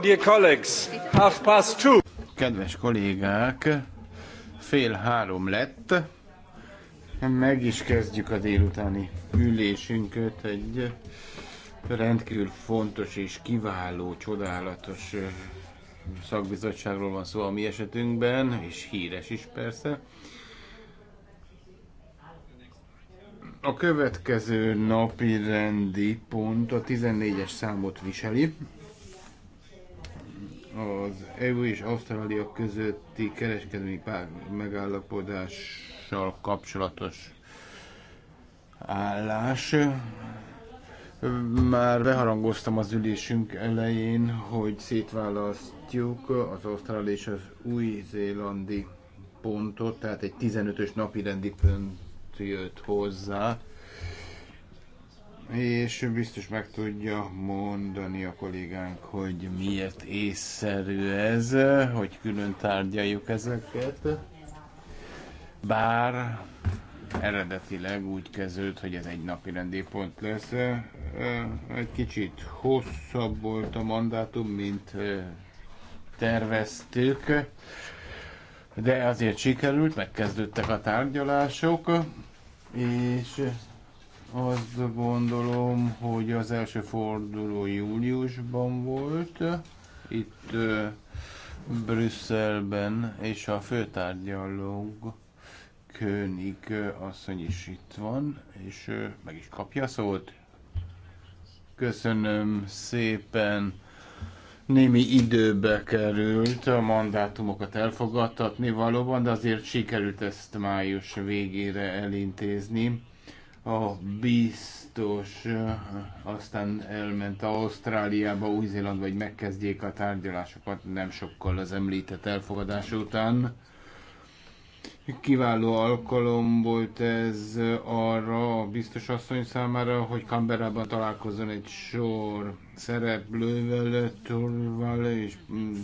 dear colleagues, half past two. Kedves kollégák, fél három lett. Meg is kezdjük a délutáni ülésünket egy rendkívül fontos és kiváló, csodálatos szakbizottságról van szó a mi esetünkben, és híres is persze. A következő napi rendi pont a 14-es számot viseli az EU és Ausztrália közötti kereskedelmi megállapodással kapcsolatos állás. Már beharangoztam az ülésünk elején, hogy szétválasztjuk az ausztrál és az új-zélandi pontot, tehát egy 15-ös napi rendi pont jött hozzá és biztos meg tudja mondani a kollégánk, hogy miért észszerű ez, hogy külön tárgyaljuk ezeket. Bár eredetileg úgy kezdődött, hogy ez egy napi rendi pont lesz. Egy kicsit hosszabb volt a mandátum, mint terveztük, de azért sikerült, megkezdődtek a tárgyalások, és azt gondolom, hogy az első forduló júliusban volt, itt Brüsszelben, és a főtárgyaló König asszony is itt van, és meg is kapja szót. Köszönöm szépen. Némi időbe került a mandátumokat elfogadtatni valóban, de azért sikerült ezt május végére elintézni a biztos eh, aztán elment Ausztráliába, Új-Zélandba, hogy megkezdjék a tárgyalásokat nem sokkal az említett elfogadás után. Kiváló alkalom volt ez arra a biztos asszony számára, hogy Kamberában találkozzon egy sor szereplővel, Turval és mm,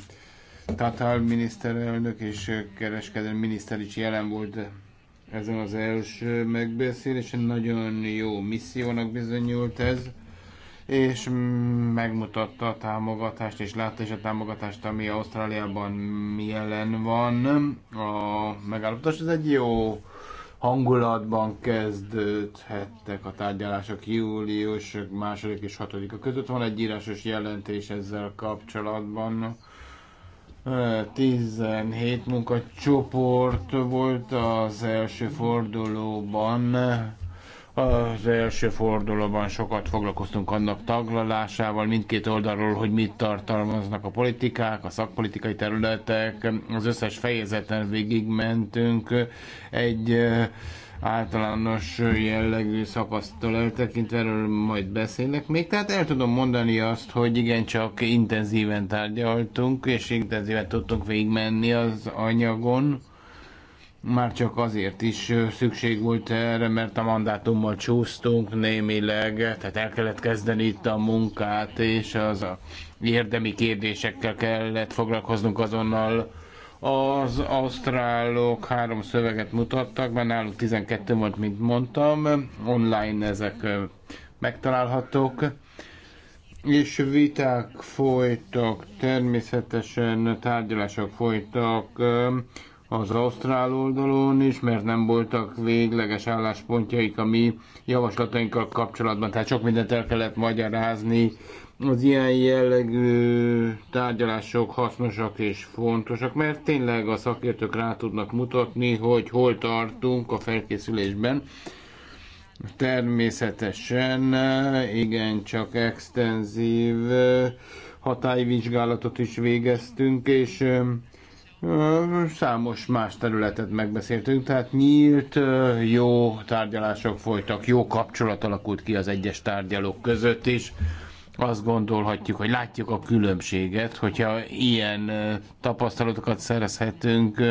Tatár miniszterelnök és kereskedelmi miniszter is jelen volt ezen az első megbeszélésen. Nagyon jó missziónak bizonyult ez, és megmutatta a támogatást, és látta is a támogatást, ami Ausztráliában jelen van. A megállapodás ez egy jó hangulatban kezdődhettek a tárgyalások július második és hatodika között. Van egy írásos jelentés ezzel kapcsolatban 17 munkacsoport volt az első fordulóban. Az első fordulóban sokat foglalkoztunk annak taglalásával, mindkét oldalról, hogy mit tartalmaznak a politikák, a szakpolitikai területek. Az összes fejezeten végigmentünk. Egy általános jellegű szakasztól eltekintve, erről majd beszélek még. Tehát el tudom mondani azt, hogy igencsak intenzíven tárgyaltunk, és intenzíven tudtunk végigmenni az anyagon. Már csak azért is szükség volt erre, mert a mandátummal csúsztunk némileg, tehát el kellett kezdeni itt a munkát, és az a érdemi kérdésekkel kellett foglalkoznunk azonnal, az ausztrálok három szöveget mutattak, mert náluk 12 volt, mint mondtam, online ezek megtalálhatók. És viták folytak, természetesen tárgyalások folytak az ausztrál oldalon is, mert nem voltak végleges álláspontjaik a mi javaslatainkkal kapcsolatban, tehát sok mindent el kellett magyarázni az ilyen jellegű tárgyalások hasznosak és fontosak, mert tényleg a szakértők rá tudnak mutatni, hogy hol tartunk a felkészülésben. Természetesen igen, csak extenzív hatályvizsgálatot is végeztünk, és számos más területet megbeszéltünk, tehát nyílt, jó tárgyalások folytak, jó kapcsolat alakult ki az egyes tárgyalók között is azt gondolhatjuk, hogy látjuk a különbséget, hogyha ilyen tapasztalatokat szerezhetünk,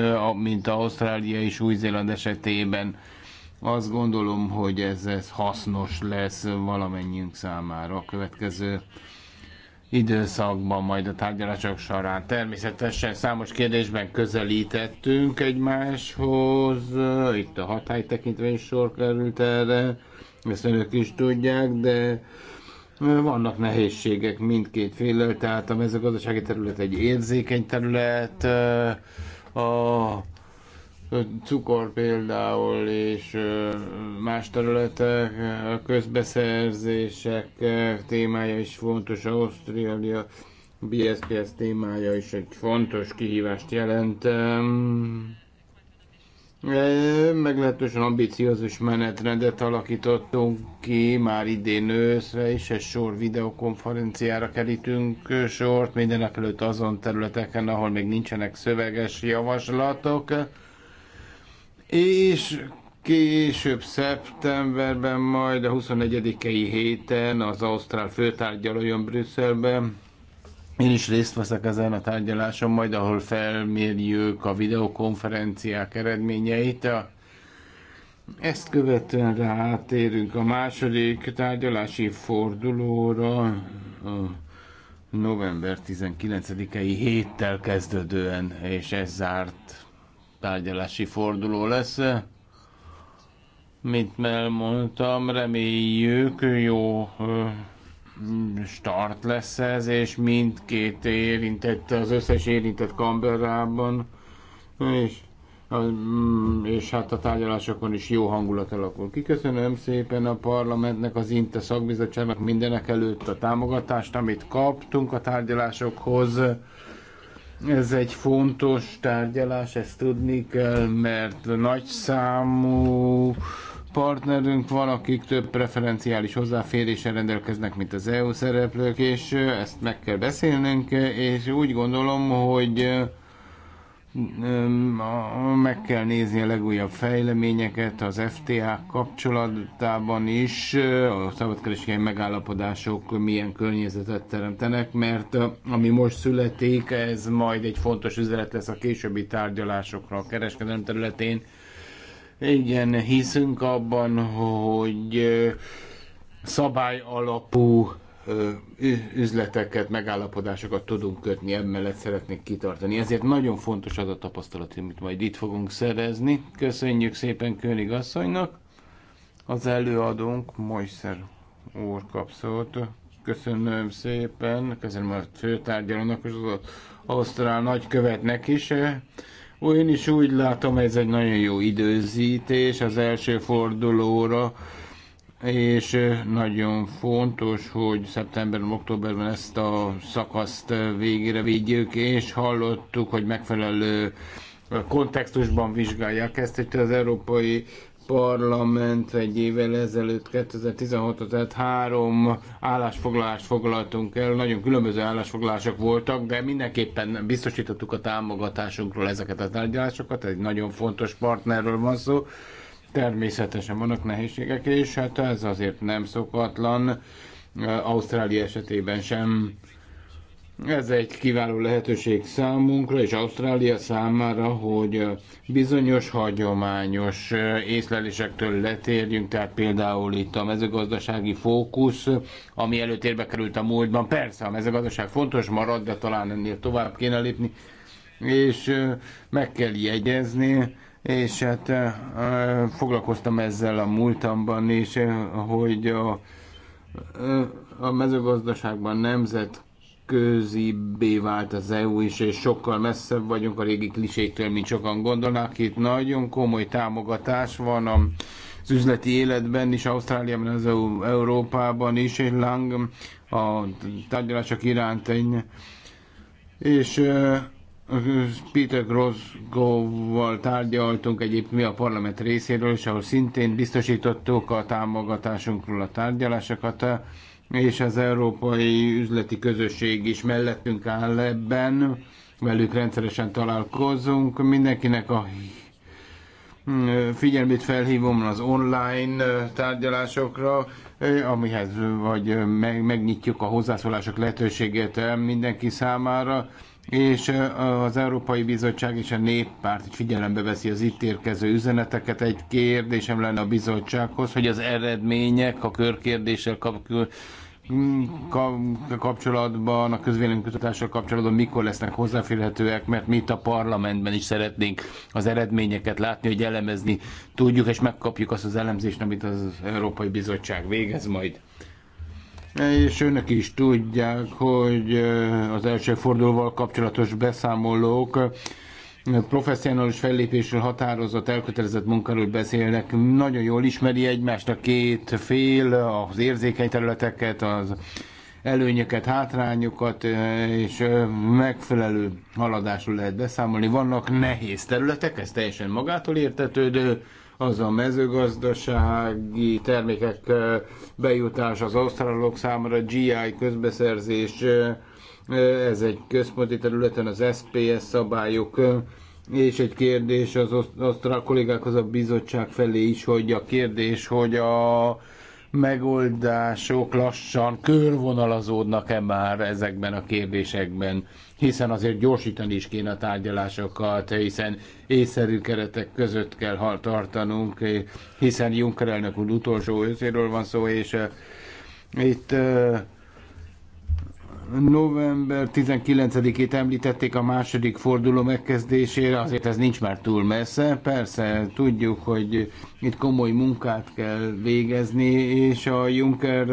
mint Ausztrália és Új-Zéland esetében, azt gondolom, hogy ez, ez hasznos lesz valamennyiünk számára a következő időszakban, majd a tárgyalások során. Természetesen számos kérdésben közelítettünk egymáshoz, itt a hatály tekintve is sor került erre, ezt önök is tudják, de vannak nehézségek mindkét félel, tehát a mezőgazdasági terület egy érzékeny terület, a cukor például, és más területek, a közbeszerzések témája is fontos, Ausztrália BSPS témája is egy fontos kihívást jelent. E, meglehetősen ambiciózus menetrendet alakítottunk ki, már idén őszre és egy sor videokonferenciára kerítünk sort, mindenek előtt azon területeken, ahol még nincsenek szöveges javaslatok, és később szeptemberben, majd a 21. héten az Ausztrál főtárgyalójon Brüsszelben én is részt veszek ezen a tárgyaláson, majd ahol felmérjük a videokonferenciák eredményeit. A ezt követően rátérünk a második tárgyalási fordulóra november 19-i héttel kezdődően, és ez zárt tárgyalási forduló lesz. Mint elmondtam, reméljük jó start lesz ez, és mindkét érintett, az összes érintett Kamberában, és, mm, és hát a tárgyalásokon is jó hangulat alakul Kiköszönöm Köszönöm szépen a parlamentnek, az INTE szakbizottságnak mindenek előtt a támogatást, amit kaptunk a tárgyalásokhoz. Ez egy fontos tárgyalás, ezt tudni kell, mert nagy számú partnerünk van, akik több preferenciális hozzáféréssel rendelkeznek, mint az EU szereplők, és ezt meg kell beszélnünk, és úgy gondolom, hogy meg kell nézni a legújabb fejleményeket az FTA kapcsolatában is, a szabadkereskedelmi megállapodások milyen környezetet teremtenek, mert ami most születik, ez majd egy fontos üzenet lesz a későbbi tárgyalásokra a kereskedelem területén, igen, hiszünk abban, hogy szabály alapú üzleteket, megállapodásokat tudunk kötni, emellett szeretnék kitartani. Ezért nagyon fontos az a tapasztalat, amit majd itt fogunk szerezni. Köszönjük szépen König asszonynak. Az előadónk Mojszer úr kap szót. Köszönöm szépen, köszönöm a főtárgyalónak és az ausztrál nagykövetnek is én is úgy látom, ez egy nagyon jó időzítés az első fordulóra, és nagyon fontos, hogy szeptemberben, októberben ezt a szakaszt végére vigyük, és hallottuk, hogy megfelelő kontextusban vizsgálják ezt, hogy az Európai parlament egy évvel ezelőtt, 2016-ot, tehát három állásfoglalást foglaltunk el, nagyon különböző állásfoglalások voltak, de mindenképpen biztosítottuk a támogatásunkról ezeket a tárgyalásokat, egy nagyon fontos partnerről van szó, természetesen vannak nehézségek, és hát ez azért nem szokatlan, Ausztrália esetében sem ez egy kiváló lehetőség számunkra és Ausztrália számára, hogy bizonyos hagyományos észlelésektől letérjünk, tehát például itt a mezőgazdasági fókusz, ami előtérbe került a múltban. Persze a mezőgazdaság fontos marad, de talán ennél tovább kéne lépni, és meg kell jegyezni, és hát foglalkoztam ezzel a múltamban is, hogy a, a mezőgazdaságban nemzet nemzetközibbé vált az EU is, és sokkal messzebb vagyunk a régi kliséktől, mint sokan gondolnák. Itt nagyon komoly támogatás van az üzleti életben is, Ausztráliában, az EU, Európában is, és Lang a tárgyalások iránt egy, és Peter Grosgow-val tárgyaltunk egyébként mi a parlament részéről, és ahol szintén biztosítottuk a támogatásunkról a tárgyalásokat és az európai üzleti közösség is mellettünk áll ebben, velük rendszeresen találkozunk. Mindenkinek a figyelmét felhívom az online tárgyalásokra, amihez vagy megnyitjuk a hozzászólások lehetőséget mindenki számára és az Európai Bizottság és a Néppárt is figyelembe veszi az itt érkező üzeneteket. Egy kérdésem lenne a bizottsághoz, hogy az eredmények a körkérdéssel mm, kap, kapcsolatban, a közvéleménykutatással kapcsolatban mikor lesznek hozzáférhetőek, mert mi itt a parlamentben is szeretnénk az eredményeket látni, hogy elemezni tudjuk, és megkapjuk azt az elemzést, amit az Európai Bizottság végez majd és önök is tudják, hogy az első fordulóval kapcsolatos beszámolók professzionális fellépésről, határozott, elkötelezett munkáról beszélnek. Nagyon jól ismeri egymást a két fél, az érzékeny területeket, az előnyöket, hátrányokat, és megfelelő haladásról lehet beszámolni. Vannak nehéz területek, ez teljesen magától értetődő, az a mezőgazdasági termékek bejutás az ausztrálok számára, GI közbeszerzés, ez egy központi területen az SPS szabályok, és egy kérdés az osztrák kollégákhoz a bizottság felé is, hogy a kérdés, hogy a megoldások lassan körvonalazódnak-e már ezekben a kérdésekben hiszen azért gyorsítani is kéne a tárgyalásokat, hiszen észszerű keretek között kell tartanunk, hiszen Juncker elnök úr utolsó őszéről van szó, és eh, itt eh, november 19-ét említették a második forduló megkezdésére, azért ez nincs már túl messze. Persze, tudjuk, hogy itt komoly munkát kell végezni, és a Juncker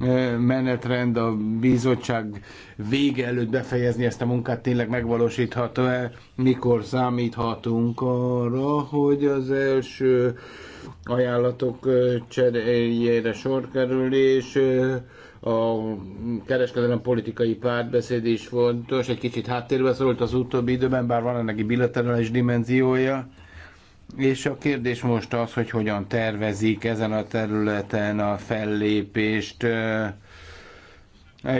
eh, menetrend a bizottság vége előtt befejezni ezt a munkát tényleg megvalósítható-e? Mikor számíthatunk arra, hogy az első ajánlatok cseréjére sor kerül, és a kereskedelem politikai párbeszéd is fontos, egy kicsit háttérbe szólt az utóbbi időben, bár van ennek egy bilaterális dimenziója, és a kérdés most az, hogy hogyan tervezik ezen a területen a fellépést,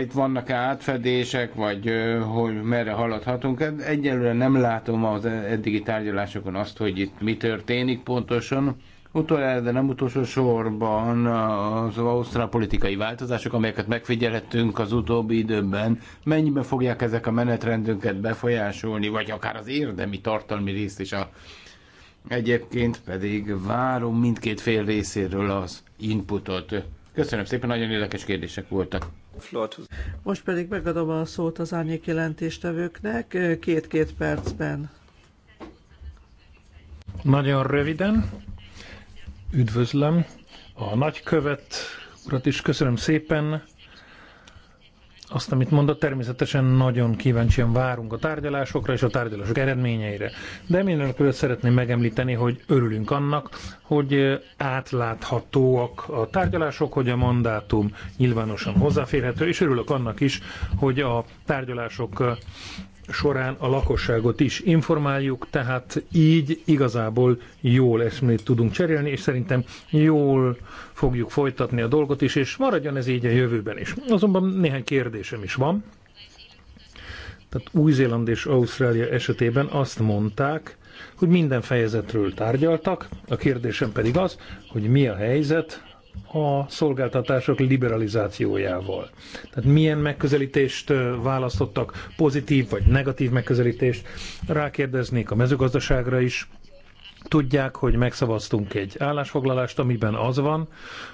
itt vannak -e átfedések, vagy hogy merre haladhatunk. Egyelőre nem látom az eddigi tárgyalásokon azt, hogy itt mi történik pontosan. Utoljára, de nem utolsó sorban az ausztrál politikai változások, amelyeket megfigyelhettünk az utóbbi időben, mennyiben fogják ezek a menetrendünket befolyásolni, vagy akár az érdemi tartalmi részt is a Egyébként pedig várom mindkét fél részéről az inputot. Köszönöm szépen, nagyon érdekes kérdések voltak. Most pedig megadom a szót az árnyék jelentéstevőknek két-két percben. Nagyon röviden. Üdvözlöm a nagykövet urat is, köszönöm szépen. Azt, amit mondott, természetesen nagyon kíváncsian várunk a tárgyalásokra és a tárgyalások eredményeire. De követ szeretném megemlíteni, hogy örülünk annak, hogy átláthatóak a tárgyalások, hogy a mandátum nyilvánosan hozzáférhető, és örülök annak is, hogy a tárgyalások során a lakosságot is informáljuk, tehát így igazából jól eszmét tudunk cserélni, és szerintem jól fogjuk folytatni a dolgot is, és maradjon ez így a jövőben is. Azonban néhány kérdésem is van. Tehát Új-Zéland és Ausztrália esetében azt mondták, hogy minden fejezetről tárgyaltak, a kérdésem pedig az, hogy mi a helyzet a szolgáltatások liberalizációjával. Tehát milyen megközelítést választottak, pozitív vagy negatív megközelítést, rákérdeznék a mezőgazdaságra is, tudják, hogy megszavaztunk egy állásfoglalást, amiben az van,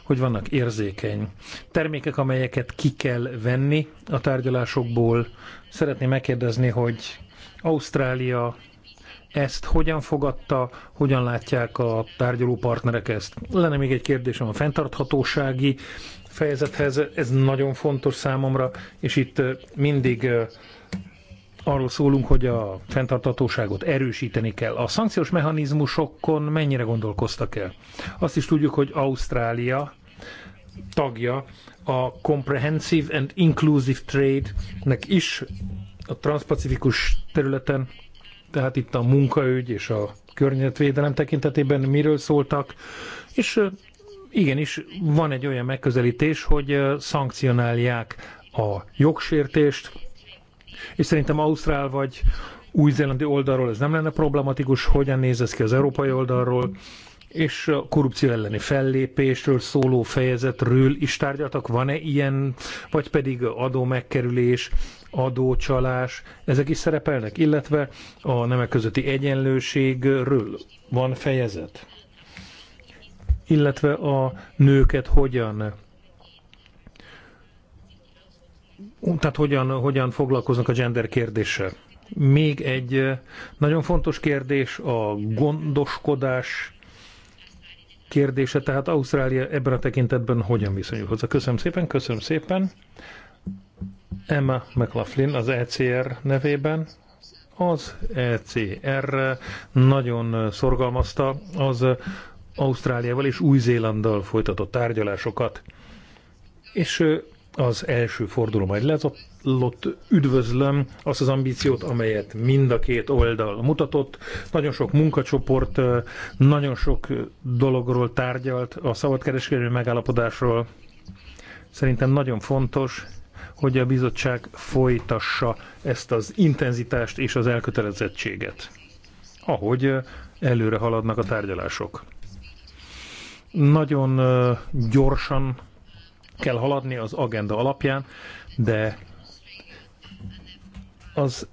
hogy vannak érzékeny termékek, amelyeket ki kell venni a tárgyalásokból. Szeretném megkérdezni, hogy Ausztrália ezt hogyan fogadta, hogyan látják a tárgyaló partnerek ezt. Lenne még egy kérdésem a fenntarthatósági fejezethez, ez nagyon fontos számomra, és itt mindig arról szólunk, hogy a fenntarthatóságot erősíteni kell. A szankciós mechanizmusokon mennyire gondolkoztak el? Azt is tudjuk, hogy Ausztrália tagja a Comprehensive and Inclusive Trade-nek is a transpacifikus területen tehát itt a munkaügy és a környezetvédelem tekintetében miről szóltak, és igenis van egy olyan megközelítés, hogy szankcionálják a jogsértést, és szerintem Ausztrál vagy új-zélandi oldalról ez nem lenne problematikus, hogyan néz ez ki az európai oldalról, és a korrupció elleni fellépésről szóló fejezetről is tárgyaltak, van-e ilyen, vagy pedig adó megkerülés, adócsalás, ezek is szerepelnek, illetve a nemek közötti egyenlőségről van fejezet, illetve a nőket hogyan tehát hogyan, hogyan foglalkoznak a gender kérdéssel. Még egy nagyon fontos kérdés a gondoskodás kérdése, tehát Ausztrália ebben a tekintetben hogyan viszonyul hozzá. Köszönöm szépen, köszönöm szépen. Emma McLaughlin az ECR nevében. Az ECR nagyon szorgalmazta az Ausztráliával és Új-Zélanddal folytatott tárgyalásokat. És az első forduló majd lezott, Üdvözlöm azt az ambíciót, amelyet mind a két oldal mutatott. Nagyon sok munkacsoport, nagyon sok dologról tárgyalt, a szabadkereskedelmi megállapodásról. Szerintem nagyon fontos, hogy a bizottság folytassa ezt az intenzitást és az elkötelezettséget, ahogy előre haladnak a tárgyalások. Nagyon gyorsan kell haladni az agenda alapján, de az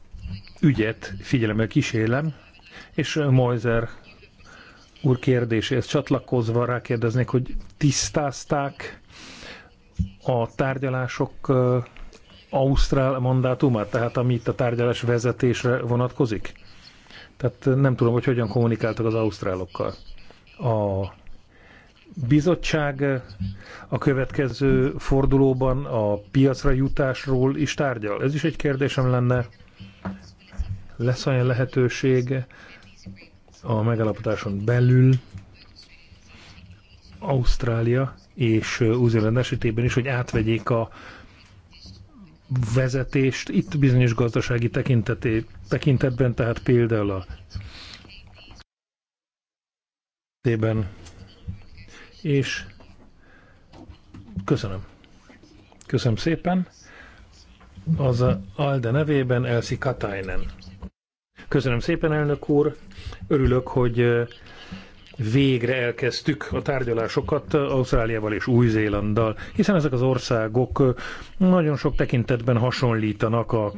ügyet figyelemmel kísérlem, és Moiser úr kérdéséhez csatlakozva rákérdeznék, hogy tisztázták a tárgyalások Ausztrál mandátumát, tehát ami itt a tárgyalás vezetésre vonatkozik? Tehát nem tudom, hogy hogyan kommunikáltak az ausztrálokkal. A bizottság a következő fordulóban a piacra jutásról is tárgyal. Ez is egy kérdésem lenne. Lesz olyan lehetőség a megállapodáson belül Ausztrália és Új-Zéland esetében is, hogy átvegyék a vezetést itt bizonyos gazdasági tekintetben, tehát például a tében. És köszönöm. Köszönöm szépen. Az Alde nevében Elsi Katainen. Köszönöm szépen, elnök úr. Örülök, hogy végre elkezdtük a tárgyalásokat Ausztráliával és Új-Zélanddal, hiszen ezek az országok nagyon sok tekintetben hasonlítanak a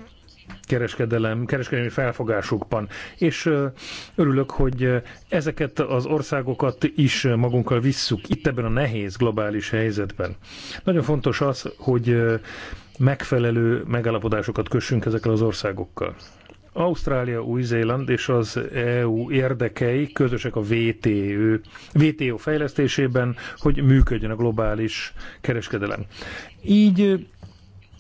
kereskedelem, kereskedelmi felfogásukban. És örülök, hogy ezeket az országokat is magunkkal visszük itt ebben a nehéz globális helyzetben. Nagyon fontos az, hogy megfelelő megállapodásokat kössünk ezekkel az országokkal. Ausztrália, Új-Zéland és az EU érdekei közösek a VTO, VTO fejlesztésében, hogy működjön a globális kereskedelem. Így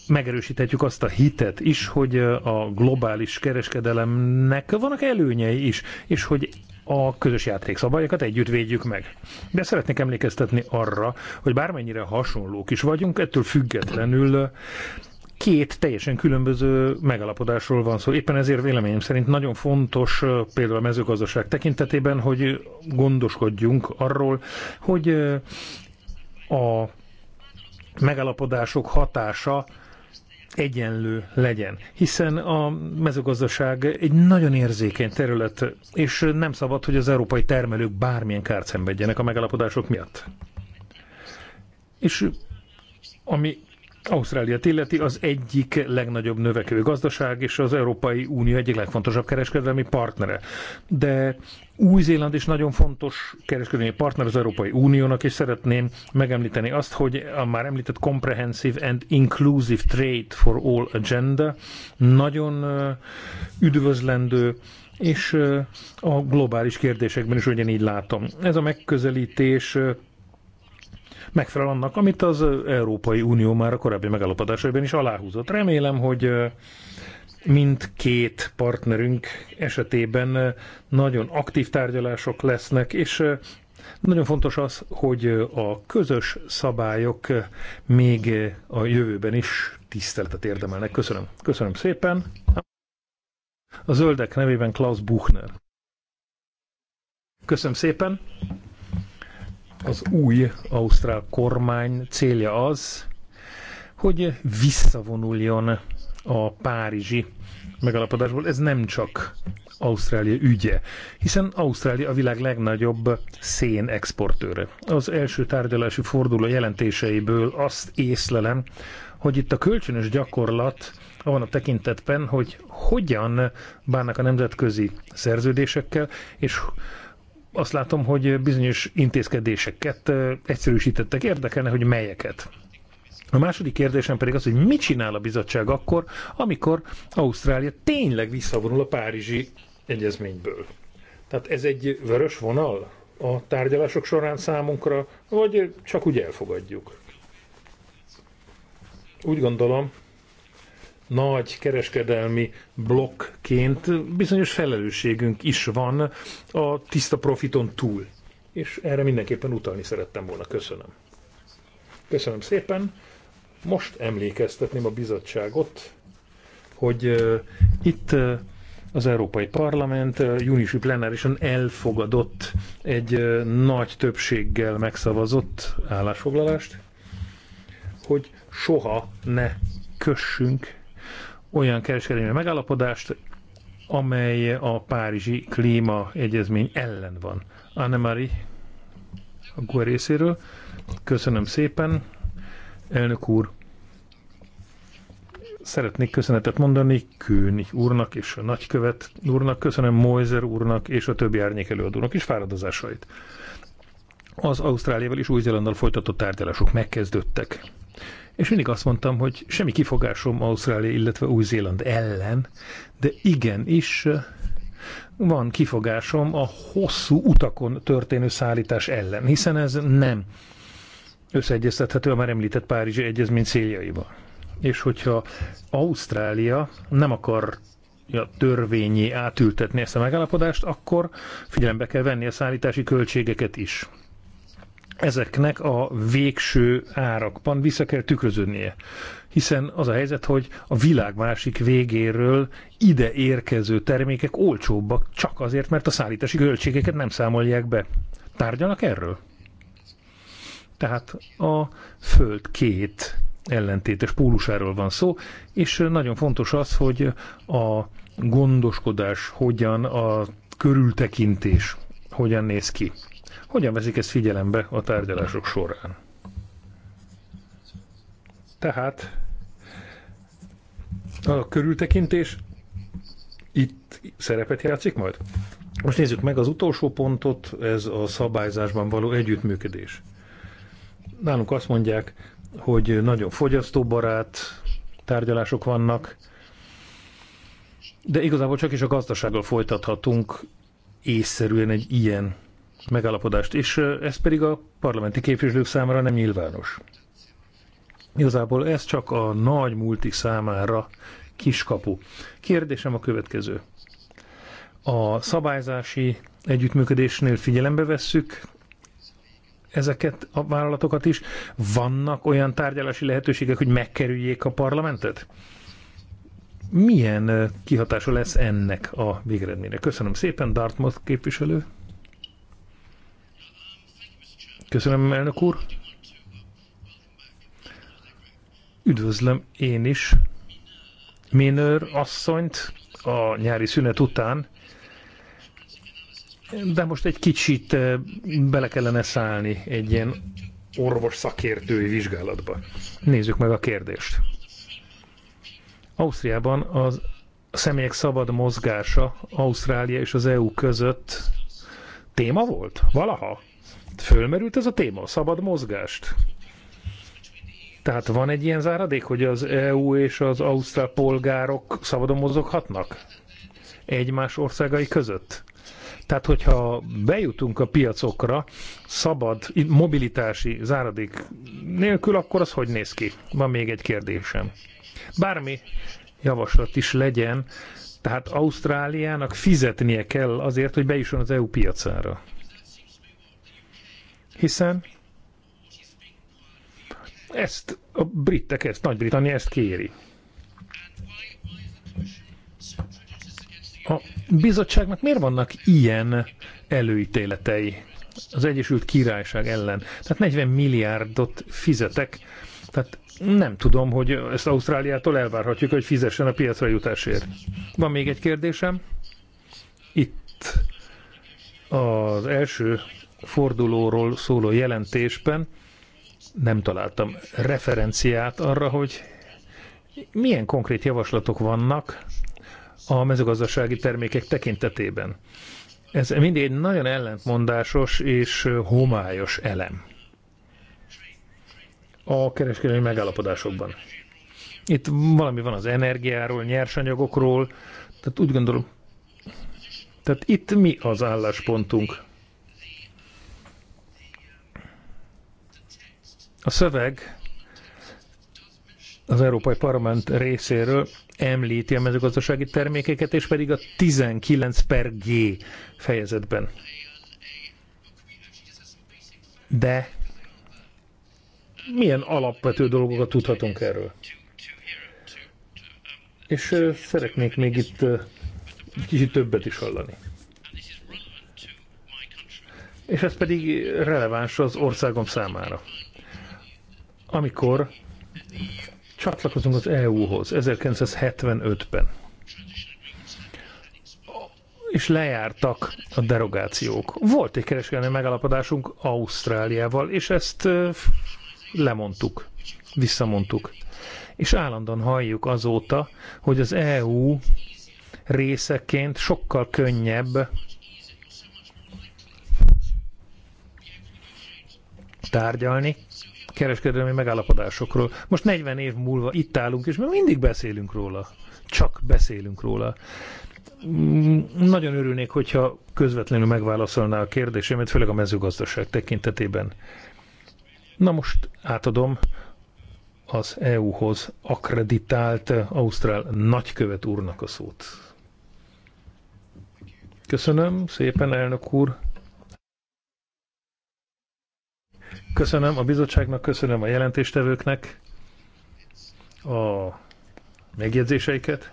megerősíthetjük azt a hitet is, hogy a globális kereskedelemnek vannak előnyei is, és hogy a közös játékszabályokat együtt védjük meg. De szeretnék emlékeztetni arra, hogy bármennyire hasonlók is vagyunk, ettől függetlenül két teljesen különböző megalapodásról van szó. Éppen ezért véleményem szerint nagyon fontos például a mezőgazdaság tekintetében, hogy gondoskodjunk arról, hogy a megalapodások hatása egyenlő legyen, hiszen a mezőgazdaság egy nagyon érzékeny terület, és nem szabad, hogy az európai termelők bármilyen kárt szenvedjenek a megalapodások miatt. És ami Ausztrália illeti az egyik legnagyobb növekvő gazdaság, és az Európai Unió egyik legfontosabb kereskedelmi partnere. De Új-Zéland is nagyon fontos kereskedelmi partner az Európai Uniónak, és szeretném megemlíteni azt, hogy a már említett Comprehensive and Inclusive Trade for All Agenda nagyon üdvözlendő, és a globális kérdésekben is ugyanígy látom. Ez a megközelítés megfelel annak, amit az Európai Unió már a korábbi megállapodásaiban is aláhúzott. Remélem, hogy két partnerünk esetében nagyon aktív tárgyalások lesznek, és nagyon fontos az, hogy a közös szabályok még a jövőben is tiszteletet érdemelnek. Köszönöm. Köszönöm szépen. A zöldek nevében Klaus Buchner. Köszönöm szépen. Az új ausztrál kormány célja az, hogy visszavonuljon a párizsi megalapodásból. Ez nem csak Ausztrália ügye, hiszen Ausztrália a világ legnagyobb szén exportőre. Az első tárgyalási forduló jelentéseiből azt észlelem, hogy itt a kölcsönös gyakorlat abban a tekintetben, hogy hogyan bánnak a nemzetközi szerződésekkel, és azt látom, hogy bizonyos intézkedéseket egyszerűsítettek. Érdekelne, hogy melyeket. A második kérdésem pedig az, hogy mit csinál a bizottság akkor, amikor Ausztrália tényleg visszavonul a Párizsi egyezményből. Tehát ez egy vörös vonal a tárgyalások során számunkra, vagy csak úgy elfogadjuk? Úgy gondolom, nagy kereskedelmi blokkként bizonyos felelősségünk is van a tiszta profiton túl. És erre mindenképpen utalni szerettem volna. Köszönöm. Köszönöm szépen. Most emlékeztetném a bizottságot, hogy uh, itt uh, az Európai Parlament uh, júniusi plenárison elfogadott egy uh, nagy többséggel megszavazott állásfoglalást, hogy soha ne kössünk olyan kereskedelmi megállapodást, amely a Párizsi egyezmény ellen van. Anne-Marie a GUE részéről. Köszönöm szépen, elnök úr. Szeretnék köszönetet mondani Kőni úrnak és a nagykövet úrnak, köszönöm Moiser úrnak és a többi árnyék előadónak is fáradozásait. Az Ausztráliával és Új-Zélandal folytatott tárgyalások megkezdődtek. És mindig azt mondtam, hogy semmi kifogásom Ausztrália, illetve Új-Zéland ellen, de igenis eh, van kifogásom a hosszú utakon történő szállítás ellen, hiszen ez nem összeegyeztethető a már említett Párizsi Egyezmény céljaival. És hogyha Ausztrália nem akar ja, törvényi átültetni ezt a megállapodást, akkor figyelembe kell venni a szállítási költségeket is ezeknek a végső árakban vissza kell tükröződnie. Hiszen az a helyzet, hogy a világ másik végéről ide érkező termékek olcsóbbak csak azért, mert a szállítási költségeket nem számolják be. Tárgyalnak erről? Tehát a Föld két ellentétes pólusáról van szó, és nagyon fontos az, hogy a gondoskodás hogyan, a körültekintés hogyan néz ki. Hogyan veszik ezt figyelembe a tárgyalások során? Tehát a körültekintés itt szerepet játszik majd? Most nézzük meg az utolsó pontot, ez a szabályzásban való együttműködés. Nálunk azt mondják, hogy nagyon fogyasztóbarát tárgyalások vannak, de igazából csak is a gazdasággal folytathatunk észszerűen egy ilyen megállapodást, és ez pedig a parlamenti képviselők számára nem nyilvános. Igazából ez csak a nagy multi számára kiskapu. Kérdésem a következő. A szabályzási együttműködésnél figyelembe vesszük ezeket a vállalatokat is. Vannak olyan tárgyalási lehetőségek, hogy megkerüljék a parlamentet? Milyen kihatása lesz ennek a végeredményre? Köszönöm szépen, Dartmouth képviselő. Köszönöm, elnök úr. Üdvözlöm én is Minőr asszonyt a nyári szünet után, de most egy kicsit eh, bele kellene szállni egy ilyen orvos szakértői vizsgálatba. Nézzük meg a kérdést. Ausztriában az személyek szabad mozgása Ausztrália és az EU között téma volt? Valaha? fölmerült ez a téma, a szabad mozgást. Tehát van egy ilyen záradék, hogy az EU és az ausztrál polgárok szabadon mozoghatnak egymás országai között? Tehát, hogyha bejutunk a piacokra szabad mobilitási záradék nélkül, akkor az hogy néz ki? Van még egy kérdésem. Bármi javaslat is legyen, tehát Ausztráliának fizetnie kell azért, hogy bejusson az EU piacára. Hiszen ezt a britek, ezt Nagy-Britannia ezt kéri. A bizottságnak miért vannak ilyen előítéletei az Egyesült Királyság ellen? Tehát 40 milliárdot fizetek, tehát nem tudom, hogy ezt Ausztráliától elvárhatjuk, hogy fizessen a piacra jutásért. Van még egy kérdésem. Itt az első fordulóról szóló jelentésben nem találtam referenciát arra, hogy milyen konkrét javaslatok vannak a mezőgazdasági termékek tekintetében. Ez mindig egy nagyon ellentmondásos és homályos elem a kereskedelmi megállapodásokban. Itt valami van az energiáról, nyersanyagokról, tehát úgy gondolom, tehát itt mi az álláspontunk? A szöveg az Európai Parlament részéről említi a mezőgazdasági termékeket, és pedig a 19 per G fejezetben. De milyen alapvető dolgokat tudhatunk erről? És szeretnék még itt kicsit többet is hallani. És ez pedig releváns az országom számára amikor csatlakozunk az EU-hoz 1975-ben, és lejártak a derogációk. Volt egy kereskedelmi megállapodásunk Ausztráliával, és ezt lemondtuk, visszamondtuk. És állandóan halljuk azóta, hogy az EU részeként sokkal könnyebb tárgyalni, kereskedelmi megállapodásokról. Most 40 év múlva itt állunk, és mi mindig beszélünk róla. Csak beszélünk róla. Mm, nagyon örülnék, hogyha közvetlenül megválaszolná a kérdésemet, főleg a mezőgazdaság tekintetében. Na most átadom az EU-hoz akreditált Ausztrál nagykövet úrnak a szót. Köszönöm szépen, elnök úr. Köszönöm a bizottságnak, köszönöm a jelentéstevőknek a megjegyzéseiket.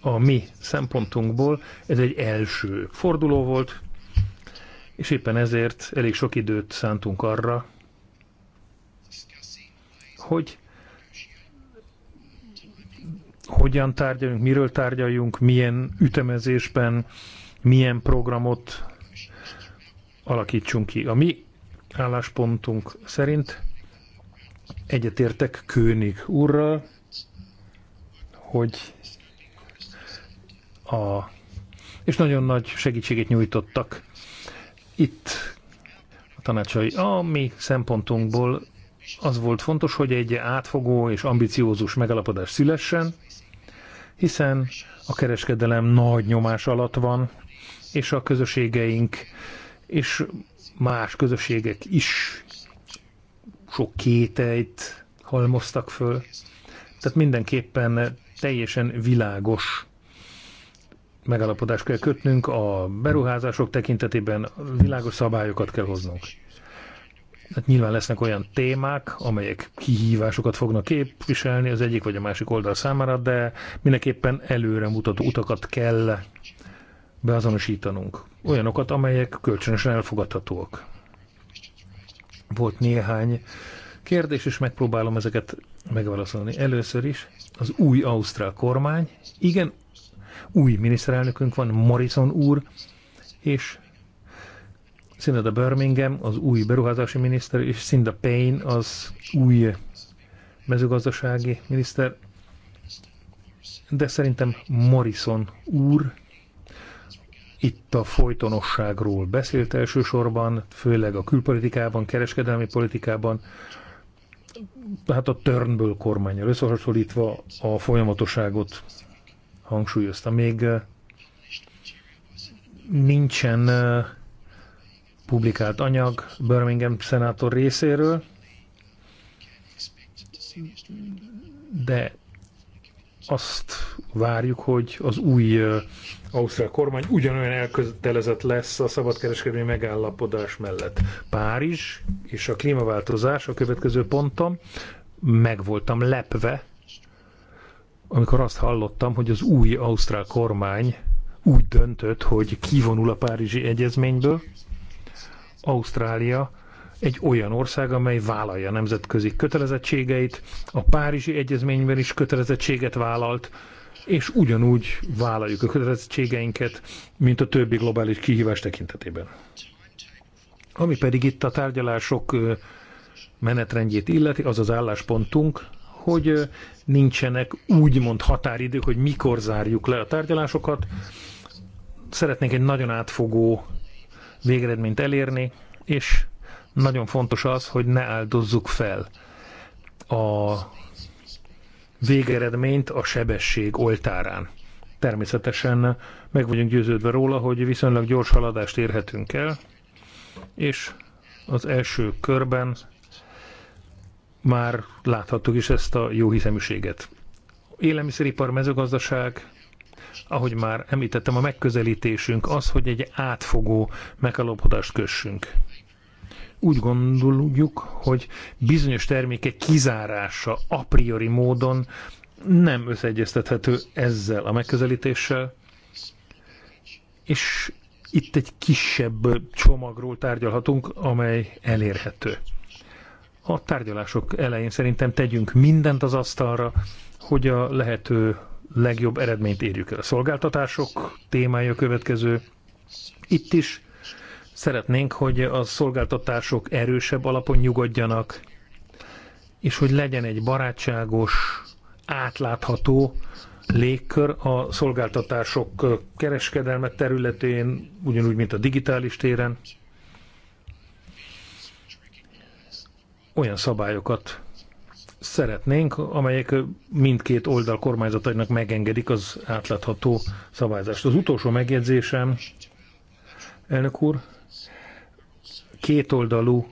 A mi szempontunkból ez egy első forduló volt, és éppen ezért elég sok időt szántunk arra, hogy hogyan tárgyaljunk, miről tárgyaljunk, milyen ütemezésben, milyen programot alakítsunk ki. A mi álláspontunk szerint egyetértek König úrral, hogy a, és nagyon nagy segítséget nyújtottak itt a tanácsai. A mi szempontunkból az volt fontos, hogy egy átfogó és ambiciózus megalapodás szülessen, hiszen a kereskedelem nagy nyomás alatt van, és a közösségeink és más közösségek is sok kételyt halmoztak föl. Tehát mindenképpen teljesen világos megalapodást kell kötnünk a beruházások tekintetében, világos szabályokat kell hoznunk. Hát nyilván lesznek olyan témák, amelyek kihívásokat fognak képviselni az egyik vagy a másik oldal számára, de mindenképpen előre mutató utakat kell beazonosítanunk. Olyanokat, amelyek kölcsönösen elfogadhatóak. Volt néhány kérdés, és megpróbálom ezeket megválaszolni. Először is az új ausztrál kormány. Igen, új miniszterelnökünk van, Morrison úr, és Cinda Birmingham, az új beruházási miniszter, és Cinda Payne, az új mezőgazdasági miniszter. De szerintem Morrison úr itt a folytonosságról beszélt elsősorban, főleg a külpolitikában, kereskedelmi politikában, hát a törnből kormányra összehasonlítva a folyamatosságot hangsúlyozta. Még eh, nincsen eh, publikált anyag Birmingham szenátor részéről, de azt várjuk, hogy az új Ausztrál kormány ugyanolyan elkötelezett lesz a szabadkereskedelmi megállapodás mellett. Párizs és a klímaváltozás a következő pontom. Meg voltam lepve, amikor azt hallottam, hogy az új Ausztrál kormány úgy döntött, hogy kivonul a Párizsi Egyezményből. Ausztrália egy olyan ország, amely vállalja nemzetközi kötelezettségeit, a Párizsi Egyezményben is kötelezettséget vállalt, és ugyanúgy vállaljuk a kötelezettségeinket, mint a többi globális kihívás tekintetében. Ami pedig itt a tárgyalások menetrendjét illeti, az az álláspontunk, hogy nincsenek úgymond határidők, hogy mikor zárjuk le a tárgyalásokat. Szeretnénk egy nagyon átfogó végeredményt elérni, és nagyon fontos az, hogy ne áldozzuk fel a végeredményt a sebesség oltárán. Természetesen meg vagyunk győződve róla, hogy viszonylag gyors haladást érhetünk el, és az első körben már láthattuk is ezt a jó hiszeműséget. Élelmiszeripar, mezőgazdaság, ahogy már említettem, a megközelítésünk az, hogy egy átfogó megalapodást kössünk úgy gondoljuk, hogy bizonyos termékek kizárása a priori módon nem összeegyeztethető ezzel a megközelítéssel, és itt egy kisebb csomagról tárgyalhatunk, amely elérhető. A tárgyalások elején szerintem tegyünk mindent az asztalra, hogy a lehető legjobb eredményt érjük el. A szolgáltatások témája következő. Itt is Szeretnénk, hogy a szolgáltatások erősebb alapon nyugodjanak, és hogy legyen egy barátságos, átlátható légkör a szolgáltatások kereskedelme területén, ugyanúgy, mint a digitális téren. Olyan szabályokat szeretnénk, amelyek mindkét oldal kormányzatainak megengedik az átlátható szabályzást. Az utolsó megjegyzésem, elnök úr, kétoldalú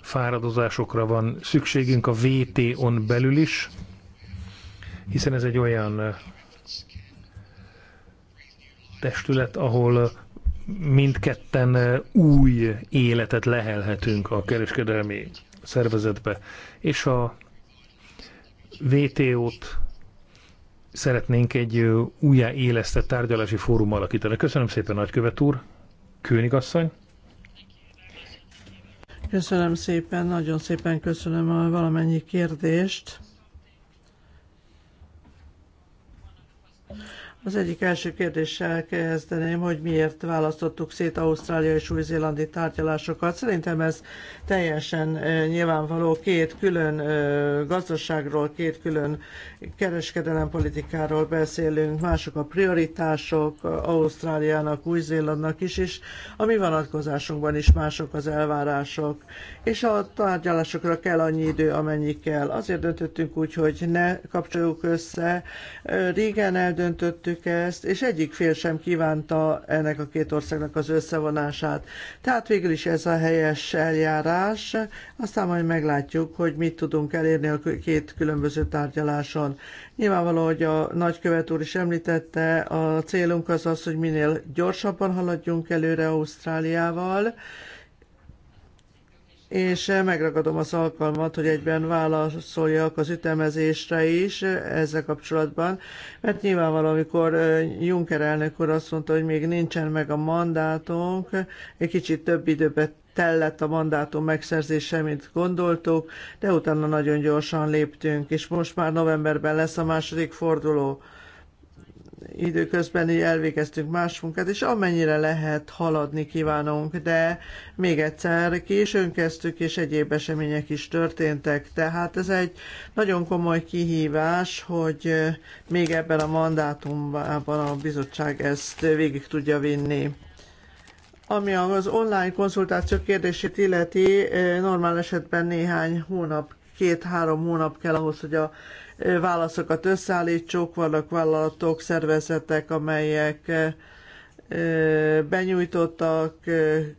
fáradozásokra van szükségünk a VT-on belül is, hiszen ez egy olyan eh, testület, ahol mindketten eh, új életet lehelhetünk a kereskedelmi szervezetbe. És a VTO-t szeretnénk egy eh, újjáélesztett tárgyalási fórum alakítani. Köszönöm szépen, nagykövet úr, Kőnigasszony. Köszönöm szépen, nagyon szépen köszönöm a valamennyi kérdést. Az egyik első kérdéssel kezdeném, hogy miért választottuk szét Ausztrália és Új-Zélandi tárgyalásokat. Szerintem ez teljesen nyilvánvaló két külön gazdaságról, két külön kereskedelempolitikáról beszélünk, mások a prioritások Ausztráliának, Új-Zélandnak is, és a mi vonatkozásunkban is mások az elvárások. És a tárgyalásokra kell annyi idő, amennyi kell. Azért döntöttünk úgy, hogy ne kapcsoljuk össze. Régen eldöntöttünk, megtettük ezt, és egyik fél sem kívánta ennek a két országnak az összevonását. Tehát végül is ez a helyes eljárás, aztán majd meglátjuk, hogy mit tudunk elérni a két különböző tárgyaláson. Nyilvánvaló, hogy a nagykövet úr is említette, a célunk az az, hogy minél gyorsabban haladjunk előre Ausztráliával, és eh, megragadom az alkalmat, hogy egyben válaszoljak az ütemezésre is eh, ezzel kapcsolatban, mert nyilvánvalóan, amikor eh, Juncker elnök úr azt mondta, hogy még nincsen meg a mandátunk, egy kicsit több időbe tellett a mandátum megszerzése, mint gondoltuk, de utána nagyon gyorsan léptünk, és most már novemberben lesz a második forduló időközben elvégeztünk más munkát, és amennyire lehet haladni kívánunk, de még egyszer ki is önkeztük, és egyéb események is történtek. Tehát ez egy nagyon komoly kihívás, hogy még ebben a mandátumban a bizottság ezt végig tudja vinni. Ami az online konzultáció kérdését illeti, normál esetben néhány hónap, két-három hónap kell ahhoz, hogy a válaszokat összeállítsuk, vannak vállalatok, szervezetek, amelyek benyújtottak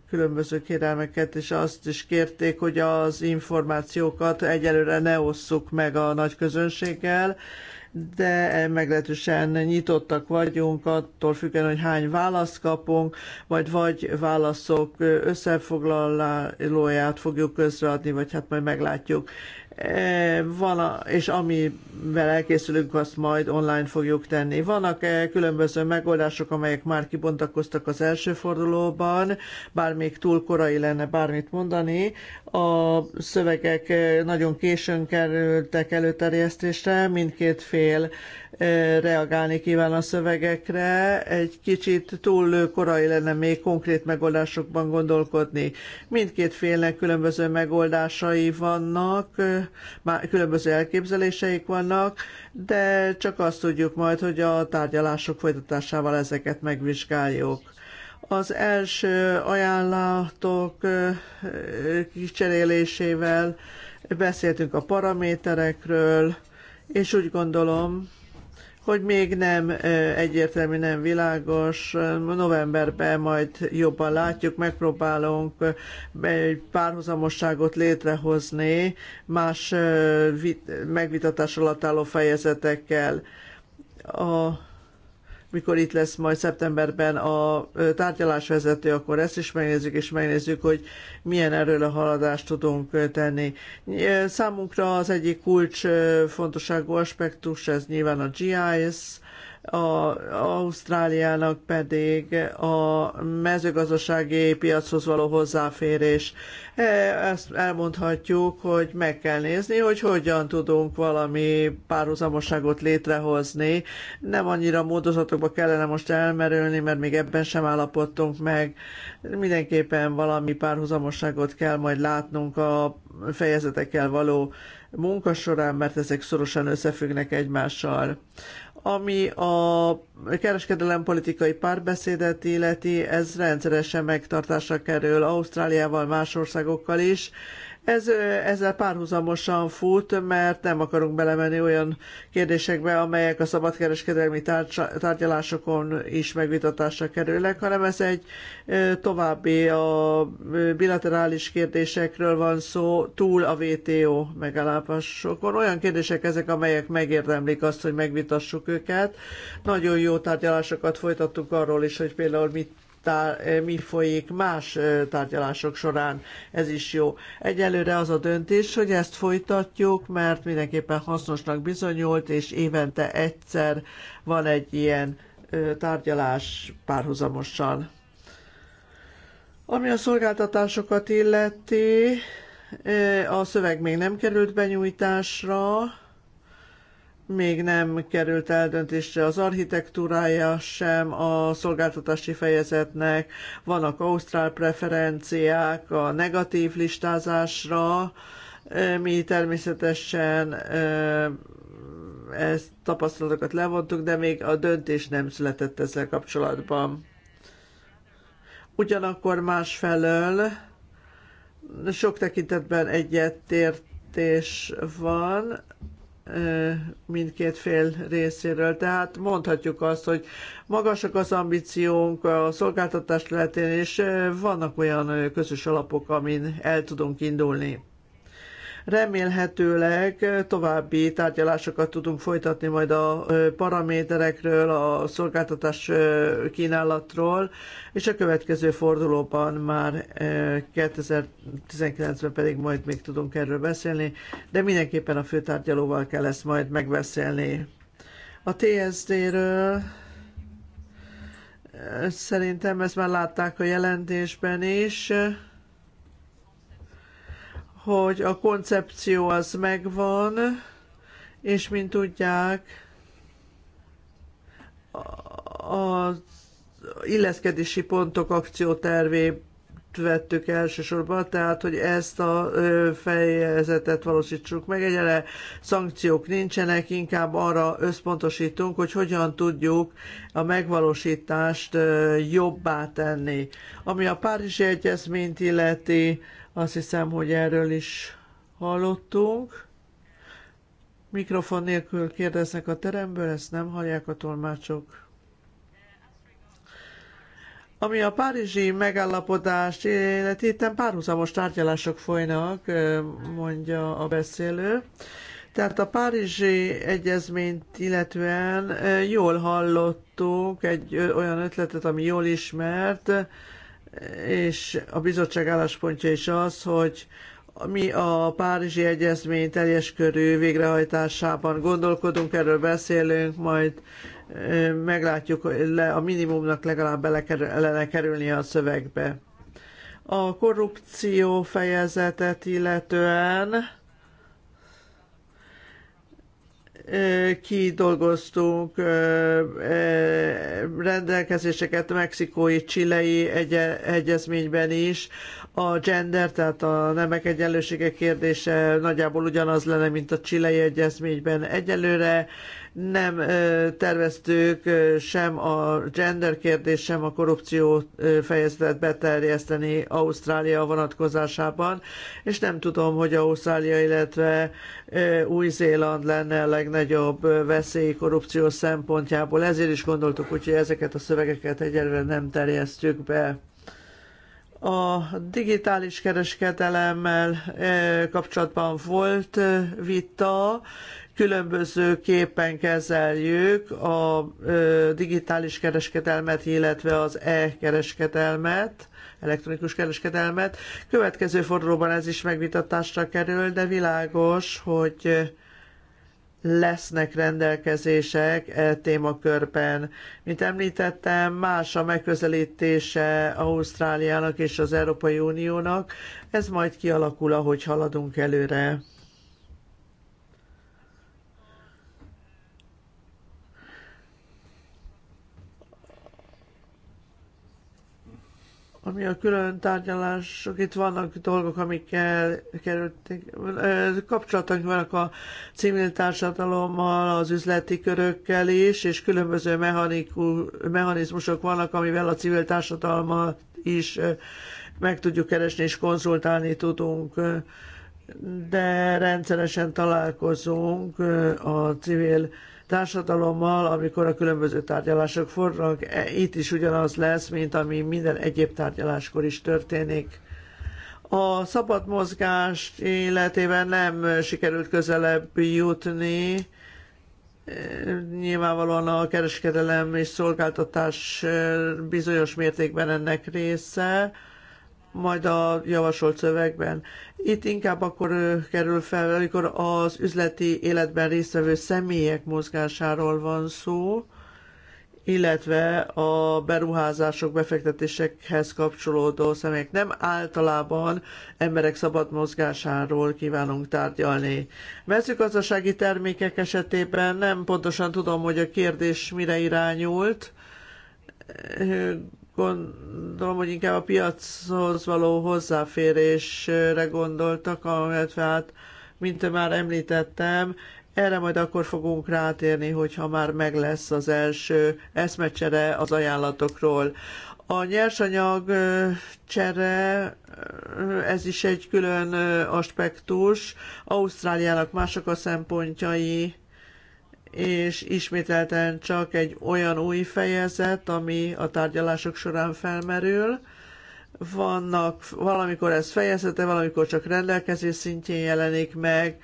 különböző kérelmeket, és azt is kérték, hogy az információkat egyelőre ne osszuk meg a nagy közönséggel, de meglehetősen nyitottak vagyunk, attól függően, hogy hány választ kapunk, vagy vagy válaszok összefoglalóját fogjuk közreadni, vagy hát majd meglátjuk. E, vala, és amivel elkészülünk, azt majd online fogjuk tenni. Vannak -e különböző megoldások, amelyek már kibontakoztak az első fordulóban, bár még túl korai lenne bármit mondani. A szövegek nagyon későn kerültek előterjesztésre, mindkét fél reagálni kíván a szövegekre. Egy kicsit túl korai lenne még konkrét megoldásokban gondolkodni. Mindkét félnek különböző megoldásai vannak, különböző elképzeléseik vannak, de csak azt tudjuk majd, hogy a tárgyalások folytatásával ezeket megvizsgáljuk az első ajánlatok kicserélésével beszéltünk a paraméterekről, és úgy gondolom, hogy még nem egyértelmű, nem világos. Novemberben majd jobban látjuk, megpróbálunk egy párhuzamosságot létrehozni más megvitatás alatt álló fejezetekkel. A mikor itt lesz majd szeptemberben a tárgyalásvezető, akkor ezt is megnézzük, és megnézzük, hogy milyen erről a haladást tudunk tenni. Számunkra az egyik kulcs fontosságú aspektus, ez nyilván a GIS, a Ausztráliának pedig a mezőgazdasági piachoz való hozzáférés. E, ezt elmondhatjuk, hogy meg kell nézni, hogy hogyan tudunk valami párhuzamoságot létrehozni. Nem annyira módozatokba kellene most elmerülni, mert még ebben sem állapodtunk meg. Mindenképpen valami párhuzamoságot kell majd látnunk a fejezetekkel való munka során, mert ezek szorosan összefüggnek egymással. Ami a kereskedelem politikai párbeszédet illeti, ez rendszeresen megtartásra kerül Ausztráliával, más országokkal is ez ezzel párhuzamosan fut, mert nem akarunk belemenni olyan kérdésekbe, amelyek a szabadkereskedelmi tárgyalásokon is megvitatásra kerülnek, hanem ez egy további a bilaterális kérdésekről van szó, túl a VTO megállapásokon. Olyan kérdések ezek, amelyek megérdemlik azt, hogy megvitassuk őket. Nagyon jó tárgyalásokat folytattuk arról is, hogy például mit tár, eh, mi folyik más eh, tárgyalások során. Ez is jó. Egyelőre az a döntés, hogy ezt folytatjuk, mert mindenképpen hasznosnak bizonyult, és évente egyszer van egy ilyen eh, tárgyalás párhuzamosan. Ami a szolgáltatásokat illeti, a szöveg még nem került benyújtásra, még nem került eldöntésre az architektúrája sem a szolgáltatási fejezetnek, vannak ausztrál preferenciák a negatív listázásra, mi természetesen ezt tapasztalatokat levontuk, de még a döntés nem született ezzel kapcsolatban. Ugyanakkor másfelől sok tekintetben egyetértés van, mindkét fél részéről. Tehát mondhatjuk azt, hogy magasak az ambíciónk a szolgáltatás területén, és vannak olyan közös alapok, amin el tudunk indulni. Remélhetőleg további tárgyalásokat tudunk folytatni majd a paraméterekről, a szolgáltatás kínálatról, és a következő fordulóban már 2019-ben pedig majd még tudunk erről beszélni, de mindenképpen a főtárgyalóval kell ezt majd megbeszélni. A TSD-ről szerintem ezt már látták a jelentésben is hogy a koncepció az megvan, és mint tudják, az illeszkedési pontok akciótervét vettük elsősorban, tehát hogy ezt a fejezetet valósítsuk meg. Egyre szankciók nincsenek, inkább arra összpontosítunk, hogy hogyan tudjuk a megvalósítást jobbá tenni. Ami a Párizsi Egyezményt illeti, azt hiszem, hogy erről is hallottunk. Mikrofon nélkül kérdeznek a teremből, ezt nem hallják a tolmácsok. Ami a párizsi megállapodást illeti, itt párhuzamos tárgyalások folynak, mondja a beszélő. Tehát a Párizsi Egyezményt illetően jól hallottunk egy olyan ötletet, ami jól ismert, és a bizottság álláspontja is az, hogy mi a Párizsi Egyezmény teljes körű végrehajtásában gondolkodunk, erről beszélünk, majd meglátjuk, hogy le, a minimumnak legalább bele kellene kerülni a szövegbe. A korrupció fejezetet illetően kidolgoztunk rendelkezéseket mexikói, csilei egy- egyezményben is. A gender, tehát a nemek egyenlősége kérdése nagyjából ugyanaz lenne, mint a csilei egyezményben. Egyelőre nem terveztük sem a gender kérdés, sem a korrupció fejezetet beterjeszteni Ausztrália vonatkozásában, és nem tudom, hogy Ausztrália, illetve Új-Zéland lenne a legnagyobb veszély korrupció szempontjából. Ezért is gondoltuk, hogy ezeket a szövegeket egyelőre nem terjesztjük be a digitális kereskedelemmel kapcsolatban volt vita, különbözőképpen kezeljük a digitális kereskedelmet, illetve az e-kereskedelmet, elektronikus kereskedelmet. Következő fordulóban ez is megvitatásra kerül, de világos, hogy lesznek rendelkezések e témakörben. Mint említettem, más a megközelítése Ausztráliának és az Európai Uniónak. Ez majd kialakul, ahogy haladunk előre. ami a külön tárgyalások, itt vannak dolgok, amikkel kerültek, Kapcsolatunk vannak a civil társadalommal, az üzleti körökkel is, és különböző mechanikú, mechanizmusok vannak, amivel a civil társadalmat is meg tudjuk keresni és konzultálni tudunk de rendszeresen találkozunk a civil társadalommal, amikor a különböző tárgyalások fordulnak. E, itt is ugyanaz lesz, mint ami minden egyéb tárgyaláskor is történik. A szabad mozgás életében nem sikerült közelebb jutni, e, nyilvánvalóan a kereskedelem és szolgáltatás e, bizonyos mértékben ennek része majd a javasolt szövegben. Itt inkább akkor kerül fel, amikor az üzleti életben résztvevő személyek mozgásáról van szó, illetve a beruházások, befektetésekhez kapcsolódó személyek. Nem általában emberek szabad mozgásáról kívánunk tárgyalni. Mezőgazdasági termékek esetében nem pontosan tudom, hogy a kérdés mire irányult, gondolom, hogy inkább a piachoz való hozzáférésre gondoltak, illetve hát, mint már említettem, erre majd akkor fogunk rátérni, hogyha már meg lesz az első eszmecsere az ajánlatokról. A nyersanyag csere, ez is egy külön aspektus. Ausztráliának mások a szempontjai, és ismételten csak egy olyan új fejezet, ami a tárgyalások során felmerül. Vannak, valamikor ez fejezete, valamikor csak rendelkezés szintjén jelenik meg,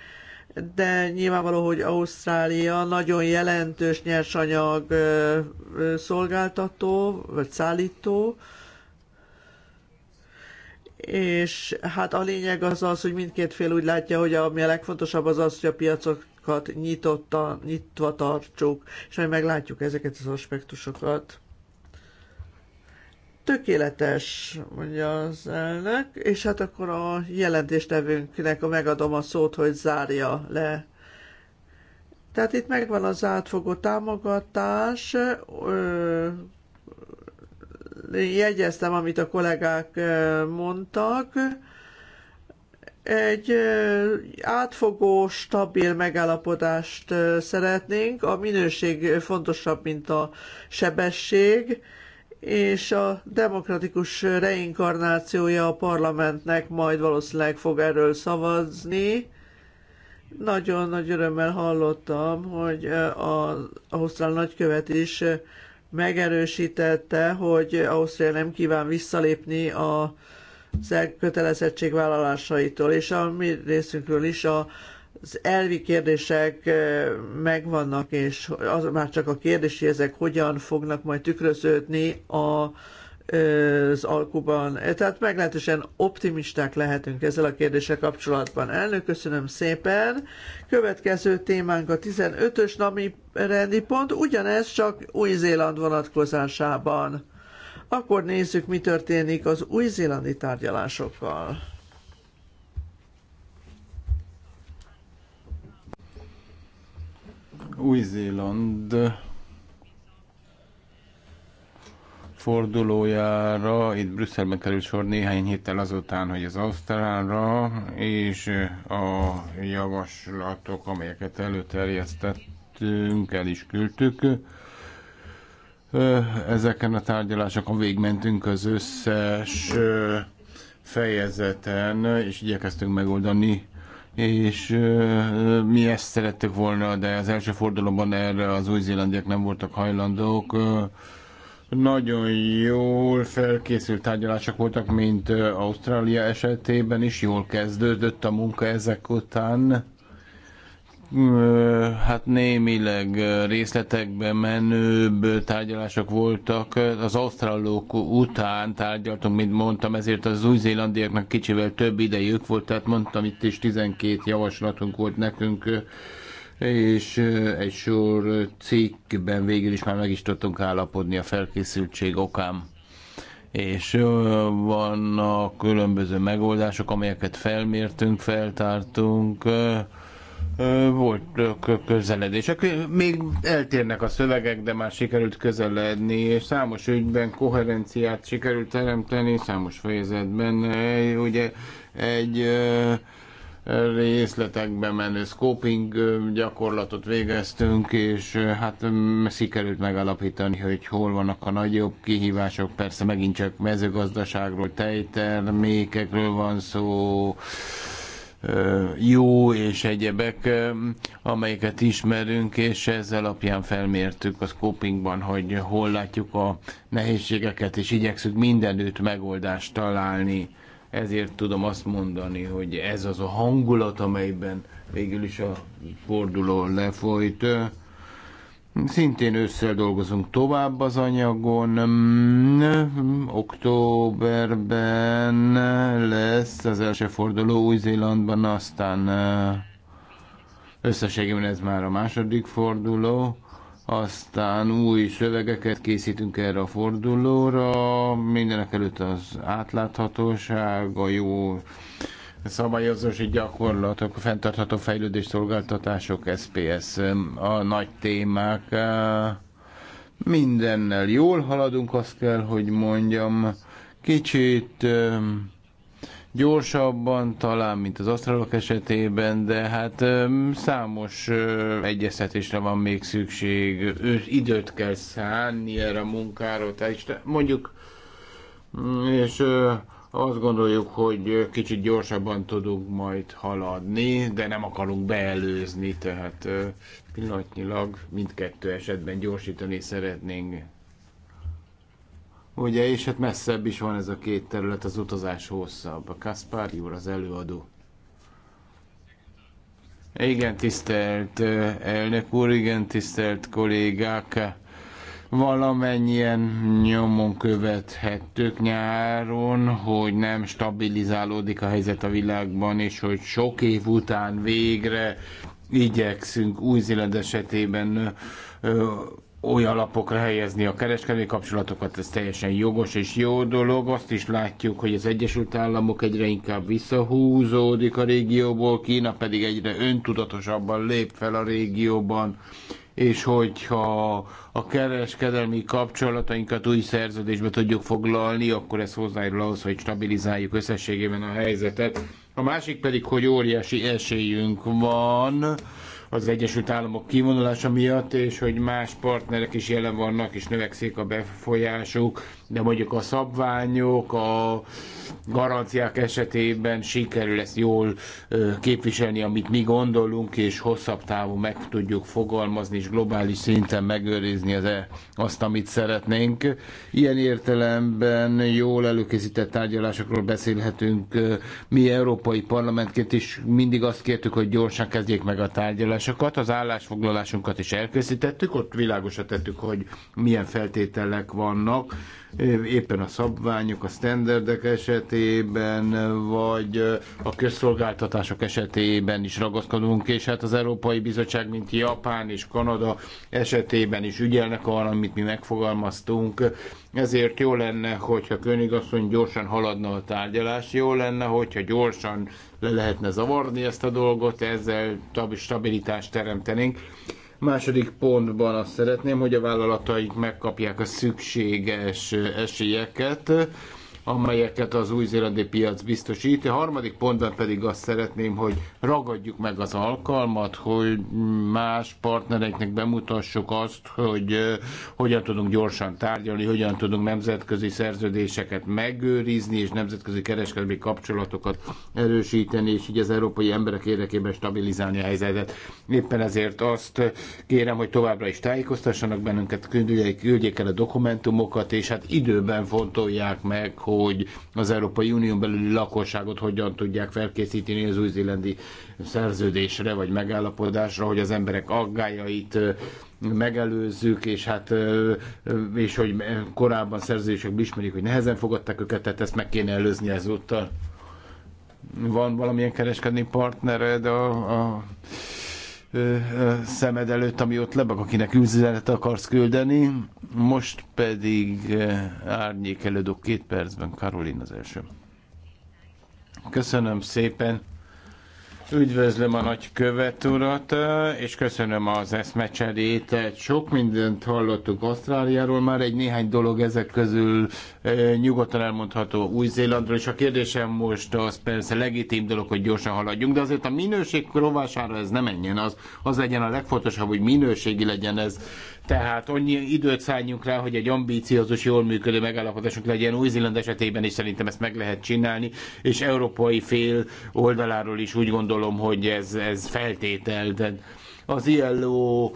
de nyilvánvaló, hogy Ausztrália nagyon jelentős nyersanyag szolgáltató, vagy szállító, és hát a lényeg az az, hogy mindkét fél úgy látja, hogy ami a legfontosabb az az, hogy a piacok ajtókat nyitotta, nyitva tartsuk, és majd meglátjuk ezeket az aspektusokat. Tökéletes, mondja az elnök, és hát akkor a jelentéstevőnknek a megadom a szót, hogy zárja le. Tehát itt megvan az átfogó támogatás, jegyeztem, amit a kollégák mondtak, egy átfogó, stabil megállapodást szeretnénk. A minőség fontosabb, mint a sebesség, és a demokratikus reinkarnációja a parlamentnek majd valószínűleg fog erről szavazni. Nagyon nagy örömmel hallottam, hogy az Ausztrál nagykövet is megerősítette, hogy Ausztria nem kíván visszalépni a kötelezettségvállalásaitól, és a mi részünkről is a az elvi kérdések megvannak, és az már csak a kérdés, hogy ezek hogyan fognak majd tükröződni a, az alkuban. E, tehát meglehetősen optimisták lehetünk ezzel a kérdéssel kapcsolatban. Elnök, köszönöm szépen. Következő témánk a 15-ös nami rendi pont, ugyanez csak Új-Zéland vonatkozásában akkor nézzük, mi történik az új-zélandi tárgyalásokkal. Új-Zéland fordulójára itt Brüsszelben került sor néhány héttel azután, hogy az Ausztrálra és a javaslatok, amelyeket előterjesztettünk, el is küldtük. Ezeken a tárgyalásokon végmentünk az összes fejezeten, és igyekeztünk megoldani és mi ezt szerettük volna, de az első fordulóban erre az új-zélandiek nem voltak hajlandók. Nagyon jól felkészült tárgyalások voltak, mint Ausztrália esetében is, jól kezdődött a munka ezek után hát némileg részletekben menőbb tárgyalások voltak. Az ausztrálók után tárgyaltunk, mint mondtam, ezért az új-zélandiaknak kicsivel több idejük volt, tehát mondtam, itt is 12 javaslatunk volt nekünk, és egy sor cikkben végül is már meg is tudtunk állapodni a felkészültség okán és vannak különböző megoldások, amelyeket felmértünk, feltártunk, volt közeledések. Még eltérnek a szövegek, de már sikerült közeledni, és számos ügyben koherenciát sikerült teremteni, számos fejezetben. Ugye egy részletekbe menő scoping gyakorlatot végeztünk, és hát sikerült megalapítani, hogy hol vannak a nagyobb kihívások. Persze megint csak mezőgazdaságról, tejtermékekről van szó, jó és egyebek, amelyeket ismerünk, és ez alapján felmértük a scopingban, hogy hol látjuk a nehézségeket, és igyekszünk mindenütt megoldást találni. Ezért tudom azt mondani, hogy ez az a hangulat, amelyben végül is a forduló lefolyt. Szintén ősszel dolgozunk tovább az anyagon. Mm, októberben lesz az első forduló Új-Zélandban, aztán összességében ez már a második forduló. Aztán új szövegeket készítünk erre a fordulóra. Mindenek előtt az átláthatóság, a jó szabályozási gyakorlatok, a fenntartható fejlődés szolgáltatások, SPS, a nagy témák, mindennel jól haladunk, azt kell, hogy mondjam, kicsit gyorsabban talán, mint az asztralok esetében, de hát számos egyeztetésre van még szükség, ő időt kell szánni erre a munkára, tehát mondjuk mm, és azt gondoljuk, hogy kicsit gyorsabban tudunk majd haladni, de nem akarunk beelőzni, tehát pillanatnyilag mindkettő esetben gyorsítani szeretnénk. Ugye, és hát messzebb is van ez a két terület, az utazás hosszabb. A Kaspár úr az előadó. Igen, tisztelt elnök úr, igen, tisztelt kollégák valamennyien nyomon követhettük nyáron, hogy nem stabilizálódik a helyzet a világban, és hogy sok év után végre igyekszünk Új-Zéland esetében ö, olyan alapokra helyezni a kereskedelmi kapcsolatokat, ez teljesen jogos és jó dolog. Azt is látjuk, hogy az Egyesült Államok egyre inkább visszahúzódik a régióból, Kína pedig egyre öntudatosabban lép fel a régióban, és hogyha a kereskedelmi kapcsolatainkat új szerződésbe tudjuk foglalni, akkor ez hozzájárul ahhoz, hogy stabilizáljuk összességében a helyzetet. A másik pedig, hogy óriási esélyünk van az Egyesült Államok kivonulása miatt, és hogy más partnerek is jelen vannak, és növekszik a befolyásuk de mondjuk a szabványok, a garanciák esetében sikerül ezt jól képviselni, amit mi gondolunk, és hosszabb távon meg tudjuk fogalmazni, és globális szinten megőrizni az -e azt, amit szeretnénk. Ilyen értelemben jól előkészített tárgyalásokról beszélhetünk. Mi Európai Parlamentként is mindig azt kértük, hogy gyorsan kezdjék meg a tárgyalásokat. Az állásfoglalásunkat is elkészítettük, ott világosra tettük, hogy milyen feltételek vannak, éppen a szabványok, a standardek esetében, vagy a közszolgáltatások esetében is ragaszkodunk, és hát az Európai Bizottság, mint Japán és Kanada esetében is ügyelnek arra, amit mi megfogalmaztunk. Ezért jó lenne, hogyha Königasszony gyorsan haladna a tárgyalás, jó lenne, hogyha gyorsan le lehetne zavarni ezt a dolgot, ezzel stabilitást teremtenénk. Második pontban azt szeretném, hogy a vállalataik megkapják a szükséges esélyeket amelyeket az új-zélandi piac biztosít. A harmadik pontban pedig azt szeretném, hogy ragadjuk meg az alkalmat, hogy más partnereknek bemutassuk azt, hogy hogyan tudunk gyorsan tárgyalni, hogyan tudunk nemzetközi szerződéseket megőrizni, és nemzetközi kereskedelmi kapcsolatokat erősíteni, és így az európai emberek érdekében stabilizálni a helyzetet. Éppen ezért azt kérem, hogy továbbra is tájékoztassanak bennünket, küldjék el a dokumentumokat, és hát időben fontolják meg, hogy hogy az Európai Unión belüli lakosságot hogyan tudják felkészíteni az új-zélandi szerződésre vagy megállapodásra, hogy az emberek aggájait megelőzzük, és hát és hogy korábban szerződésekből ismerik, hogy nehezen fogadták őket, tehát ezt meg kéne előzni ezúttal. Van valamilyen kereskedni partnered a, a szemed előtt, ami ott lebeg, akinek üzenetet akarsz küldeni. Most pedig árnyék előadó két percben, Karolin az első. Köszönöm szépen. Üdvözlöm a követ urat, és köszönöm az eszmecserét. Sok mindent hallottuk Ausztráliáról, már egy néhány dolog ezek közül nyugodtan elmondható Új-Zélandról, és a kérdésem most az persze legitim dolog, hogy gyorsan haladjunk, de azért a minőség rovására ez nem menjen, az, az legyen a legfontosabb, hogy minőségi legyen ez. Tehát annyi időt szálljunk rá, hogy egy ambíciózus, jól működő megállapodásunk legyen Új-Zéland esetében, és szerintem ezt meg lehet csinálni, és európai fél oldaláról is úgy gondolom, gondolom, hogy ez, ez feltétel, de az ILO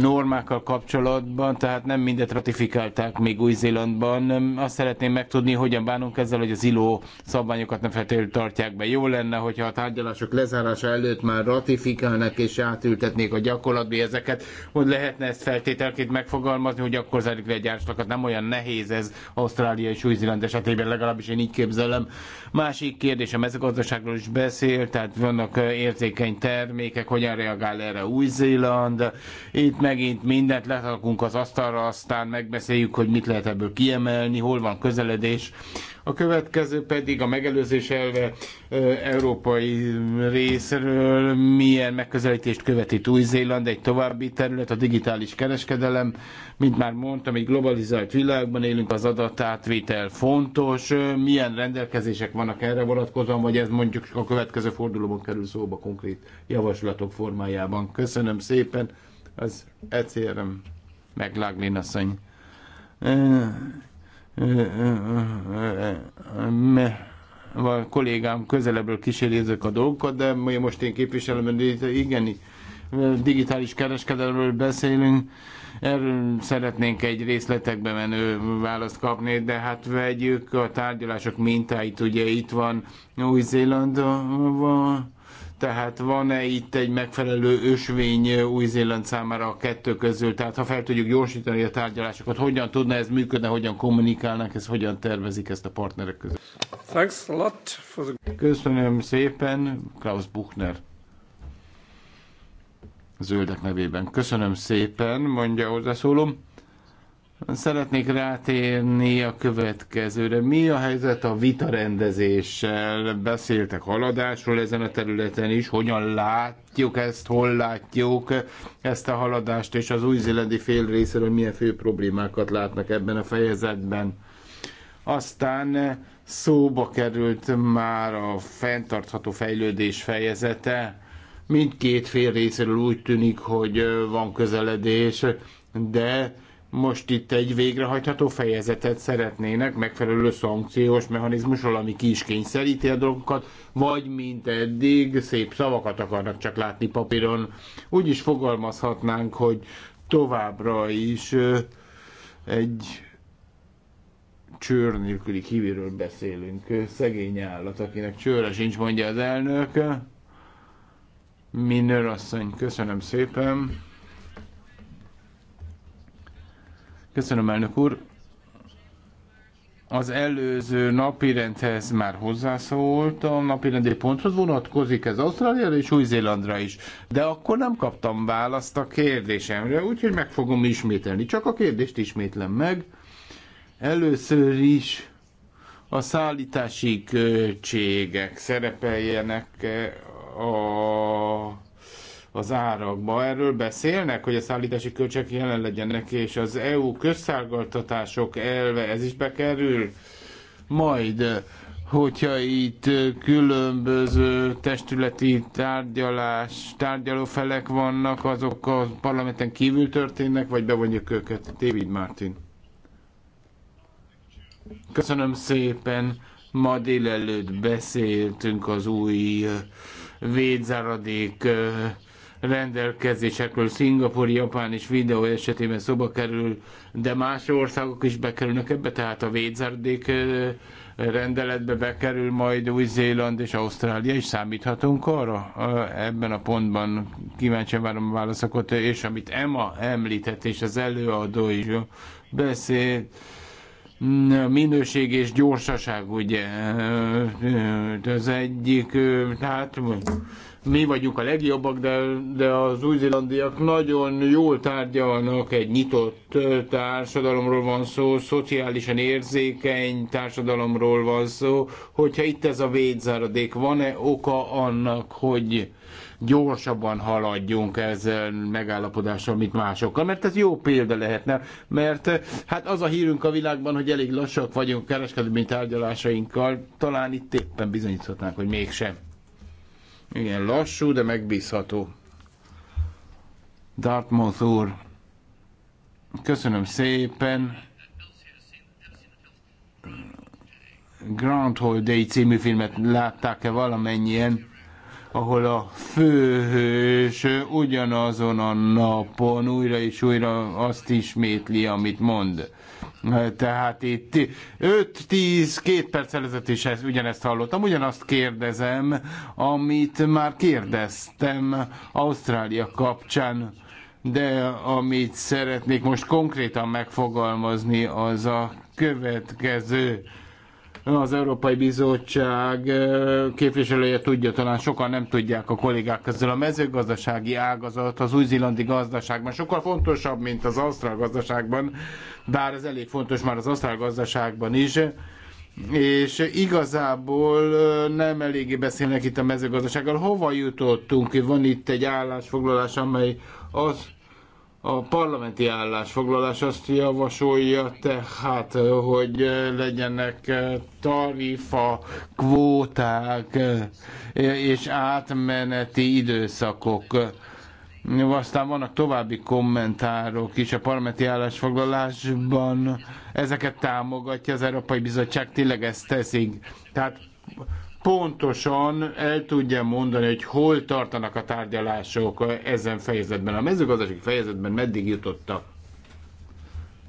normákkal kapcsolatban, tehát nem mindet ratifikálták még Új-Zélandban. Azt szeretném megtudni, hogyan bánunk ezzel, hogy az ILO szabványokat nem feltétlenül tartják be. Jó lenne, hogyha a tárgyalások lezárása előtt már ratifikálnak és átültetnék a gyakorlatba ezeket, hogy lehetne ezt feltételként megfogalmazni, hogy akkor zárjuk le egy árslakat. Nem olyan nehéz ez Ausztrália és Új-Zéland esetében, legalábbis én így képzelem. Másik kérdés, a mezőgazdaságról is beszél, tehát vannak érzékeny termékek, hogyan reagál erre új-Zéland. Itt megint mindent lerakunk az asztalra, aztán megbeszéljük, hogy mit lehet ebből kiemelni, hol van közeledés. A következő pedig a megelőzés elve európai részről, milyen megközelítést követi Új-Zéland, egy további terület, a digitális kereskedelem. Mint már mondtam, egy globalizált világban élünk, az adatátvétel fontos. Milyen rendelkezések vannak erre vonatkozóan, vagy ez mondjuk a következő fordulóban kerül szóba konkrét javaslatok formájában. Köszönöm szépen az ECRM megláglin asszony a kollégám közelebbről kíséri ezek a dolgokat, de most én képviselem, de igen, digitális kereskedelmről beszélünk, erről szeretnénk egy részletekbe menő választ kapni, de hát vegyük a tárgyalások mintáit, ugye itt van új zélandban tehát van-e itt egy megfelelő ösvény Új-Zéland számára a kettő közül? Tehát ha fel tudjuk gyorsítani a tárgyalásokat, hogyan tudna ez működni, hogyan kommunikálnak, ez hogyan tervezik ezt a partnerek között? Thanks a lot for the... Köszönöm szépen, Klaus Buchner. Zöldek nevében. Köszönöm szépen, mondja hozzászólom. Szeretnék rátérni a következőre. Mi a helyzet a vitarendezéssel? Beszéltek haladásról ezen a területen is, hogyan látjuk ezt, hol látjuk ezt a haladást, és az új-zélandi fél részéről milyen fő problémákat látnak ebben a fejezetben. Aztán szóba került már a fenntartható fejlődés fejezete. Mindkét fél részéről úgy tűnik, hogy van közeledés, de most itt egy végrehajtható fejezetet szeretnének, megfelelő szankciós mechanizmusról, ami ki is kényszeríti a dolgokat, vagy mint eddig szép szavakat akarnak csak látni papíron. Úgy is fogalmazhatnánk, hogy továbbra is egy csőr nélküli kívülről beszélünk. Szegény állat, akinek csőre sincs, mondja az elnök. Minőr asszony, köszönöm szépen. Köszönöm, elnök úr. Az előző napirendhez már hozzászóltam, napirendi ponthoz vonatkozik ez Ausztráliára és Új-Zélandra is, de akkor nem kaptam választ a kérdésemre, úgyhogy meg fogom ismételni. Csak a kérdést ismétlem meg. Először is a szállítási költségek szerepeljenek a az árakba. Erről beszélnek, hogy a szállítási költségek jelen legyenek, és az EU közszárgaltatások elve, ez is bekerül? Majd, hogyha itt különböző testületi tárgyalás, tárgyalófelek vannak, azok a parlamenten kívül történnek, vagy bevonjuk őket? David Martin. Köszönöm szépen. Ma délelőtt beszéltünk az új eh, védzáradék eh, rendelkezésekről Szingapur, Japán és videó esetében szoba kerül, de más országok is bekerülnek ebbe, tehát a védzárdék rendeletbe bekerül majd Új-Zéland és Ausztrália, és számíthatunk arra ebben a pontban. Kíváncsi várom a válaszokat, és amit Emma említett, és az előadó is beszélt, minőség és gyorsaság, ugye, az egyik, tehát mi vagyunk a legjobbak, de, de az új-zélandiak nagyon jól tárgyalnak, egy nyitott társadalomról van szó, szociálisan érzékeny társadalomról van szó. Hogyha itt ez a védzáradék, van-e oka annak, hogy gyorsabban haladjunk ezzel megállapodással, mint másokkal, mert ez jó példa lehetne, mert hát az a hírünk a világban, hogy elég lassak vagyunk kereskedelmi tárgyalásainkkal, talán itt éppen bizonyíthatnánk, hogy mégsem. Igen, lassú, de megbízható. Dartmouth úr, köszönöm szépen. Grand Day című filmet látták-e valamennyien, ahol a főhős ugyanazon a napon újra és újra azt ismétli, amit mond tehát itt 5-10-2 perc előtt is ez, ugyanezt hallottam, ugyanazt kérdezem, amit már kérdeztem Ausztrália kapcsán, de amit szeretnék most konkrétan megfogalmazni, az a következő az Európai Bizottság képviselője tudja, talán sokan nem tudják a kollégák közül. A mezőgazdasági ágazat az új-zélandi gazdaságban sokkal fontosabb, mint az ausztrál gazdaságban, bár ez elég fontos már az ausztrál gazdaságban is és igazából nem eléggé beszélnek itt a mezőgazdasággal. Hova jutottunk? Van itt egy állásfoglalás, amely azt a parlamenti állásfoglalás azt javasolja tehát, hogy legyenek tarifa, kvóták és átmeneti időszakok. Aztán vannak további kommentárok is a parlamenti állásfoglalásban. Ezeket támogatja az Európai Bizottság, tényleg ezt teszik. Tehát pontosan el tudja mondani, hogy hol tartanak a tárgyalások ezen fejezetben. A mezőgazdasági fejezetben meddig jutottak?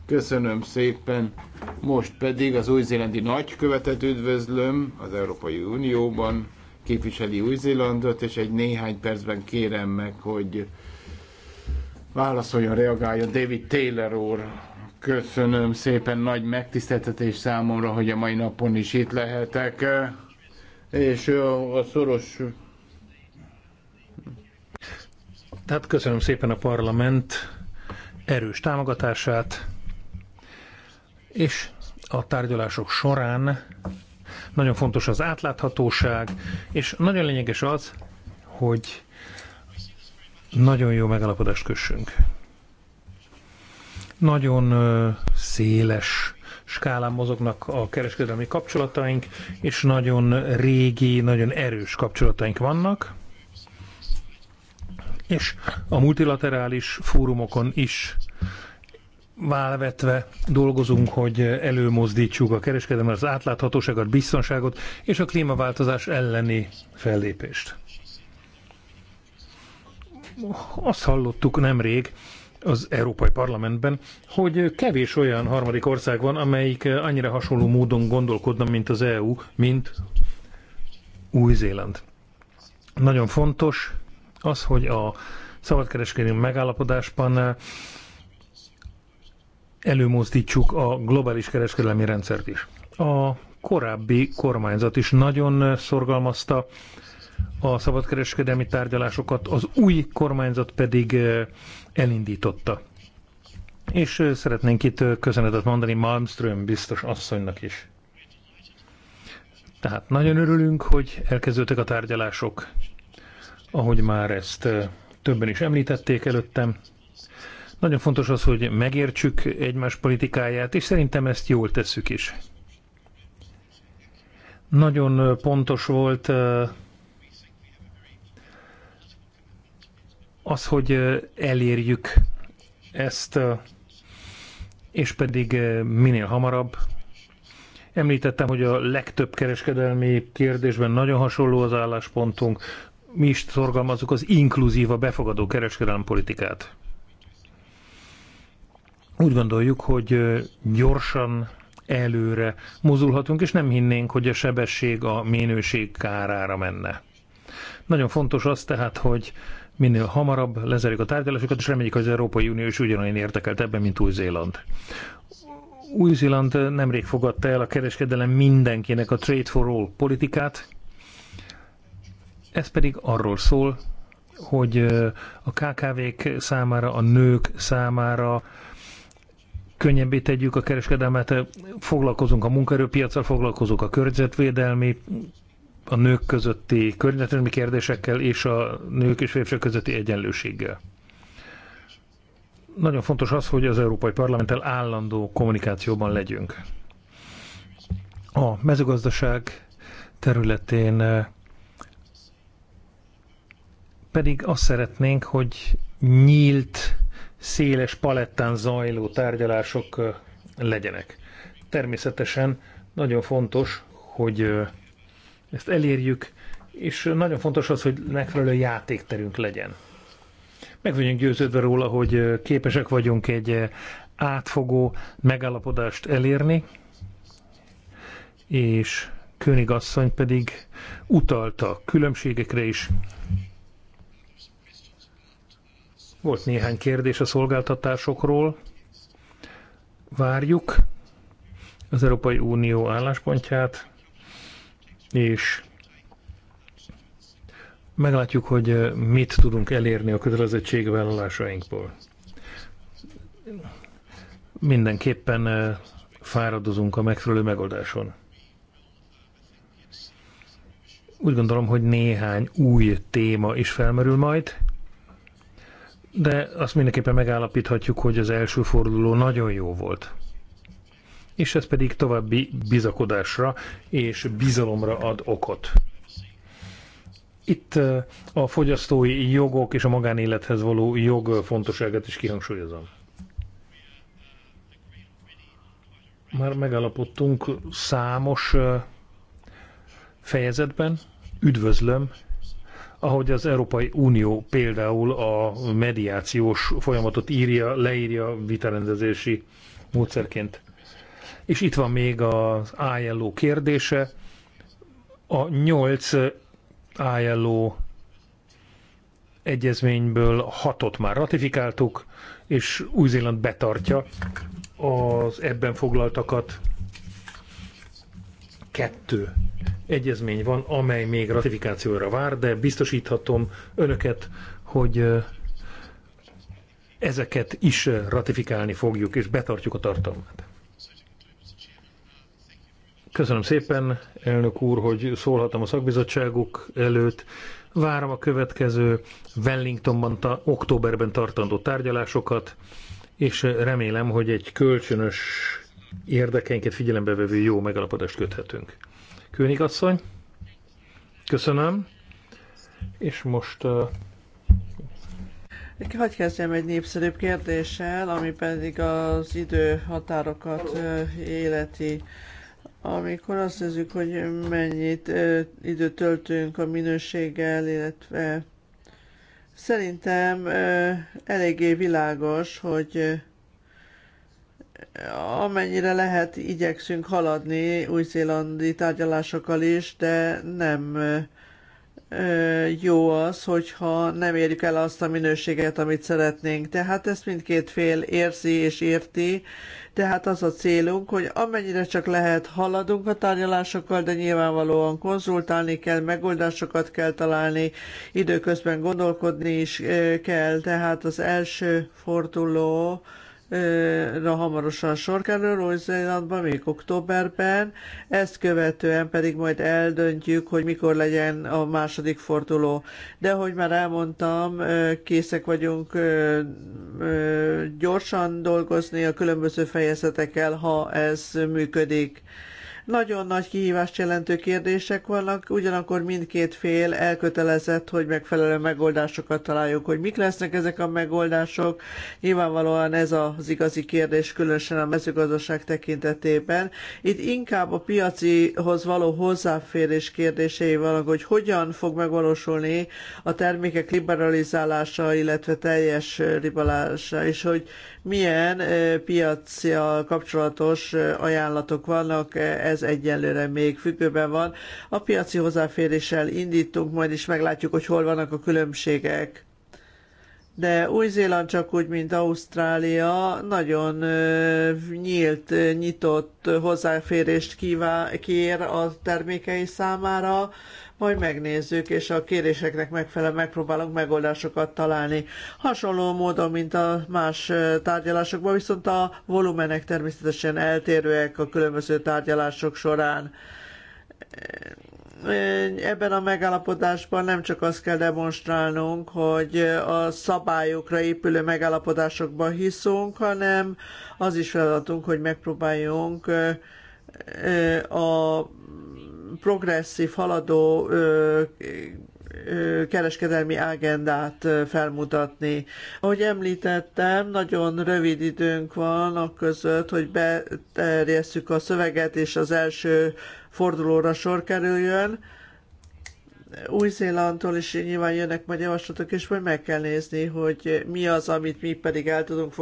Köszönöm szépen. Most pedig az új-zélandi nagykövetet üdvözlöm az Európai Unióban, képviseli Új-Zélandot, és egy néhány percben kérem meg, hogy válaszoljon, reagáljon David Taylor úr. Köszönöm szépen, nagy megtiszteltetés számomra, hogy a mai napon is itt lehetek és a szoros tehát köszönöm szépen a parlament erős támogatását, és a tárgyalások során nagyon fontos az átláthatóság, és nagyon lényeges az, hogy nagyon jó megalapodást kössünk. Nagyon széles skálán mozognak a kereskedelmi kapcsolataink, és nagyon régi, nagyon erős kapcsolataink vannak. És a multilaterális fórumokon is válvetve dolgozunk, hogy előmozdítsuk a kereskedelmet, az átláthatóságot, biztonságot és a klímaváltozás elleni fellépést. Azt hallottuk nemrég, az Európai Parlamentben, hogy kevés olyan harmadik ország van, amelyik annyira hasonló módon gondolkodna, mint az EU, mint Új-Zéland. Nagyon fontos az, hogy a szabadkereskedelmi megállapodásban előmozdítsuk a globális kereskedelmi rendszert is. A korábbi kormányzat is nagyon szorgalmazta a szabadkereskedelmi tárgyalásokat, az új kormányzat pedig elindította. És szeretnénk itt köszönetet mondani Malmström biztos asszonynak is. Tehát nagyon örülünk, hogy elkezdődtek a tárgyalások, ahogy már ezt többen is említették előttem. Nagyon fontos az, hogy megértsük egymás politikáját, és szerintem ezt jól tesszük is. Nagyon pontos volt az, hogy elérjük ezt, és pedig minél hamarabb. Említettem, hogy a legtöbb kereskedelmi kérdésben nagyon hasonló az álláspontunk. Mi is szorgalmazunk az inkluzív, a befogadó kereskedelmi politikát. Úgy gondoljuk, hogy gyorsan előre mozulhatunk, és nem hinnénk, hogy a sebesség a minőség kárára menne. Nagyon fontos az tehát, hogy minél hamarabb lezerik a tárgyalásokat, és reméljük, hogy az Európai Unió is ugyanolyan értekelt ebben, mint Új-Zéland. Új-Zéland nemrég fogadta el a kereskedelem mindenkinek a Trade for All politikát, ez pedig arról szól, hogy a KKV-k számára, a nők számára könnyebbé tegyük a kereskedelmet, foglalkozunk a munkaerőpiacsal, foglalkozunk a környezetvédelmi a nők közötti környezetvédelmi kérdésekkel és a nők és férfiak közötti egyenlőséggel. Nagyon fontos az, hogy az Európai Parlamenttel állandó kommunikációban legyünk. A mezőgazdaság területén eh, pedig azt szeretnénk, hogy nyílt, széles palettán zajló tárgyalások eh, legyenek. Természetesen nagyon fontos, hogy eh, ezt elérjük, és nagyon fontos az, hogy megfelelő játékterünk legyen. Meg vagyunk győződve róla, hogy képesek vagyunk egy átfogó megállapodást elérni, és Königasszony pedig utalta különbségekre is. Volt néhány kérdés a szolgáltatásokról. Várjuk az Európai Unió álláspontját és meglátjuk, hogy eh, mit tudunk elérni a kötelezettségvállalásainkból. Mindenképpen eh, fáradozunk a megfelelő megoldáson. Úgy gondolom, hogy néhány új téma is felmerül majd, de azt mindenképpen megállapíthatjuk, hogy az első forduló nagyon jó volt és ez pedig további bizakodásra és bizalomra ad okot. Itt eh, a fogyasztói jogok és a magánélethez való jog fontosságát is kihangsúlyozom. Már megállapodtunk számos eh, fejezetben, üdvözlöm, ahogy az Európai Unió például a mediációs folyamatot írja, leírja vitarendezési módszerként. És itt van még az ILO kérdése. A nyolc ILO egyezményből hatot már ratifikáltuk, és Új-Zéland betartja az ebben foglaltakat. Kettő egyezmény van, amely még ratifikációra vár, de biztosíthatom önöket, hogy ezeket is ratifikálni fogjuk, és betartjuk a tartalmat. Köszönöm szépen, elnök úr, hogy szólhatom a szakbizottságuk előtt. Várom a következő Wellingtonban ta, októberben tartandó tárgyalásokat, és remélem, hogy egy kölcsönös érdekeinket figyelembe vevő jó megalapodást köthetünk. Kőnik asszony, köszönöm. És most uh, Hogy kezdjem egy népszerűbb kérdéssel, ami pedig az időhatárokat életi amikor azt nézzük, hogy mennyit ö, időt töltünk a minőséggel, illetve szerintem ö, eléggé világos, hogy amennyire lehet, igyekszünk haladni új-zélandi tárgyalásokkal is, de nem jó az, hogyha nem érjük el azt a minőséget, amit szeretnénk. Tehát ezt mindkét fél érzi és érti, tehát az a célunk, hogy amennyire csak lehet haladunk a tárgyalásokkal, de nyilvánvalóan konzultálni kell, megoldásokat kell találni, időközben gondolkodni is eh, kell. Tehát az első forduló ra hamarosan sor kerül új még októberben. Ezt követően pedig majd eldöntjük, hogy mikor legyen a második forduló. De hogy már elmondtam, készek vagyunk gyorsan dolgozni a különböző fejezetekkel, ha ez működik. Nagyon nagy kihívást jelentő kérdések vannak, ugyanakkor mindkét fél elkötelezett, hogy megfelelő megoldásokat találjuk, hogy mik lesznek ezek a megoldások. Nyilvánvalóan ez az igazi kérdés, különösen a mezőgazdaság tekintetében. Itt inkább a piacihoz való hozzáférés kérdései vannak, hogy hogyan fog megvalósulni a termékek liberalizálása, illetve teljes liberalizálása, és hogy milyen piacja kapcsolatos ajánlatok vannak ez ez egyelőre még függőben van. A piaci hozzáféréssel indítunk, majd is meglátjuk, hogy hol vannak a különbségek de Új-Zéland csak úgy, mint Ausztrália, nagyon nyílt, nyitott hozzáférést kíván, kér a termékei számára, majd megnézzük, és a kéréseknek megfelelően megpróbálunk megoldásokat találni. Hasonló módon, mint a más tárgyalásokban, viszont a volumenek természetesen eltérőek a különböző tárgyalások során ebben a megállapodásban nem csak azt kell demonstrálnunk, hogy a szabályokra épülő megállapodásokban hiszünk, hanem az is feladatunk, hogy megpróbáljunk a progresszív, haladó kereskedelmi agendát felmutatni. Ahogy említettem, nagyon rövid időnk van a között, hogy beterjesszük a szöveget, és az első fordulóra sor kerüljön új-Zélandtól is nyilván jönnek majd javaslatok, és majd meg kell nézni, hogy mi az, amit mi pedig el tudunk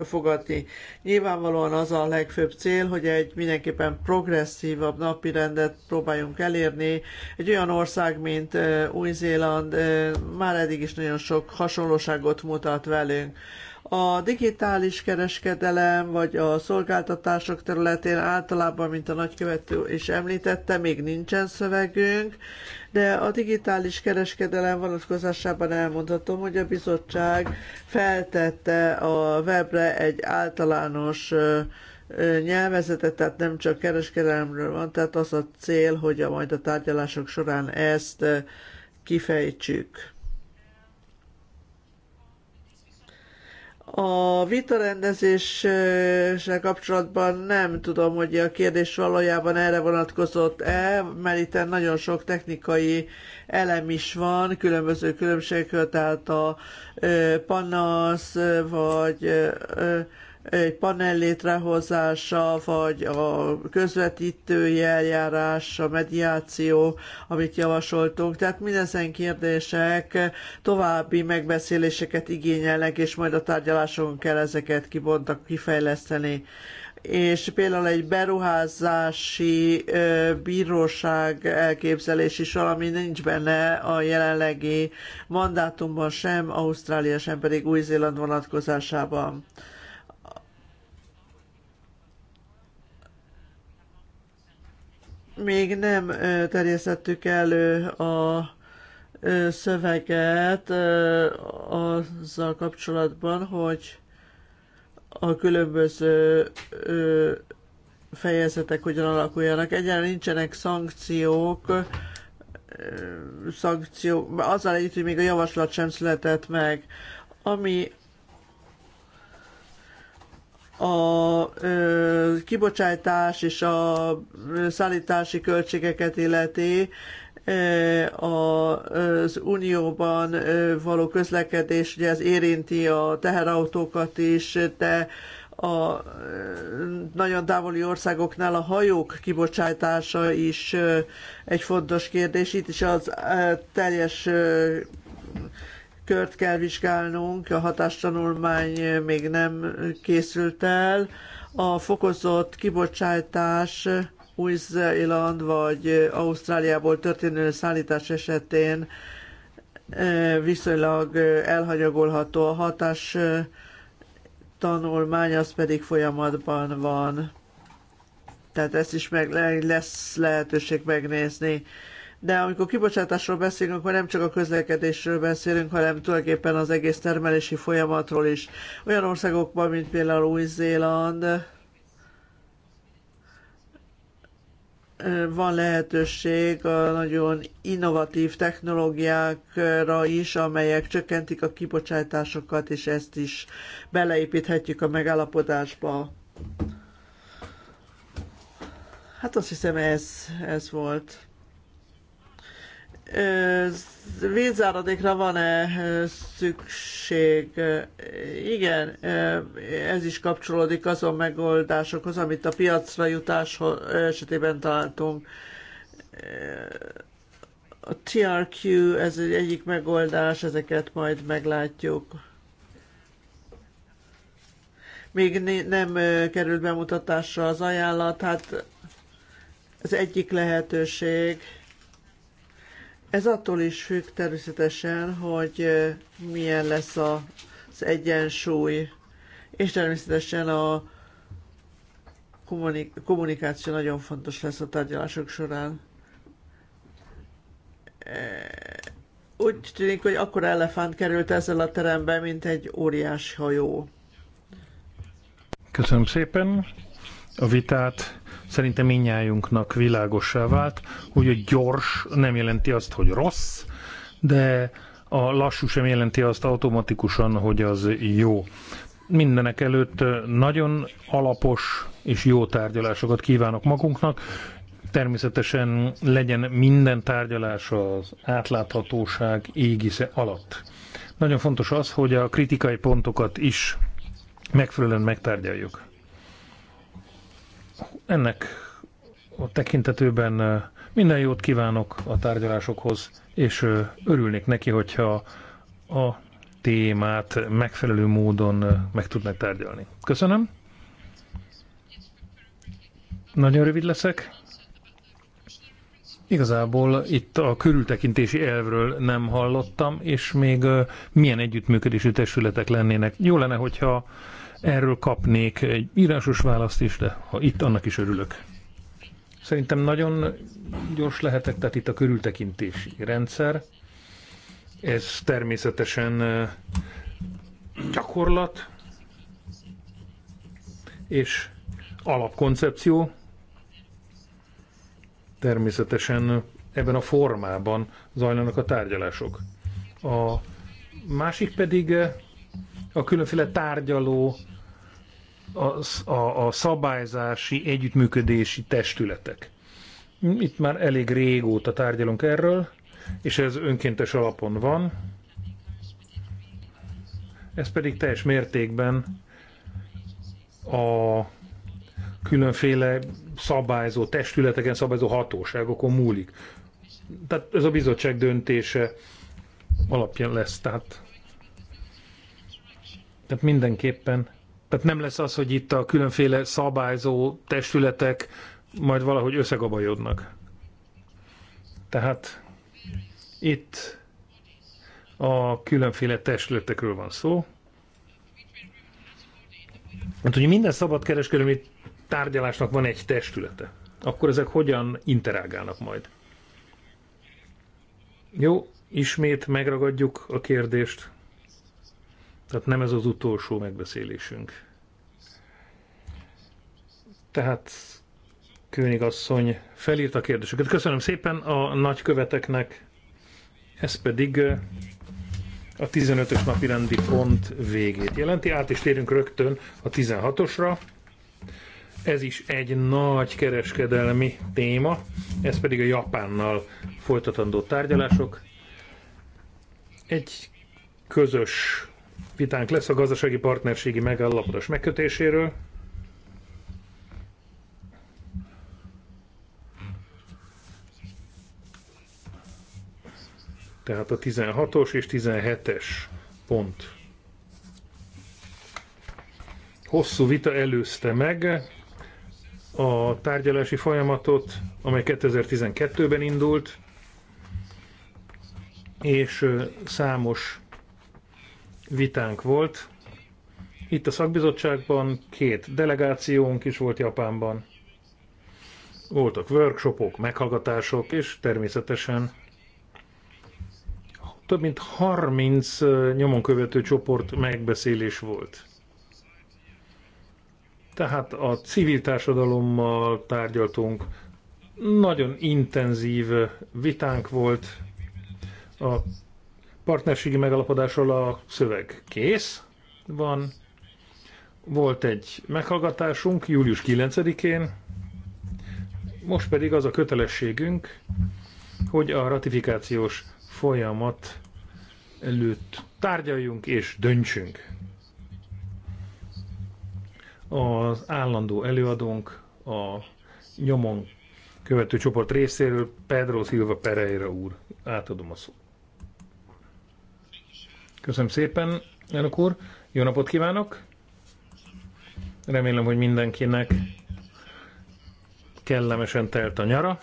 fogadni. Nyilvánvalóan az a legfőbb cél, hogy egy mindenképpen progresszívabb napi rendet próbáljunk elérni. Egy olyan ország, mint Új-Zéland már eddig is nagyon sok hasonlóságot mutat velünk a digitális kereskedelem vagy a szolgáltatások területén általában, mint a nagykövető is említette, még nincsen szövegünk, de a digitális kereskedelem vonatkozásában elmondhatom, hogy a bizottság feltette a webre egy általános nyelvezetet, tehát nem csak kereskedelemről van, tehát az a cél, hogy a, majd a tárgyalások során ezt kifejtsük. A vitarendezéssel kapcsolatban nem tudom, hogy a kérdés valójában erre vonatkozott-e, mert itt nagyon sok technikai elem is van, különböző különbségek, tehát a panasz, vagy egy panel létrehozása, vagy a közvetítői eljárás, a mediáció, amit javasoltunk. Tehát mindezen kérdések további megbeszéléseket igényelnek, és majd a tárgyaláson kell ezeket kibontak, kifejleszteni és például egy beruházási bíróság elképzelés is valami nincs benne a jelenlegi mandátumban sem, Ausztrália sem pedig Új-Zéland vonatkozásában. még nem terjesztettük elő a szöveget azzal kapcsolatban, hogy a különböző fejezetek hogyan alakuljanak. Egyáltalán nincsenek szankciók, szankció, azzal együtt, hogy még a javaslat sem született meg. Ami a kibocsátás és a szállítási költségeket illeti, az unióban való közlekedés, ugye ez érinti a teherautókat is, de a nagyon távoli országoknál a hajók kibocsátása is egy fontos kérdés. Itt is az teljes kört kell vizsgálnunk, a hatástanulmány még nem készült el. A fokozott kibocsátás Új-Zéland vagy Ausztráliából történő szállítás esetén e, viszonylag elhanyagolható a hatás tanulmány, az pedig folyamatban van. Tehát ezt is meg lesz lehetőség megnézni de amikor kibocsátásról beszélünk, akkor nem csak a közlekedésről beszélünk, hanem tulajdonképpen az egész termelési folyamatról is. Olyan országokban, mint például Új-Zéland, van lehetőség a nagyon innovatív technológiákra is, amelyek csökkentik a kibocsátásokat, és ezt is beleépíthetjük a megállapodásba. Hát azt hiszem ez, ez volt vízáradékra van-e szükség? Igen, ez is kapcsolódik azon megoldásokhoz, amit a piacra jutás esetében találtunk. A TRQ, ez egy egyik megoldás, ezeket majd meglátjuk. Még nem került bemutatásra az ajánlat, hát ez egyik lehetőség. Ez attól is függ természetesen, hogy milyen lesz az egyensúly, és természetesen a kommunikáció nagyon fontos lesz a tárgyalások során. Úgy tűnik, hogy akkor elefánt került ezzel a teremben, mint egy óriás hajó. Köszönöm szépen a vitát Szerintem minnyájunknak világosá vált, hogy a gyors nem jelenti azt, hogy rossz, de a lassú sem jelenti azt automatikusan, hogy az jó. Mindenek előtt nagyon alapos és jó tárgyalásokat kívánok magunknak. Természetesen legyen minden tárgyalás az átláthatóság égisze alatt. Nagyon fontos az, hogy a kritikai pontokat is megfelelően megtárgyaljuk. Ennek a tekintetőben minden jót kívánok a tárgyalásokhoz, és örülnék neki, hogyha a témát megfelelő módon meg tudnak tárgyalni. Köszönöm. Nagyon rövid leszek. Igazából itt a körültekintési elvről nem hallottam, és még milyen együttműködésű testületek lennének. Jó lenne, hogyha erről kapnék egy írásos választ is, de ha itt, annak is örülök. Szerintem nagyon gyors lehetek, tehát itt a körültekintési rendszer. Ez természetesen gyakorlat és alapkoncepció. Természetesen ebben a formában zajlanak a tárgyalások. A másik pedig a különféle tárgyaló a, a, a szabályzási együttműködési testületek. Itt már elég régóta tárgyalunk erről, és ez önkéntes alapon van. Ez pedig teljes mértékben a különféle szabályzó testületeken, szabályzó hatóságokon múlik. Tehát ez a bizottság döntése alapján lesz. Tehát, tehát mindenképpen tehát nem lesz az, hogy itt a különféle szabályzó testületek majd valahogy összegabajodnak. Tehát itt a különféle testületekről van szó. Hát, hogy minden kereskedelmi tárgyalásnak van egy testülete. Akkor ezek hogyan interágálnak majd? Jó, ismét megragadjuk a kérdést. Tehát nem ez az utolsó megbeszélésünk. Tehát König asszony felírta a kérdéseket. Köszönöm szépen a nagyköveteknek, ez pedig a 15-ös napi rendi pont végét jelenti. Át is térünk rögtön a 16-osra. Ez is egy nagy kereskedelmi téma, ez pedig a Japánnal folytatandó tárgyalások. Egy közös vitánk lesz a gazdasági partnerségi megállapodás megkötéséről. Tehát a 16-os és 17-es pont. Hosszú vita előzte meg a tárgyalási folyamatot, amely 2012-ben indult, és számos vitánk volt. Itt a szakbizottságban két delegációnk is volt Japánban. Voltak workshopok, meghallgatások, és természetesen több mint 30 nyomon követő csoport megbeszélés volt. Tehát a civil társadalommal tárgyaltunk, nagyon intenzív vitánk volt, a partnerségi megalapodásról a szöveg kész van. Volt egy meghallgatásunk július 9-én, most pedig az a kötelességünk, hogy a ratifikációs folyamat előtt tárgyaljunk és döntsünk. Az állandó előadónk a nyomon követő csoport részéről Pedro Silva Pereira úr. Átadom a szót. Köszönöm szépen, elnök úr. Jó napot kívánok. Remélem, hogy mindenkinek kellemesen telt a nyara.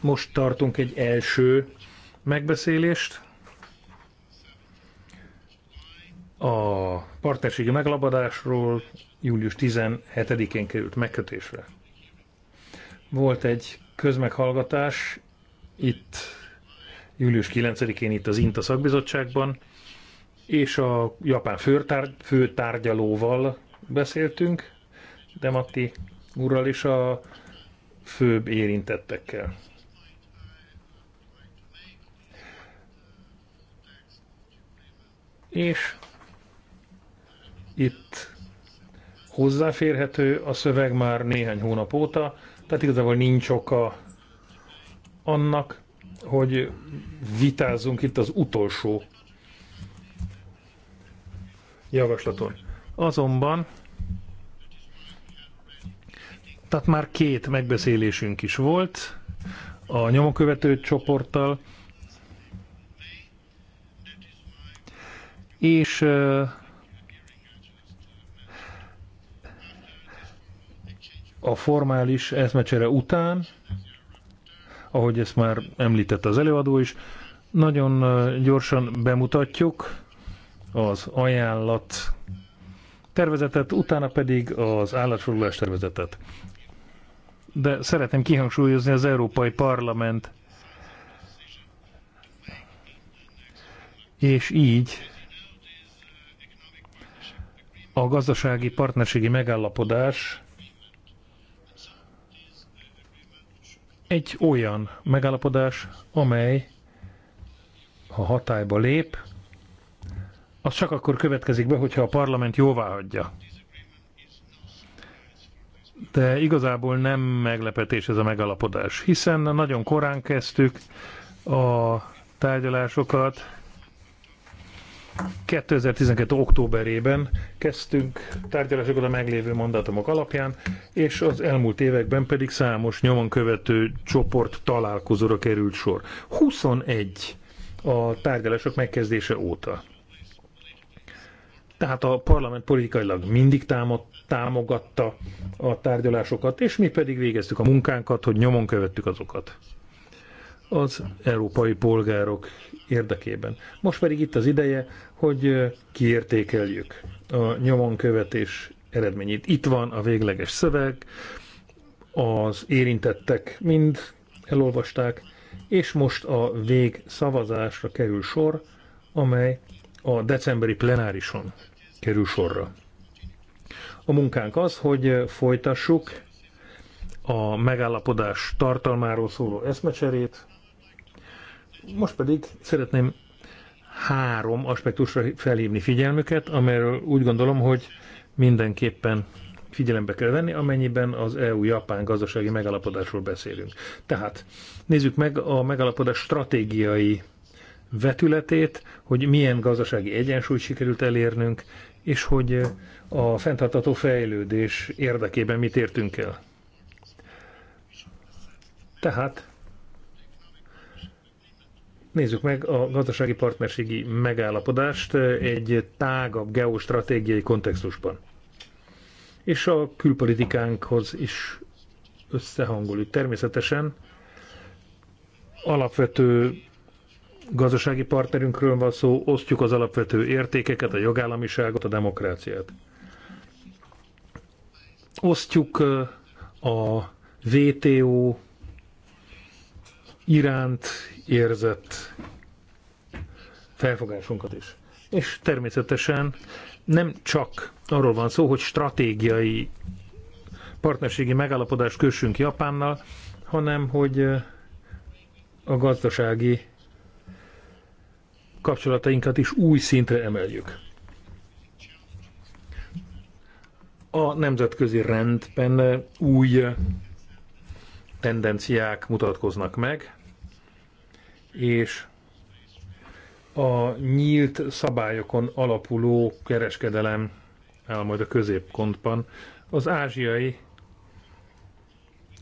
Most tartunk egy első megbeszélést. A partnerségi meglabadásról július 17-én került megkötésre. Volt egy közmeghallgatás itt július 9-én itt az INTA szakbizottságban, és a japán főtár, főtárgyalóval beszéltünk, Dematti úrral is a főbb érintettekkel. És itt hozzáférhető a szöveg már néhány hónap óta, tehát igazából nincs oka annak, hogy vitázunk itt az utolsó javaslaton. Azonban, tehát már két megbeszélésünk is volt a nyomokövető csoporttal, és a formális eszmecsere után ahogy ezt már említette az előadó is. Nagyon gyorsan bemutatjuk az ajánlat tervezetet, utána pedig az állatsorolás tervezetet. De szeretném kihangsúlyozni az Európai Parlament és így a gazdasági partnerségi megállapodás egy olyan megállapodás, amely ha hatályba lép, az csak akkor következik be, hogyha a parlament jóvá hagyja. De igazából nem meglepetés ez a megalapodás, hiszen nagyon korán kezdtük a tárgyalásokat, 2012. októberében kezdtünk tárgyalásokat a meglévő mandátumok alapján, és az elmúlt években pedig számos nyomon követő csoport találkozóra került sor. 21 a tárgyalások megkezdése óta. Tehát a parlament politikailag mindig támogatta a tárgyalásokat, és mi pedig végeztük a munkánkat, hogy nyomon követtük azokat az európai polgárok érdekében. Most pedig itt az ideje, hogy kiértékeljük a nyomonkövetés eredményét. Itt van a végleges szöveg, az érintettek mind elolvasták, és most a vég szavazásra kerül sor, amely a decemberi plenárison kerül sorra. A munkánk az, hogy folytassuk a megállapodás tartalmáról szóló eszmecserét, most pedig szeretném három aspektusra felhívni figyelmüket, amelyről úgy gondolom, hogy mindenképpen figyelembe kell venni, amennyiben az EU-Japán gazdasági megalapodásról beszélünk. Tehát nézzük meg a megalapodás stratégiai vetületét, hogy milyen gazdasági egyensúlyt sikerült elérnünk, és hogy a fenntartató fejlődés érdekében mit értünk el. Tehát Nézzük meg a gazdasági partnerségi megállapodást egy tágabb geostratégiai kontextusban. És a külpolitikánkhoz is összehangoljuk. Természetesen alapvető gazdasági partnerünkről van szó, osztjuk az alapvető értékeket, a jogállamiságot, a demokráciát. Osztjuk a VTO iránt érzett felfogásunkat is. És természetesen nem csak arról van szó, hogy stratégiai partnerségi megállapodást kössünk Japánnal, hanem hogy a gazdasági kapcsolatainkat is új szintre emeljük. A nemzetközi rendben új tendenciák mutatkoznak meg, és a nyílt szabályokon alapuló kereskedelem áll majd a középkontban az ázsiai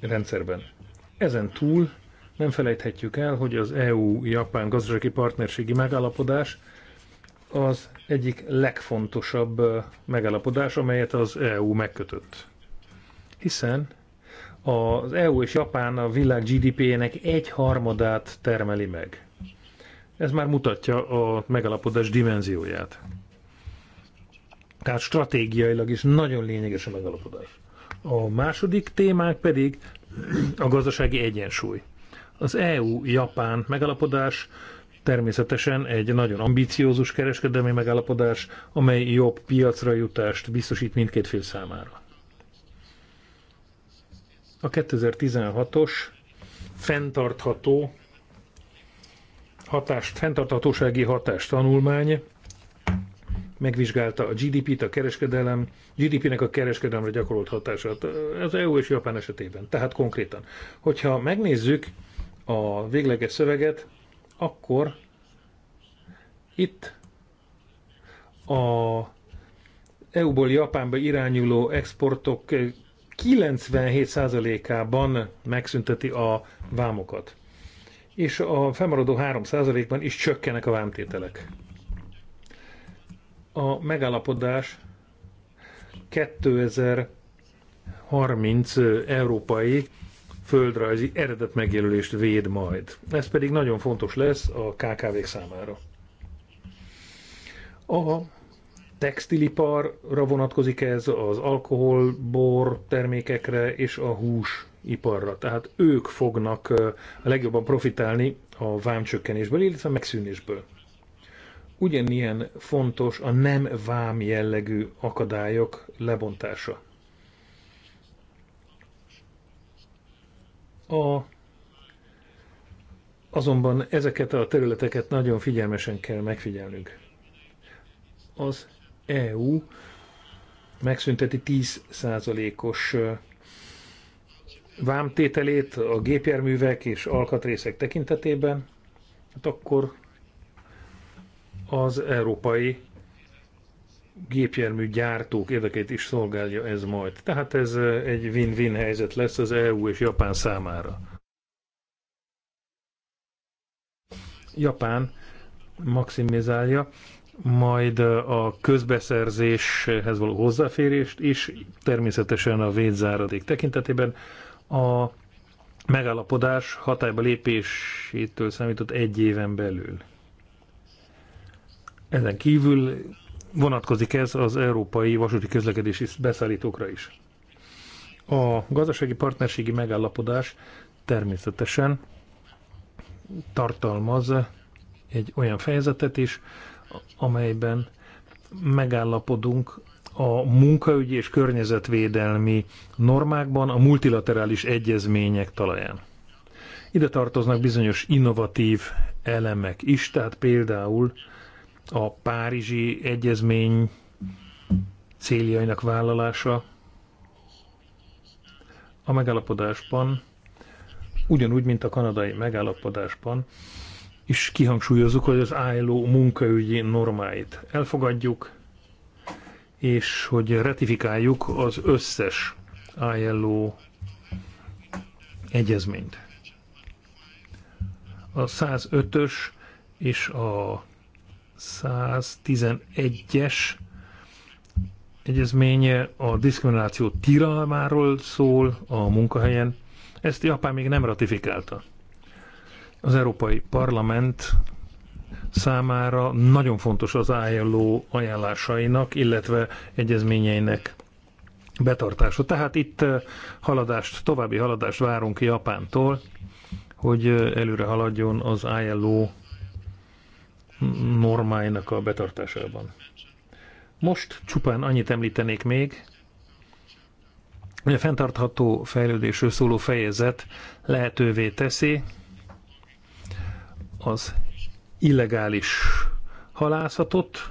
rendszerben. Ezen túl nem felejthetjük el, hogy az EU-Japán gazdasági partnerségi megállapodás az egyik legfontosabb megállapodás, amelyet az EU megkötött. Hiszen az EU és Japán a világ GDP-jének egy harmadát termeli meg. Ez már mutatja a megalapodás dimenzióját. Tehát stratégiailag is nagyon lényeges a megalapodás. A második témák pedig a gazdasági egyensúly. Az EU-Japán megalapodás természetesen egy nagyon ambiciózus kereskedelmi megalapodás, amely jobb piacra jutást biztosít mindkét fél számára a 2016-os fenntartható hatást, fenntarthatósági hatást tanulmány megvizsgálta a GDP-t, a kereskedelem, GDP-nek a kereskedelemre gyakorolt hatását az EU és Japán esetében. Tehát konkrétan. Hogyha megnézzük a végleges szöveget, akkor itt a EU-ból Japánba irányuló exportok 97%-ában megszünteti a vámokat. És a fennmaradó 3%-ban is csökkenek a vámtételek. A megállapodás 2030 európai földrajzi eredet megjelölést véd majd. Ez pedig nagyon fontos lesz a KKV-k számára. A textiliparra vonatkozik ez, az alkohol, bor termékekre és a hús iparra. Tehát ők fognak a legjobban profitálni a vámcsökkenésből, illetve a megszűnésből. Ugyanilyen fontos a nem vám jellegű akadályok lebontása. A Azonban ezeket a területeket nagyon figyelmesen kell megfigyelnünk. Az EU megszünteti 10%-os vámtételét a gépjárművek és alkatrészek tekintetében, hát akkor az európai gépjármű gyártók érdekeit is szolgálja ez majd. Tehát ez egy win-win helyzet lesz az EU és Japán számára. Japán maximizálja majd a közbeszerzéshez való hozzáférést is, természetesen a védzáradék tekintetében a megállapodás hatályba lépésétől számított egy éven belül. Ezen kívül vonatkozik ez az európai vasúti közlekedési beszállítókra is. A gazdasági partnerségi megállapodás természetesen tartalmaz egy olyan fejezetet is, amelyben megállapodunk a munkaügyi és környezetvédelmi normákban a multilaterális egyezmények talaján. Ide tartoznak bizonyos innovatív elemek is, tehát például a Párizsi Egyezmény céljainak vállalása a megállapodásban, ugyanúgy, mint a kanadai megállapodásban, is kihangsúlyozzuk, hogy az ILO munkaügyi normáit elfogadjuk, és hogy ratifikáljuk az összes ILO egyezményt. A 105-ös és a 111-es egyezménye a diszkrimináció tilalmáról szól a munkahelyen. Ezt Japán még nem ratifikálta. Az Európai Parlament számára nagyon fontos az ILO ajánlásainak, illetve egyezményeinek betartása. Tehát itt eh, haladást, további haladást várunk Japántól, hogy eh, előre haladjon az ILO normáinak a betartásában. Most csupán annyit említenék még, hogy a fenntartható fejlődésről szóló fejezet lehetővé teszi, az illegális halászatot,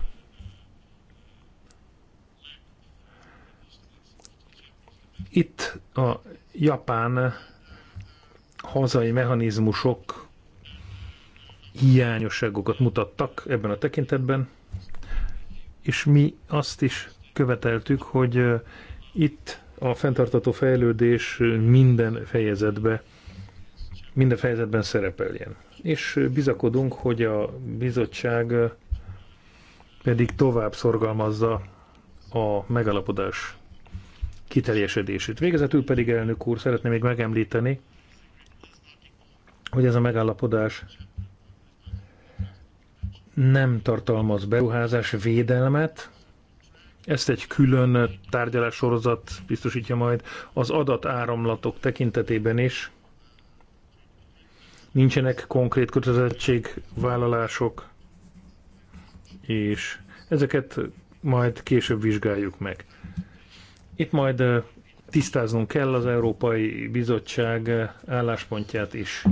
itt a japán hazai mechanizmusok hiányosságokat mutattak ebben a tekintetben, és mi azt is követeltük, hogy itt a fenntartató fejlődés minden fejezetbe, minden fejezetben szerepeljen és bizakodunk, hogy a bizottság pedig tovább szorgalmazza a megalapodás kiteljesedését. Végezetül pedig elnök úr szeretné még megemlíteni, hogy ez a megállapodás nem tartalmaz beruházás védelmet, ezt egy külön tárgyalássorozat biztosítja majd az adatáramlatok tekintetében is, nincsenek konkrét kötelezettségvállalások, és ezeket majd később vizsgáljuk meg. Itt majd tisztáznunk kell az Európai Bizottság álláspontját is.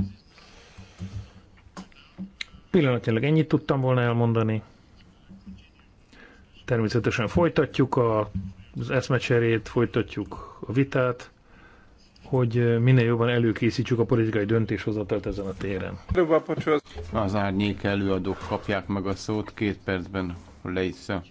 Pillanatnyilag ennyit tudtam volna elmondani. Természetesen folytatjuk a, az eszmecserét, folytatjuk a vitát hogy minél jobban előkészítsük a politikai döntéshozatalt ezen a téren. Az árnyék előadók kapják meg a szót két percben, Leisza.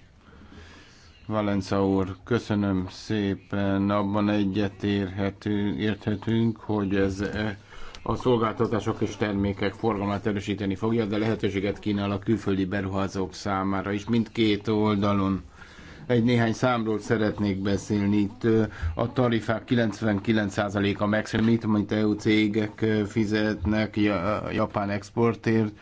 Valenca úr, köszönöm szépen. Abban egyet érhető érthetünk, hogy ez e, a szolgáltatások és termékek forgalmát erősíteni fogja, de lehetőséget kínál a külföldi beruházók számára is, mindkét oldalon egy néhány számról szeretnék beszélni. Itt a tarifák 99%-a megszűnik, amit EU cégek fizetnek Japán exportért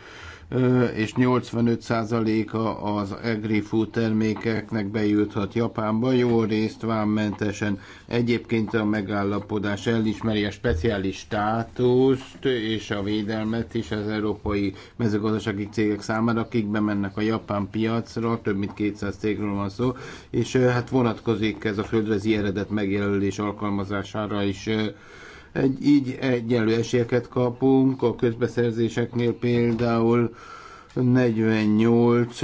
és 85%-a az agri-food termékeknek bejuthat Japánba, jó részt vámmentesen. Egyébként a megállapodás elismeri a speciális státuszt és a védelmet is az európai mezőgazdasági cégek számára, akik bemennek a japán piacra, több mint 200 cégről van szó, és hát vonatkozik ez a földrezi eredet megjelölés alkalmazására is egy, így egyenlő esélyeket kapunk a közbeszerzéseknél például 48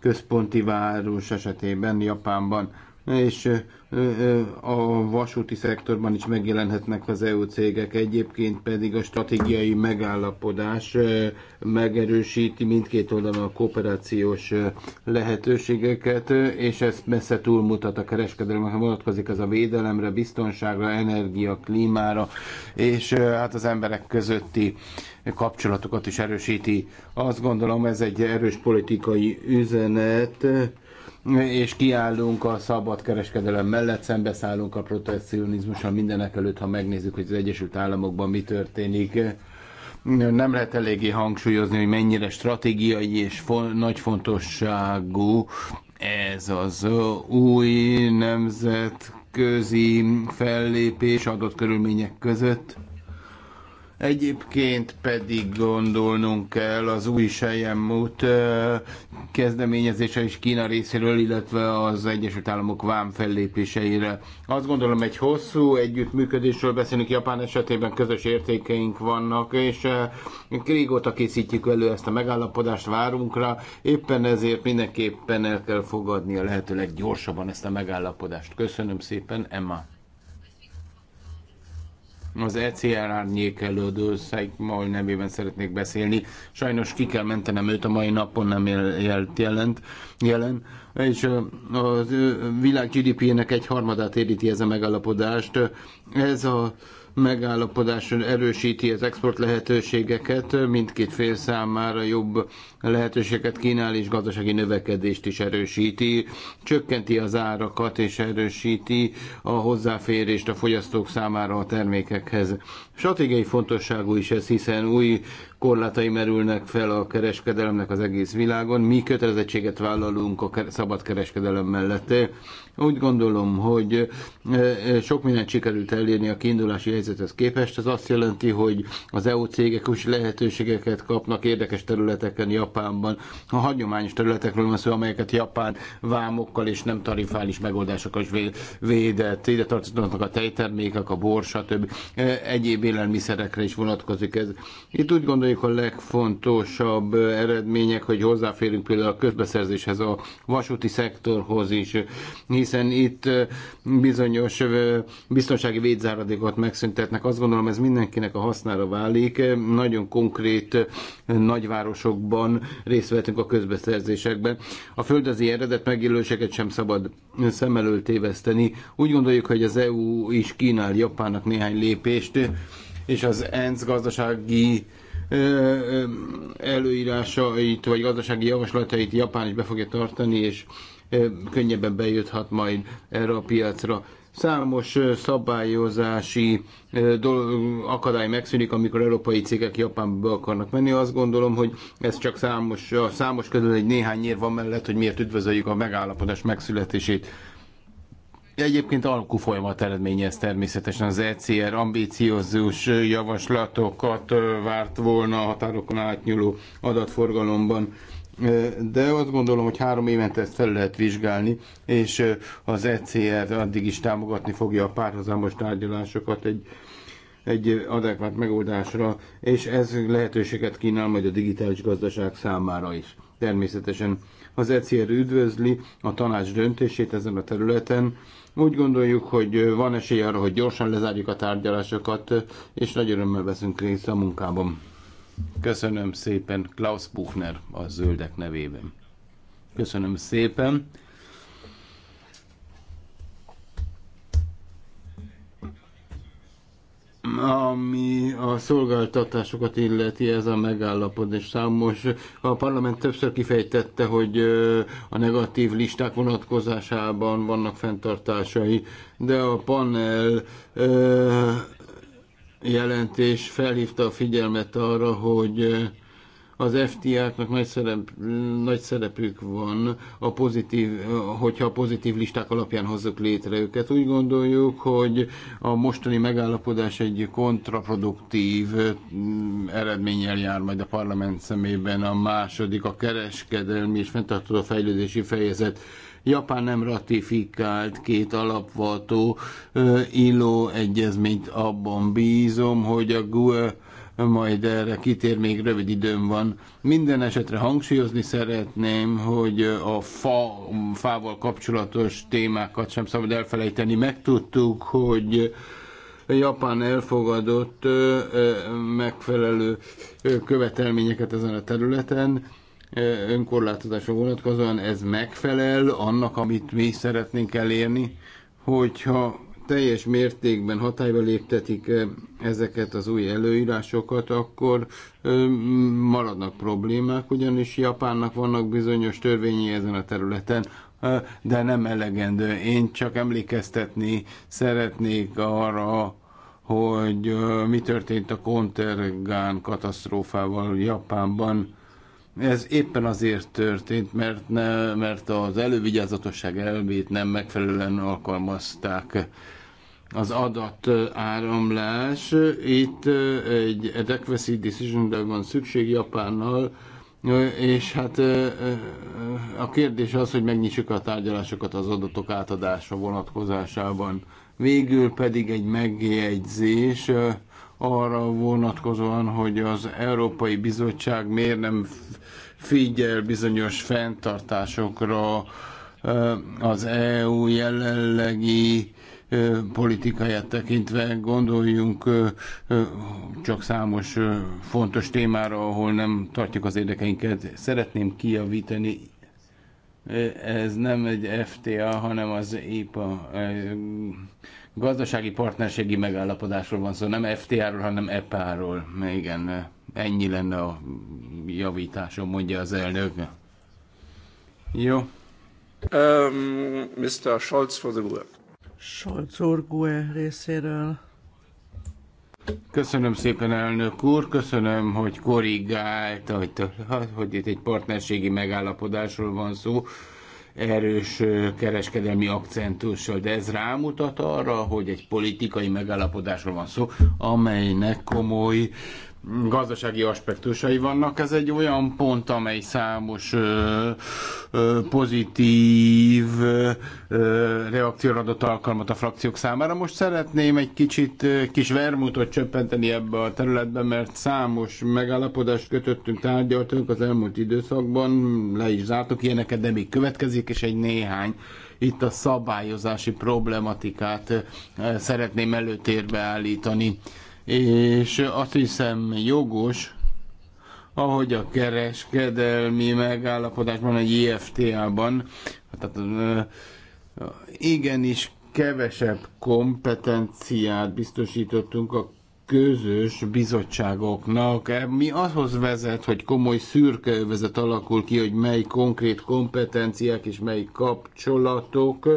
központi város esetében Japánban, és a vasúti szektorban is megjelenhetnek az EU cégek, egyébként pedig a stratégiai megállapodás megerősíti mindkét oldalon a kooperációs lehetőségeket, és ez messze túlmutat a kereskedelemre, vonatkozik az a védelemre, biztonságra, energia, klímára, és hát az emberek közötti kapcsolatokat is erősíti. Azt gondolom, ez egy erős politikai üzenet, és kiállunk a szabad kereskedelem mellett, szembeszállunk a protekcionizmussal mindenek előtt, ha megnézzük, hogy az Egyesült Államokban mi történik. Nem lehet eléggé hangsúlyozni, hogy mennyire stratégiai és fo- nagy fontosságú ez az új nemzetközi fellépés adott körülmények között Egyébként pedig gondolnunk kell az új Sejemmút kezdeményezése is Kína részéről, illetve az Egyesült Államok vám fellépéseire. Azt gondolom, egy hosszú együttműködésről beszélünk Japán esetében, közös értékeink vannak, és régóta készítjük elő ezt a megállapodást, várunk rá, éppen ezért mindenképpen el kell fogadni a lehető leggyorsabban ezt a megállapodást. Köszönöm szépen, Emma az ECR árnyék elődő mai nevében szeretnék beszélni. Sajnos ki kell mentenem őt, a mai napon nem jelent, jelent jelen, és a világ GDP-nek egy harmadát éríti ez a megalapodást. Ez a megállapodáson erősíti az export lehetőségeket, mindkét fél számára jobb lehetőséget kínál, és gazdasági növekedést is erősíti, csökkenti az árakat, és erősíti a hozzáférést a fogyasztók számára a termékekhez. Stratégiai fontosságú is ez, hiszen új korlátai merülnek fel a kereskedelemnek az egész világon. Mi kötelezettséget vállalunk a szabad kereskedelem mellett úgy gondolom, hogy sok mindent sikerült elérni a kiindulási helyzethez képest. Ez azt jelenti, hogy az EU cégek is lehetőségeket kapnak érdekes területeken Japánban. A hagyományos területekről van szó, amelyeket Japán vámokkal és nem tarifális megoldásokkal is védett. Ide tartoznak a tejtermékek, a bor, stb. Egyéb élelmiszerekre is vonatkozik ez. Itt úgy gondoljuk a legfontosabb eredmények, hogy hozzáférünk például a közbeszerzéshez, a vasúti szektorhoz is, hiszen itt bizonyos biztonsági védzáradékot megszüntetnek. Azt gondolom, ez mindenkinek a hasznára válik. Nagyon konkrét nagyvárosokban részt vettünk a közbeszerzésekben. A földözi eredet megjelöléseket sem szabad szem elől téveszteni. Úgy gondoljuk, hogy az EU is kínál Japánnak néhány lépést, és az ENSZ gazdasági előírásait, vagy gazdasági javaslatait Japán is be fogja tartani, és könnyebben bejuthat majd erre a piacra. Számos szabályozási akadály megszűnik, amikor európai cégek Japánba be akarnak menni. Azt gondolom, hogy ez csak számos, a számos közül egy néhány ér van mellett, hogy miért üdvözöljük a megállapodás megszületését. Egyébként alkú folyamat eredménye ez természetesen. Az ECR ambíciózus javaslatokat várt volna a határokon átnyúló adatforgalomban de azt gondolom, hogy három évente ezt fel lehet vizsgálni, és az ECR addig is támogatni fogja a párhuzamos tárgyalásokat egy, egy adekvát megoldásra, és ez lehetőséget kínál majd a digitális gazdaság számára is. Természetesen az ECR üdvözli a tanács döntését ezen a területen. Úgy gondoljuk, hogy van esély arra, hogy gyorsan lezárjuk a tárgyalásokat, és nagy örömmel veszünk részt a munkában. Köszönöm szépen Klaus Buchner a zöldek nevében. Köszönöm szépen. Ami a szolgáltatásokat illeti, ez a megállapodás számos. A parlament többször kifejtette, hogy a negatív listák vonatkozásában vannak fenntartásai, de a panel jelentés felhívta a figyelmet arra, hogy eh, az FTA-knak nagy, szerep, nagy szerepük van, a pozitív, eh, hogyha a pozitív listák alapján hozzuk létre őket. Úgy gondoljuk, hogy a mostani megállapodás egy kontraproduktív eh, eredménnyel jár majd a parlament szemében a második, a kereskedelmi és fenntartó fejlődési fejezet Japán nem ratifikált két alapvető ILO egyezményt. Abban bízom, hogy a GUE majd erre kitér, még rövid időm van. Minden esetre hangsúlyozni szeretném, hogy a fa, fával kapcsolatos témákat sem szabad elfelejteni. Megtudtuk, hogy Japán elfogadott megfelelő követelményeket ezen a területen, önkorlátozásra vonatkozóan ez megfelel annak, amit mi szeretnénk elérni, hogyha teljes mértékben hatályba léptetik ezeket az új előírásokat, akkor maradnak problémák, ugyanis Japánnak vannak bizonyos törvényi ezen a területen, de nem elegendő. Én csak emlékeztetni szeretnék arra, hogy mi történt a Kontergán katasztrófával Japánban. Ez éppen azért történt, mert, ne, mert az elővigyázatosság elvét nem megfelelően alkalmazták az adat áramlás. Itt egy adequacy decision van szükség Japánnal, és hát a kérdés az, hogy megnyissuk a tárgyalásokat az adatok átadása vonatkozásában. Végül pedig egy megjegyzés arra vonatkozóan, hogy az Európai Bizottság miért nem figyel bizonyos fenntartásokra az EU jelenlegi politikáját tekintve gondoljunk csak számos fontos témára, ahol nem tartjuk az érdekeinket. Szeretném kijavítani, ez nem egy FTA, hanem az EPA Gazdasági partnerségi megállapodásról van szó, nem FTA-ról, hanem EPA-ról. Igen, ennyi lenne a javításom, mondja az elnök. Jó. Um, Mr. Scholz for the GUE. Scholz úr GUE részéről. Köszönöm szépen, elnök úr, köszönöm, hogy korrigált, hogy, hogy itt egy partnerségi megállapodásról van szó erős kereskedelmi akcentussal, de ez rámutat arra, hogy egy politikai megállapodásról van szó, amelynek komoly gazdasági aspektusai vannak. Ez egy olyan pont, amely számos ö, ö, pozitív ö, reakcióra adott alkalmat a frakciók számára. Most szeretném egy kicsit ö, kis vermutot csöppenteni ebbe a területbe, mert számos megállapodást kötöttünk, tárgyaltunk az elmúlt időszakban, le is zártuk ilyeneket, de még következik, és egy néhány itt a szabályozási problematikát szeretném előtérbe állítani és azt hiszem jogos, ahogy a kereskedelmi megállapodásban, egy IFTA-ban, tehát igenis kevesebb kompetenciát biztosítottunk a közös bizottságoknak, mi ahhoz vezet, hogy komoly szürkeövezet alakul ki, hogy mely konkrét kompetenciák és mely kapcsolatok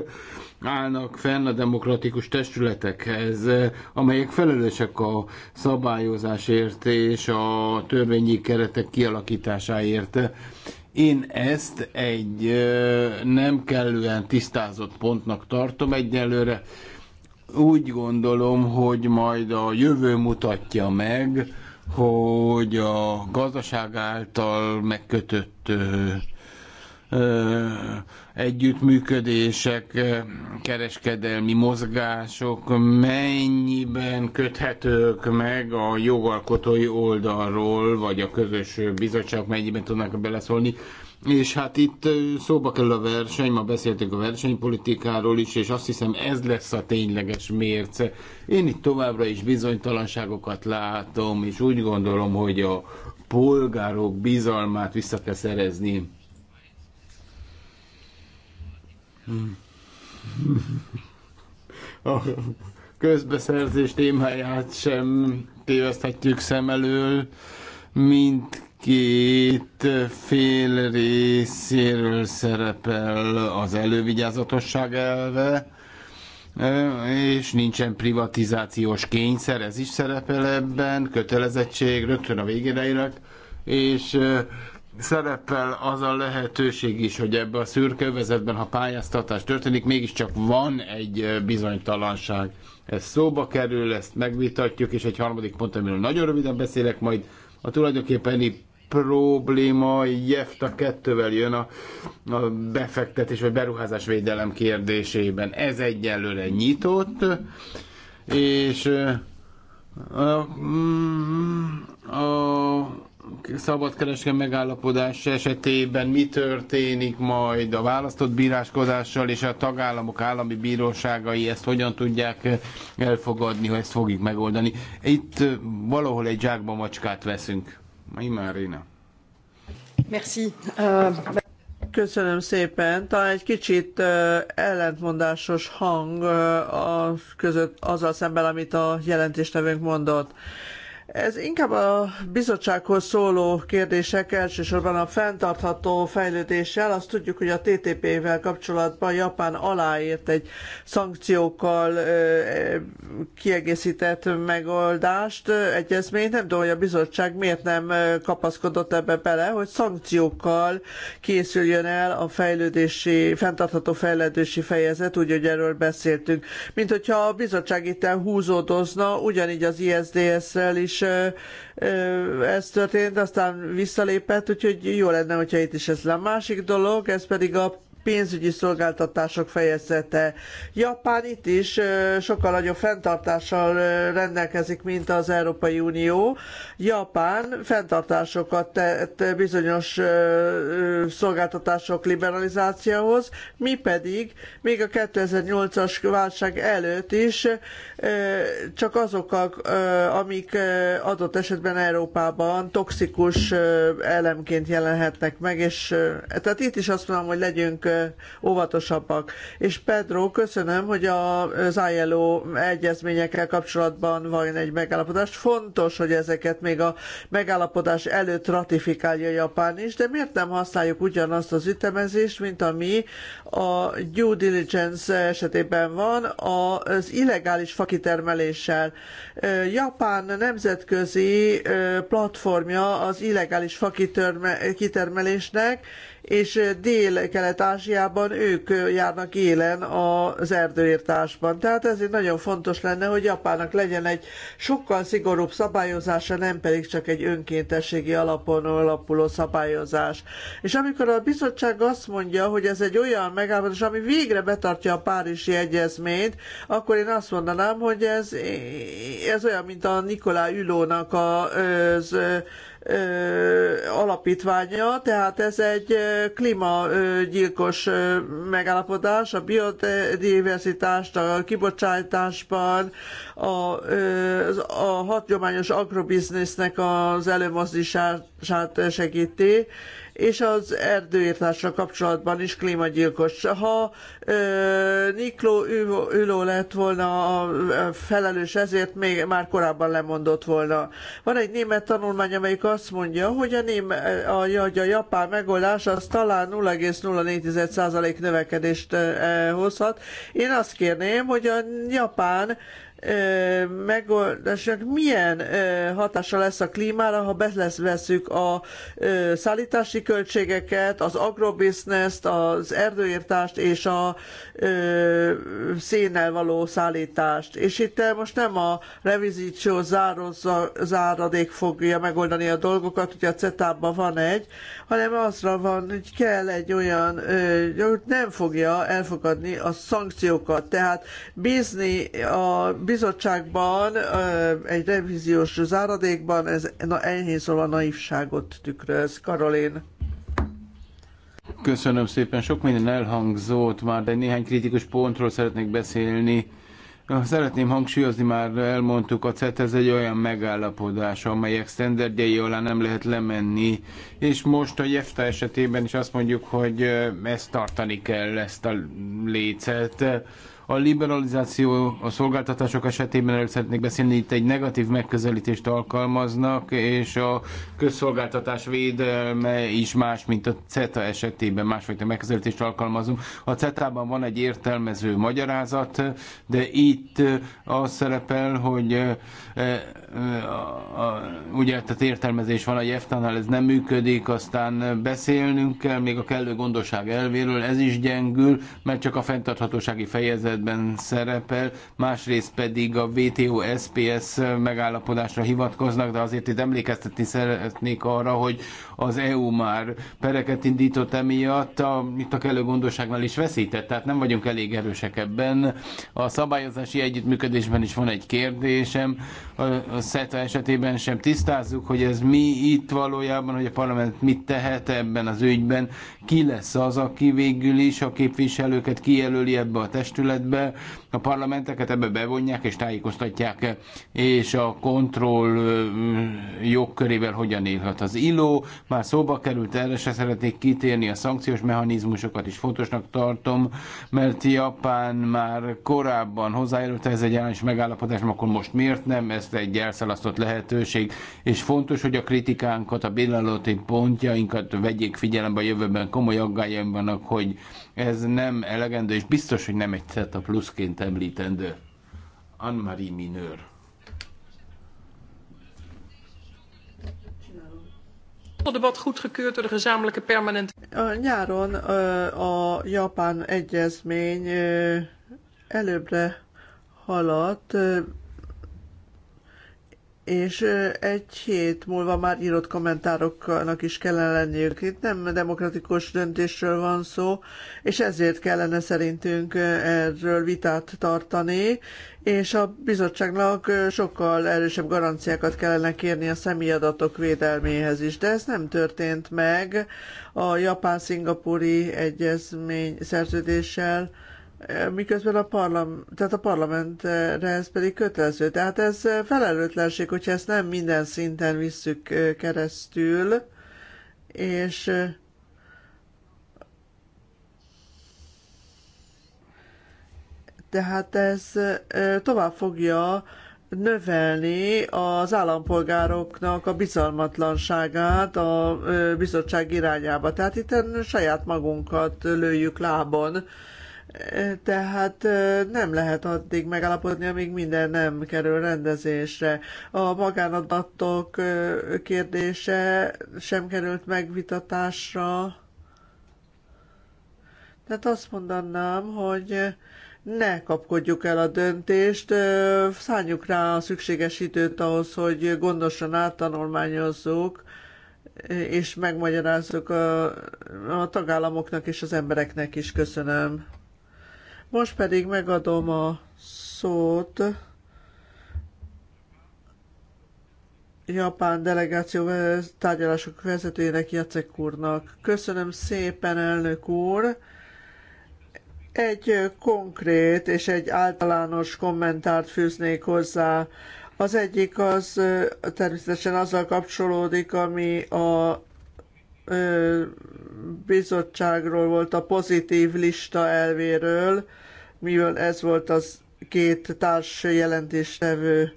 állnak fenn a demokratikus testületekhez, amelyek felelősek a szabályozásért és a törvényi keretek kialakításáért. Én ezt egy nem kellően tisztázott pontnak tartom egyelőre úgy gondolom, hogy majd a jövő mutatja meg, hogy a gazdaság által megkötött ö, ö, együttműködések, kereskedelmi mozgások mennyiben köthetők meg a jogalkotói oldalról, vagy a közös bizottság mennyiben tudnak beleszólni. És hát itt szóba kell a verseny, ma beszéltünk a versenypolitikáról is, és azt hiszem ez lesz a tényleges mérce. Én itt továbbra is bizonytalanságokat látom, és úgy gondolom, hogy a polgárok bizalmát vissza kell szerezni. a közbeszerzés témáját sem téveszthetjük szem elől, mint két fél részéről szerepel az elővigyázatosság elve, és nincsen privatizációs kényszer, ez is szerepel ebben, kötelezettség, rögtön a végére és szerepel az a lehetőség is, hogy ebbe a szürkevezetben, ha pályáztatás történik, mégiscsak van egy bizonytalanság. Ez szóba kerül, ezt megvitatjuk, és egy harmadik pont, amiről nagyon röviden beszélek majd, a tulajdonképpeni probléma jefta kettővel jön a, a befektetés vagy beruházás védelem kérdésében. Ez egyelőre nyitott, és a, a, mm, a szabadkereskedelmi megállapodás esetében mi történik majd a választott bíráskodással, és a tagállamok állami bíróságai ezt hogyan tudják elfogadni, ha ezt fogjuk megoldani. Itt valahol egy zsákba macskát veszünk. Merci. Uh... Köszönöm szépen. Talán egy kicsit ellentmondásos hang a között azzal szemben, amit a jelentéstevőnk mondott. Ez inkább a bizottsághoz szóló kérdések, elsősorban a fenntartható fejlődéssel. Azt tudjuk, hogy a TTP-vel kapcsolatban Japán aláírt egy szankciókkal kiegészített megoldást, egyezményt. Nem tudom, hogy a bizottság miért nem kapaszkodott ebbe bele, hogy szankciókkal készüljön el a fejlődési, fenntartható fejlődési fejezet, úgy, hogy erről beszéltünk. Mint hogyha a bizottság itt húzódozna, ugyanígy az ISDS-rel is is ez történt, aztán visszalépett, úgyhogy jó lenne, hogyha itt is ez A másik dolog, ez pedig a pénzügyi szolgáltatások fejezete. Japán itt is sokkal nagyobb fenntartással rendelkezik, mint az Európai Unió. Japán fenntartásokat tett bizonyos szolgáltatások liberalizációhoz, mi pedig még a 2008-as válság előtt is csak azokkal, amik adott esetben Európában toxikus elemként jelenhetnek meg, és tehát itt is azt mondom, hogy legyünk óvatosabbak. És Pedro, köszönöm, hogy az ILO egyezményekkel kapcsolatban van egy megállapodás. Fontos, hogy ezeket még a megállapodás előtt ratifikálja Japán is, de miért nem használjuk ugyanazt az ütemezést, mint ami a due diligence esetében van az illegális fakitermeléssel. Japán nemzetközi platformja az illegális fakitermelésnek, és Dél-Kelet-Ázsiában ők járnak élen az erdőírtásban. Tehát ezért nagyon fontos lenne, hogy Japánnak legyen egy sokkal szigorúbb szabályozása, nem pedig csak egy önkéntességi alapon alapuló szabályozás. És amikor a bizottság azt mondja, hogy ez egy olyan megállapodás, ami végre betartja a Párizsi Egyezményt, akkor én azt mondanám, hogy ez, ez olyan, mint a Nikolá Ülónak a, az, alapítványa, tehát ez egy klímagyilkos megállapodás a biodiverzitást, a kibocsátásban, a, a hagyományos agrobiznisznek az előmozdítását segíti, és az erdőírtásra kapcsolatban is klímagyilkos. Ha ö, Nikló Üló lett volna a felelős ezért, még már korábban lemondott volna. Van egy német tanulmány, amelyik azt mondja, hogy a, ném, a, a, a japán megoldás az talán 0,04% növekedést hozhat. Én azt kérném, hogy a japán megoldásnak milyen hatása lesz a klímára, ha beleszveszük a szállítási költségeket, az agrobizneszt, az erdőírtást és a szénnel való szállítást. És itt most nem a revízió záradék fogja megoldani a dolgokat, ugye a CETA-ban van egy, hanem azra van, hogy kell egy olyan, hogy nem fogja elfogadni a szankciókat. Tehát bízni a bizottságban egy revíziós záradékban ez na, enyhén szóval naivságot tükröz. Karolin. Köszönöm szépen. Sok minden elhangzott már, de néhány kritikus pontról szeretnék beszélni. Szeretném hangsúlyozni, már elmondtuk, a CET ez egy olyan megállapodás, amelyek sztenderdjei alá nem lehet lemenni, és most a JEFTA esetében is azt mondjuk, hogy ezt tartani kell, ezt a lécet a liberalizáció a szolgáltatások esetében erről szeretnék beszélni, itt egy negatív megközelítést alkalmaznak, és a közszolgáltatás védelme is más, mint a CETA esetében másfajta megközelítést alkalmazunk. A CETA-ban van egy értelmező magyarázat, de itt az szerepel, hogy e, a, a, ugye tehát értelmezés van a jeftánál, ez nem működik, aztán beszélnünk kell még a kellő gondosság elvéről, ez is gyengül, mert csak a fenntarthatósági fejezet rendeletben szerepel, másrészt pedig a WTO-SPS megállapodásra hivatkoznak, de azért itt emlékeztetni szeretnék arra, hogy az EU már pereket indított emiatt, a, itt a kellő gondosságnál is veszített, tehát nem vagyunk elég erősek ebben. A szabályozási együttműködésben is van egy kérdésem, a, a SETA esetében sem tisztázzuk, hogy ez mi itt valójában, hogy a parlament mit tehet ebben az ügyben, ki lesz az, aki végül is a képviselőket kijelöli ebbe a testületbe, helyzetbe, a parlamenteket ebbe bevonják és tájékoztatják, és a kontroll jogkörével hogyan élhet az illó, Már szóba került, erre se szeretnék kitérni, a szankciós mechanizmusokat is fontosnak tartom, mert Japán már korábban hozzájárult ez egy állás megállapodás, akkor most miért nem? Ez egy elszalasztott lehetőség, és fontos, hogy a kritikánkat, a billalotti pontjainkat vegyék figyelembe a jövőben. Komoly aggályaim vannak, hogy ez nem elegendő, és biztos, hogy nem egy a pluszként említendő. Anne-Marie Minőr. debat Nyáron a japán egyezmény előbbre haladt, és egy hét múlva már írott kommentároknak is kellene lenniük. Itt nem demokratikus döntésről van szó, és ezért kellene szerintünk erről vitát tartani, és a bizottságnak sokkal erősebb garanciákat kellene kérni a személyadatok védelméhez is, de ez nem történt meg a japán-szingapúri egyezmény szerződéssel, miközben a parlam, tehát a parlamentre ez pedig kötelező. Tehát ez felelőtlenség, hogyha ezt nem minden szinten visszük keresztül, és tehát ez tovább fogja növelni az állampolgároknak a bizalmatlanságát a bizottság irányába. Tehát itt saját magunkat lőjük lábon tehát nem lehet addig megállapodni, amíg minden nem kerül rendezésre. A magánadatok kérdése sem került megvitatásra. Tehát azt mondanám, hogy ne kapkodjuk el a döntést, szálljuk rá a szükséges időt ahhoz, hogy gondosan áttanulmányozzuk, és megmagyarázzuk a, a tagállamoknak és az embereknek is. Köszönöm. Most pedig megadom a szót Japán delegáció tárgyalások vezetőjének, Jacek úrnak. Köszönöm szépen, elnök úr! Egy konkrét és egy általános kommentárt fűznék hozzá. Az egyik az természetesen azzal kapcsolódik, ami a bizottságról volt a pozitív lista elvéről, mivel ez volt az két társ jelentéstevő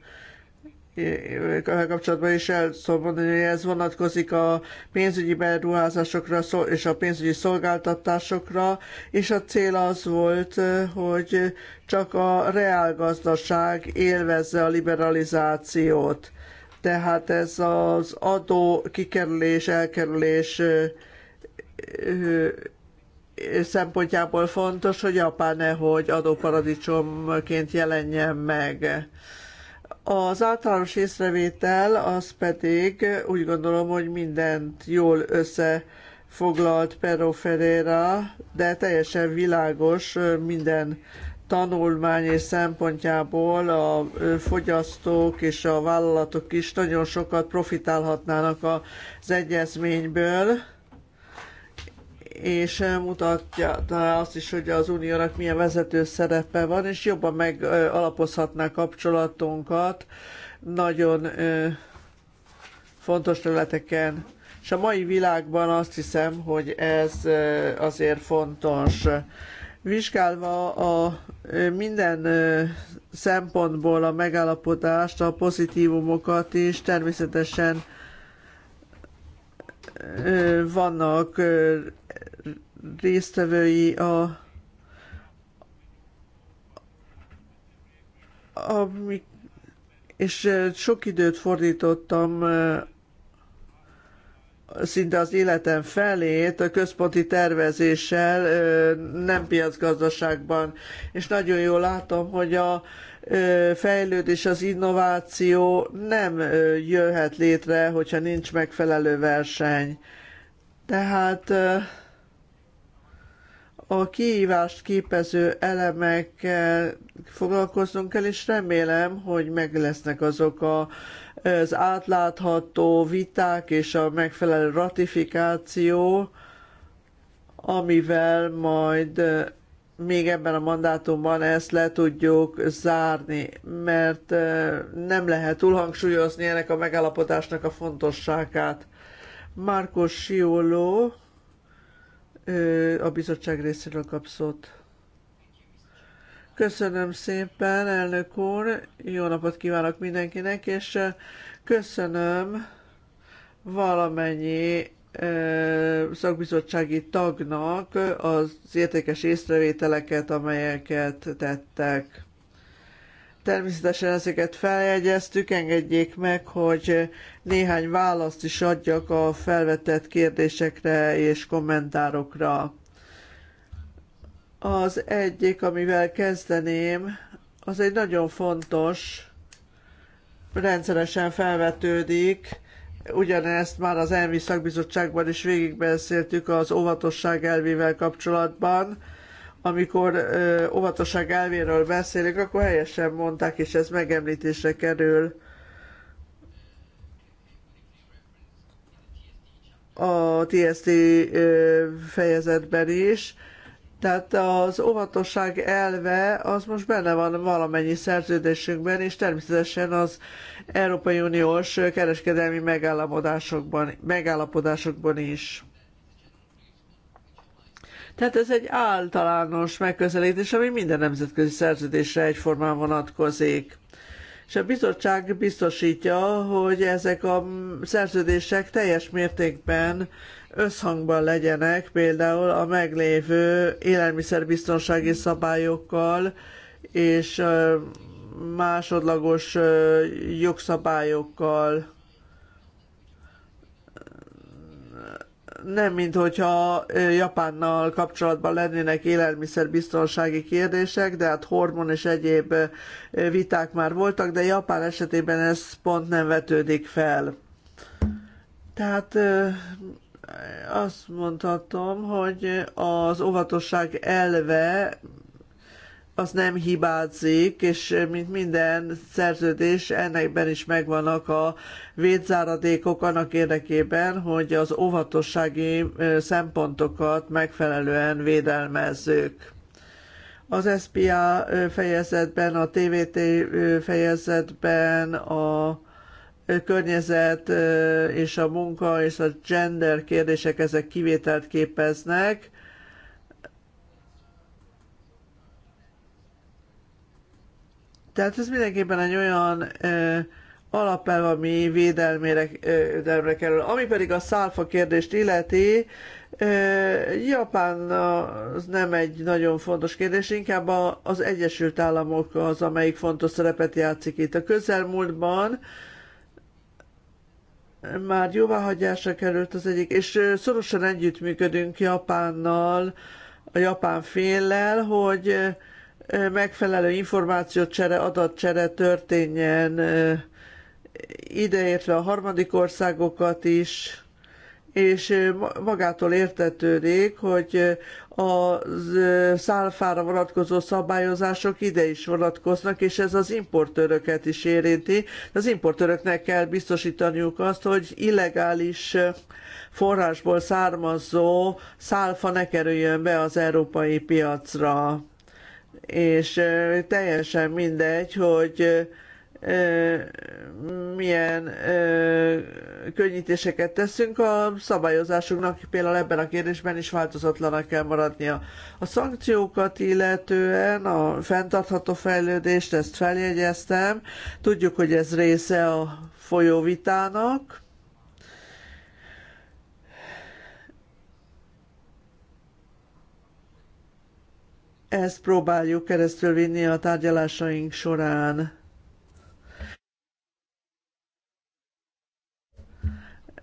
kapcsolatban is el szól mondani, hogy ez vonatkozik a pénzügyi beruházásokra és a pénzügyi szolgáltatásokra, és a cél az volt, hogy csak a reálgazdaság élvezze a liberalizációt. Tehát ez az adó kikerülés, elkerülés szempontjából fontos, hogy Japán nehogy adóparadicsomként jelenjen meg. Az általános észrevétel az pedig úgy gondolom, hogy mindent jól összefoglalt Pero Ferreira, de teljesen világos minden tanulmány és szempontjából a fogyasztók és a vállalatok is nagyon sokat profitálhatnának az egyezményből és mutatja azt is, hogy az uniónak milyen vezető szerepe van, és jobban megalapozhatná kapcsolatunkat nagyon fontos területeken. És a mai világban azt hiszem, hogy ez azért fontos. Vizsgálva a minden szempontból a megállapodást, a pozitívumokat is természetesen vannak résztvevői a Ami, és sok időt fordítottam szinte az életem felét a központi tervezéssel, nem piacgazdaságban. És nagyon jól látom, hogy a fejlődés, az innováció nem jöhet létre, hogyha nincs megfelelő verseny. Tehát a kihívást képező elemekkel foglalkoznunk kell, és remélem, hogy meg lesznek azok a, az átlátható viták és a megfelelő ratifikáció, amivel majd még ebben a mandátumban ezt le tudjuk zárni, mert nem lehet túlhangsúlyozni ennek a megállapodásnak a fontosságát. Markus Sioló a bizottság részéről kapszott. Köszönöm szépen, elnök úr, jó napot kívánok mindenkinek, és köszönöm valamennyi szakbizottsági tagnak az értékes észrevételeket, amelyeket tettek. Természetesen ezeket feljegyeztük, engedjék meg, hogy néhány választ is adjak a felvetett kérdésekre és kommentárokra. Az egyik, amivel kezdeném, az egy nagyon fontos, rendszeresen felvetődik, ugyanezt már az elmi szakbizottságban is végigbeszéltük az óvatosság elvével kapcsolatban, amikor ö, óvatosság elvéről beszélünk, akkor helyesen mondták, és ez megemlítésre kerül. a TSD fejezetben is. Tehát az óvatosság elve az most benne van valamennyi szerződésünkben, és természetesen az Európai Uniós kereskedelmi megállapodásokban, megállapodásokban is. Tehát ez egy általános megközelítés, ami minden nemzetközi szerződésre egyformán vonatkozik és a bizottság biztosítja, hogy ezek a szerződések teljes mértékben összhangban legyenek például a meglévő élelmiszerbiztonsági szabályokkal és másodlagos jogszabályokkal. nem minthogyha Japánnal kapcsolatban lennének élelmiszerbiztonsági kérdések, de hát hormon és egyéb viták már voltak, de Japán esetében ez pont nem vetődik fel. Tehát azt mondhatom, hogy az óvatosság elve az nem hibázik, és eh, mint minden szerződés, ennekben is megvannak a védzáradékok annak érdekében, hogy az óvatossági eh, szempontokat megfelelően védelmezzük. Az SPA eh, fejezetben, a TVT fejezetben, a környezet és a munka és a gender kérdések ezek kivételt képeznek, Tehát ez mindenképpen egy olyan ö, alapelv, ami védelmére ö, kerül. Ami pedig a szálfa kérdést illeti, ö, Japán az nem egy nagyon fontos kérdés, inkább a, az Egyesült Államok az, amelyik fontos szerepet játszik itt. A közelmúltban már jóváhagyásra került az egyik, és szorosan együttműködünk Japánnal, a japán féllel, hogy megfelelő információcsere, adatcsere történjen, ideértve a harmadik országokat is, és magától értetődik, hogy a szálfára vonatkozó szabályozások ide is vonatkoznak, és ez az importőröket is érinti. Az importőröknek kell biztosítaniuk azt, hogy illegális forrásból származó szálfa ne kerüljön be az európai piacra és teljesen mindegy, hogy milyen könnyítéseket teszünk, a szabályozásunknak például ebben a kérdésben is változatlanak kell maradnia. A szankciókat illetően a fenntartható fejlődést, ezt feljegyeztem, tudjuk, hogy ez része a folyóvitának, Ezt próbáljuk keresztül vinni a tárgyalásaink során.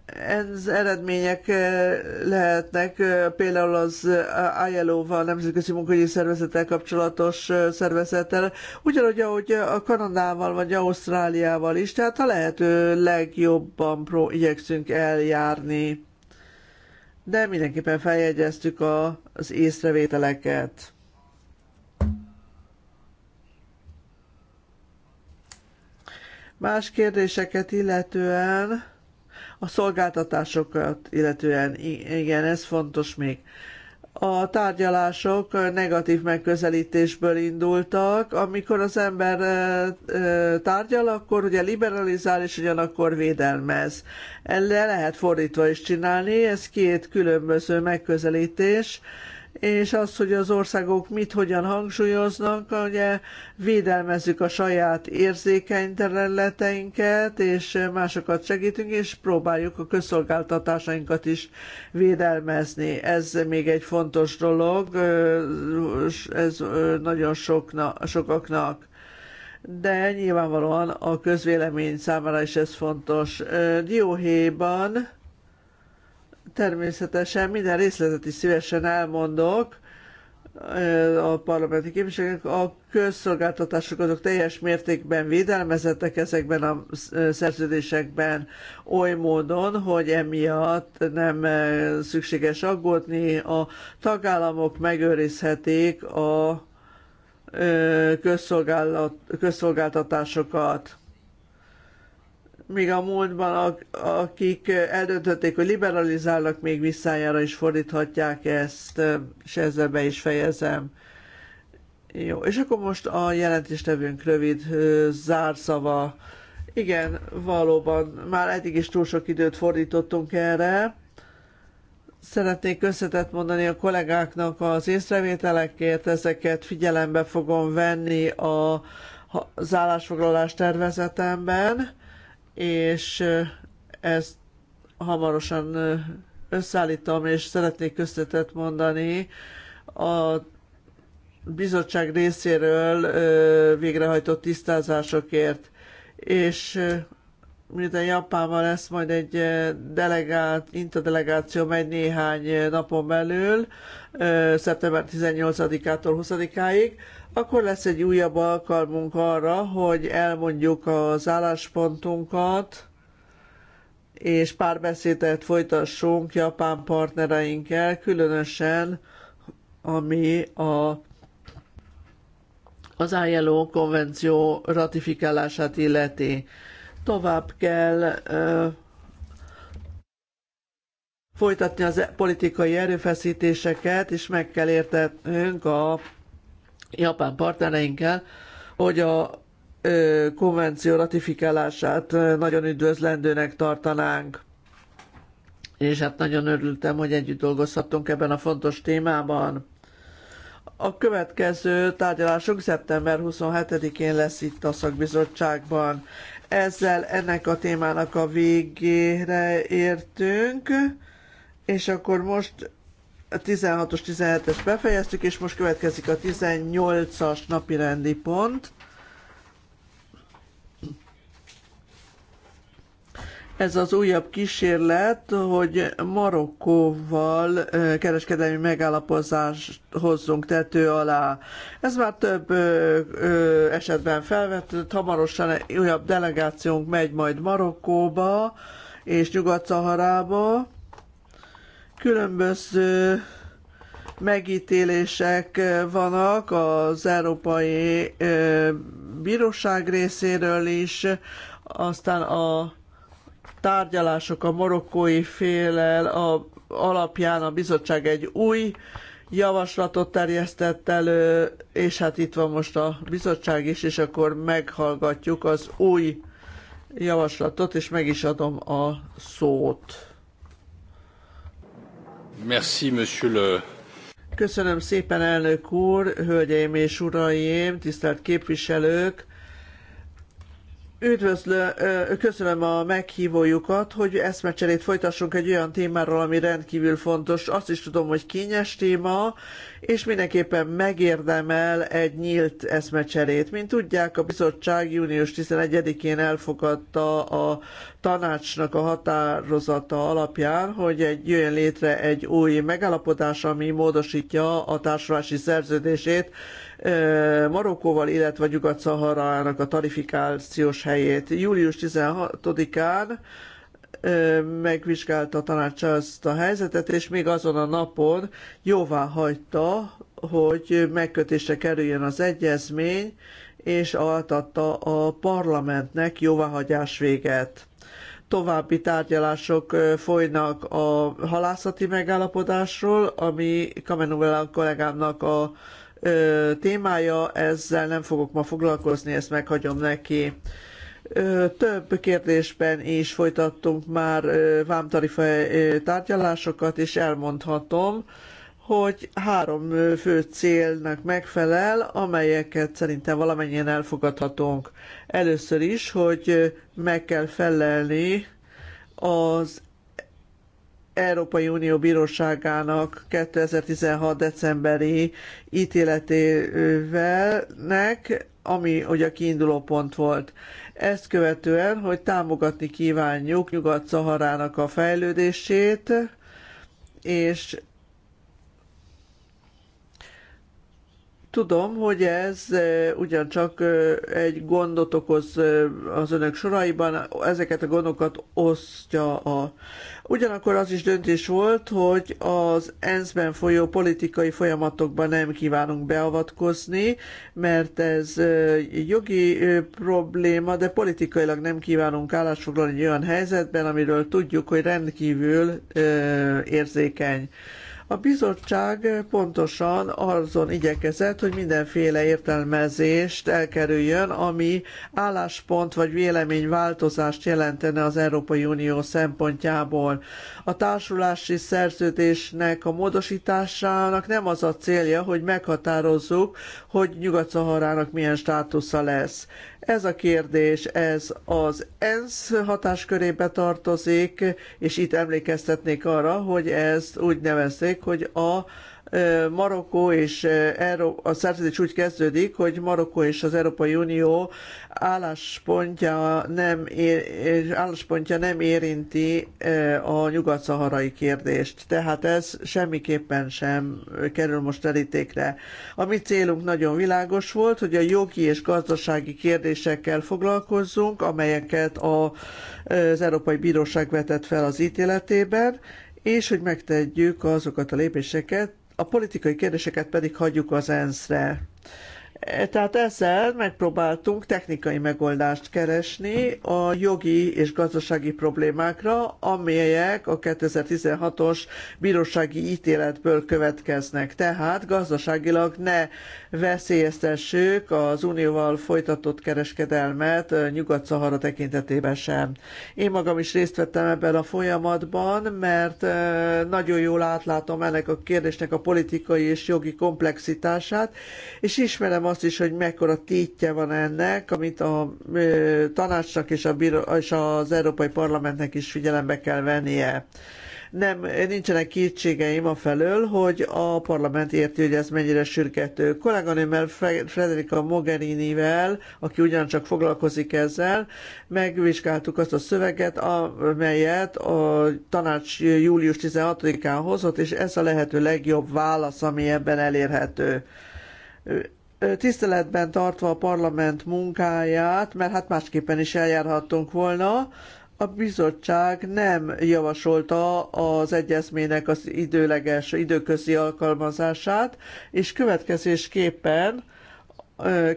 ez eredmények eh, lehetnek, eh, például az eh, ILO-val, Nemzetközi Munkahogyi Szervezettel kapcsolatos szervezettel, ugyanúgy, ahogy a Kanadával vagy Ausztráliával is, tehát a lehető legjobban pró igyekszünk eljárni. De mindenképpen feljegyeztük az észrevételeket. Más kérdéseket illetően, a szolgáltatásokat illetően, igen, ez fontos még. A tárgyalások negatív megközelítésből indultak. Amikor az ember tárgyal, akkor ugye liberalizál és ugyanakkor védelmez. Le lehet fordítva is csinálni, ez két különböző megközelítés és az, hogy az országok mit hogyan hangsúlyoznak, ugye védelmezzük a saját érzékeny területeinket, és másokat segítünk, és próbáljuk a közszolgáltatásainkat is védelmezni. Ez még egy fontos dolog, ez nagyon sokna, sokaknak de nyilvánvalóan a közvélemény számára is ez fontos. Dióhéjban Természetesen minden részletet is szívesen elmondok a parlamenti képviselők. A közszolgáltatások azok teljes mértékben védelmezettek ezekben a szerződésekben oly módon, hogy emiatt nem szükséges aggódni. A tagállamok megőrizhetik a közszolgáltatásokat míg a múltban akik eldöntötték, hogy liberalizálnak, még visszájára is fordíthatják ezt, és ezzel be is fejezem. Jó, és akkor most a jelentéstevőnk rövid zárszava. Igen, valóban, már eddig is túl sok időt fordítottunk erre. Szeretnék összetett mondani a kollégáknak az észrevételekért, ezeket figyelembe fogom venni a, az állásfoglalás tervezetemben és ezt hamarosan összeállítom, és szeretnék köszönetet mondani a bizottság részéről végrehajtott tisztázásokért, és minden Japánban lesz majd egy delegált, interdelegáció megy néhány napon belül, szeptember 18-ától 20-áig, akkor lesz egy újabb alkalmunk arra, hogy elmondjuk az álláspontunkat, és párbeszédet folytassunk japán partnereinkkel, különösen ami a az ILO konvenció ratifikálását illeti tovább kell folytatni az politikai erőfeszítéseket, és meg kell értenünk a japán partnereinkkel, hogy a konvenció ratifikálását nagyon üdvözlendőnek tartanánk. És hát nagyon örültem, hogy együtt dolgozhattunk ebben a fontos témában. A következő tárgyalásunk szeptember 27-én lesz itt a szakbizottságban. Ezzel ennek a témának a végére értünk, és akkor most a 16-os, 17-es befejeztük, és most következik a 18-as napi rendi pont. Ez az újabb kísérlet, hogy Marokkóval kereskedelmi megállapozást hozzunk tető alá. Ez már több esetben felvetődött, hamarosan egy újabb delegációnk megy majd Marokkóba és Nyugat-Szaharába. Különböző megítélések vannak az Európai Bíróság részéről is, aztán a tárgyalások a marokkói félel a, alapján a bizottság egy új javaslatot terjesztett elő, és hát itt van most a bizottság is, és akkor meghallgatjuk az új javaslatot, és meg is adom a szót. Merci, monsieur le... Köszönöm szépen, elnök úr, hölgyeim és uraim, tisztelt képviselők! Üdvözlöm, köszönöm a meghívójukat, hogy eszmecserét folytassunk egy olyan témáról, ami rendkívül fontos. Azt is tudom, hogy kényes téma, és mindenképpen megérdemel egy nyílt eszmecserét. Mint tudják, a bizottság június 11-én elfogadta a tanácsnak a határozata alapján, hogy egy, jöjjön létre egy új megállapodás, ami módosítja a társulási szerződését Marokkóval, illetve Nyugat-Szaharának a tarifikációs helyét. Július 16-án megvizsgálta a tanács azt a helyzetet, és még azon a napon jóvá hagyta, hogy megkötésre kerüljön az egyezmény, és altatta a parlamentnek jóváhagyás véget. További tárgyalások folynak a halászati megállapodásról, ami Kamenuela kollégámnak a témája, ezzel nem fogok ma foglalkozni, ezt meghagyom neki. Több kérdésben is folytattunk már vámtarifa tárgyalásokat, és elmondhatom, hogy három fő célnak megfelel, amelyeket szerintem valamennyien elfogadhatunk. Először is, hogy meg kell felelni az Európai Unió Bíróságának 2016. decemberi ítéletévelnek, ami ugye a kiinduló pont volt. Ezt követően, hogy támogatni kívánjuk Nyugat-Szaharának a fejlődését, és Tudom, hogy ez ugyancsak egy gondot okoz az önök soraiban, ezeket a gondokat osztja a Ugyanakkor az is döntés volt, hogy az ENSZ-ben folyó politikai folyamatokban nem kívánunk beavatkozni, mert ez jogi probléma, de politikailag nem kívánunk állásfoglalni egy olyan helyzetben, amiről tudjuk, hogy rendkívül érzékeny. A bizottság pontosan azon igyekezett, hogy mindenféle értelmezést elkerüljön, ami álláspont vagy véleményváltozást jelentene az Európai Unió szempontjából. A társulási szerződésnek a módosításának nem az a célja, hogy meghatározzuk, hogy Nyugat-Szaharának milyen státusza lesz. Ez a kérdés, ez az ENSZ hatáskörébe tartozik, és itt emlékeztetnék arra, hogy ezt úgy nevezték, hogy a Marokkó és Euró- a szerződés úgy kezdődik, hogy Marokkó és az Európai Unió álláspontja nem, ér, álláspontja nem érinti a nyugat-szaharai kérdést. Tehát ez semmiképpen sem kerül most elítékre. A mi célunk nagyon világos volt, hogy a jogi és gazdasági kérdésekkel foglalkozzunk, amelyeket a, az Európai Bíróság vetett fel az ítéletében, és hogy megtegyük azokat a lépéseket, a politikai kérdéseket pedig hagyjuk az ENSZ-re. Tehát ezzel megpróbáltunk technikai megoldást keresni a jogi és gazdasági problémákra, amelyek a 2016-os bírósági ítéletből következnek. Tehát gazdaságilag ne veszélyeztessük az unióval folytatott kereskedelmet Nyugat-Szahara tekintetében sem. Én magam is részt vettem ebben a folyamatban, mert nagyon jól átlátom ennek a kérdésnek a politikai és jogi komplexitását, és ismerem megnéztem azt is, hogy mekkora tétje van ennek, amit a ö, tanácsnak és, a és az Európai Parlamentnek is figyelembe kell vennie. Nem, nincsenek kétségeim a felől, hogy a parlament érti, hogy ez mennyire sürgető. Kolléganőmmel, Frederica Mogherinivel, aki ugyancsak foglalkozik ezzel, megvizsgáltuk azt a szöveget, amelyet a tanács július 16-án hozott, és ez a lehető legjobb válasz, ami ebben elérhető tiszteletben tartva a parlament munkáját, mert hát másképpen is eljárhattunk volna, a bizottság nem javasolta az egyezménynek az időleges, időközi alkalmazását, és következésképpen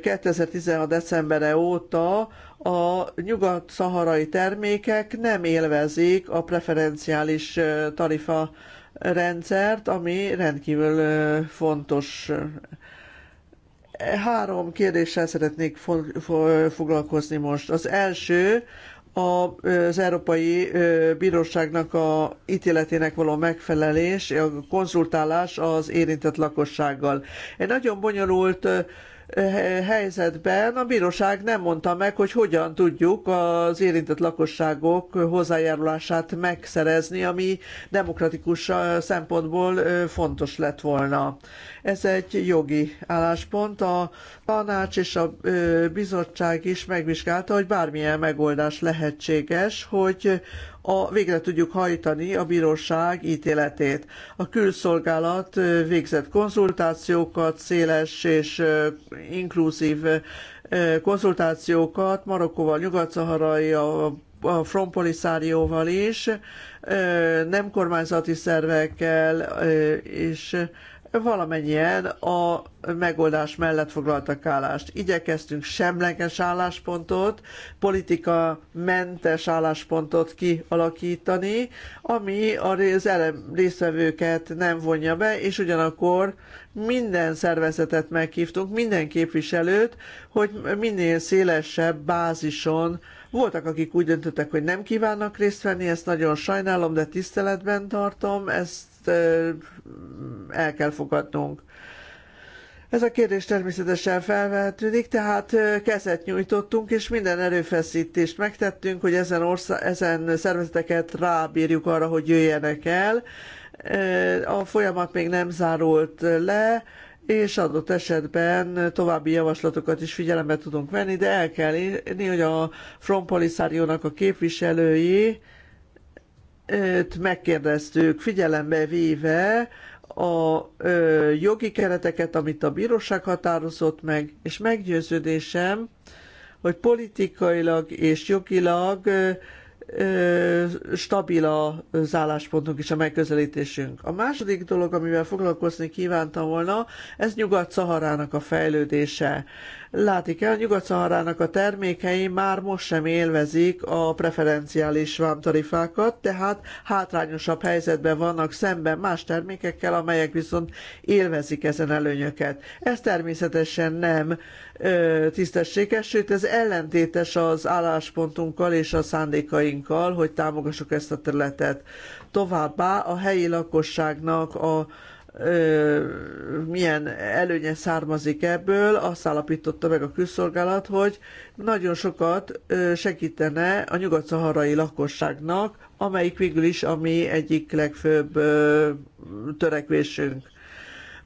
2016. decembere óta a nyugat-szaharai termékek nem élvezik a preferenciális tarifa rendszert, ami rendkívül fontos Három kérdéssel szeretnék foglalkozni most. Az első, az Európai Bíróságnak a ítéletének való megfelelés, a konzultálás az érintett lakossággal. Egy nagyon bonyolult Eh, helyzetben a bíróság nem mondta meg, hogy hogyan tudjuk az érintett lakosságok hozzájárulását megszerezni, ami demokratikus eh, szempontból eh, fontos lett volna. Ez egy jogi álláspont. A tanács és a bizottság is megvizsgálta, hogy bármilyen megoldás lehetséges, hogy a, végre tudjuk hajtani a bíróság ítéletét. A külszolgálat végzett konzultációkat, széles és inkluzív konzultációkat Marokkóval, Nyugat-Szaharai, a a Front is, nem kormányzati szervekkel és valamennyien a megoldás mellett foglaltak állást. Igyekeztünk semleges álláspontot, politika mentes álláspontot kialakítani, ami a részvevőket nem vonja be, és ugyanakkor minden szervezetet meghívtunk, minden képviselőt, hogy minél szélesebb bázison voltak, akik úgy döntöttek, hogy nem kívánnak részt venni, ezt nagyon sajnálom, de tiszteletben tartom, ezt el kell fogadnunk. Ez a kérdés természetesen felvetődik, tehát kezet nyújtottunk, és minden erőfeszítést megtettünk, hogy ezen, orsz- ezen szervezeteket rábírjuk arra, hogy jöjjenek el. A folyamat még nem zárult le, és adott esetben további javaslatokat is figyelembe tudunk venni, de el kell írni, hogy a Front Polisario-nak a képviselői őt megkérdeztük, figyelembe véve a ö, jogi kereteket, amit a bíróság határozott meg, és meggyőződésem, hogy politikailag és jogilag ö, ö, stabil az álláspontunk és a megközelítésünk. A második dolog, amivel foglalkozni kívántam volna, ez Nyugat-Szaharának a fejlődése. Látni kell, Nyugat-Szaharának a termékei már most sem élvezik a preferenciális vámtarifákat, tehát hátrányosabb helyzetben vannak szemben más termékekkel, amelyek viszont élvezik ezen előnyöket. Ez természetesen nem ö, tisztességes, sőt ez ellentétes az álláspontunkkal és a szándékainkkal, hogy támogassuk ezt a területet. Továbbá a helyi lakosságnak a milyen előnye származik ebből, azt állapította meg a külszolgálat, hogy nagyon sokat segítene a nyugat-szaharai lakosságnak, amelyik végül is a mi egyik legfőbb törekvésünk.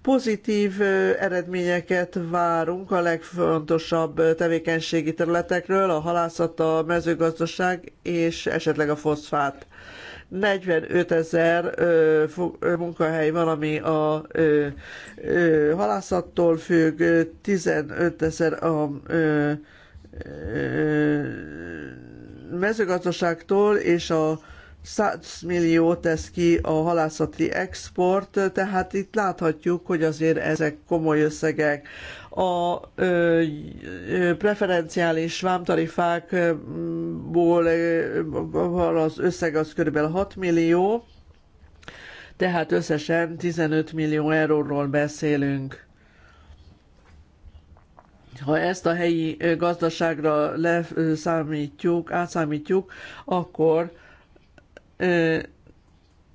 Pozitív eredményeket várunk a legfontosabb tevékenységi területekről, a halászat, a mezőgazdaság és esetleg a foszfát 45 ezer munkahely van, ami a ö, ö, halászattól függ, 15 ezer a ö, mezőgazdaságtól, és a 100 millió tesz ki a halászati export, tehát itt láthatjuk, hogy azért ezek komoly összegek. A ö, ö, preferenciális vámtarifákból az összeg az kb. 6 millió, tehát összesen 15 millió euróról beszélünk ha ezt a helyi gazdaságra leszámítjuk, átszámítjuk, akkor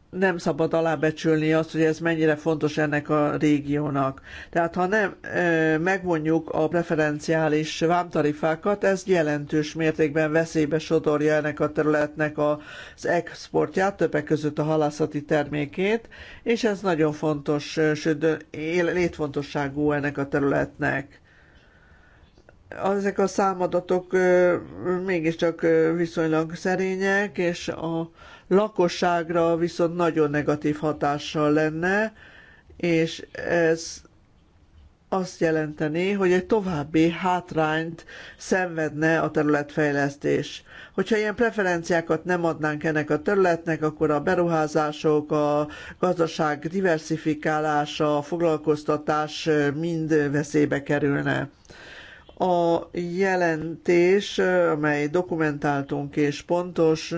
nem szabad alábecsülni azt, hogy ez mennyire fontos ennek a régiónak. Tehát ha nem megvonjuk a preferenciális vámtarifákat, ez jelentős mértékben veszélybe sodorja ennek a területnek az exportját, többek között a halászati termékét, és ez nagyon fontos, sőt létfontosságú ennek a területnek ezek a számadatok mégiscsak viszonylag szerények, és a lakosságra viszont nagyon negatív hatással lenne, és ez azt jelenteni, hogy egy további hátrányt szenvedne a területfejlesztés. Hogyha ilyen preferenciákat nem adnánk ennek a területnek, akkor a beruházások, a gazdaság diversifikálása, a foglalkoztatás mind veszélybe kerülne. A jelentés, amely dokumentáltunk és pontos,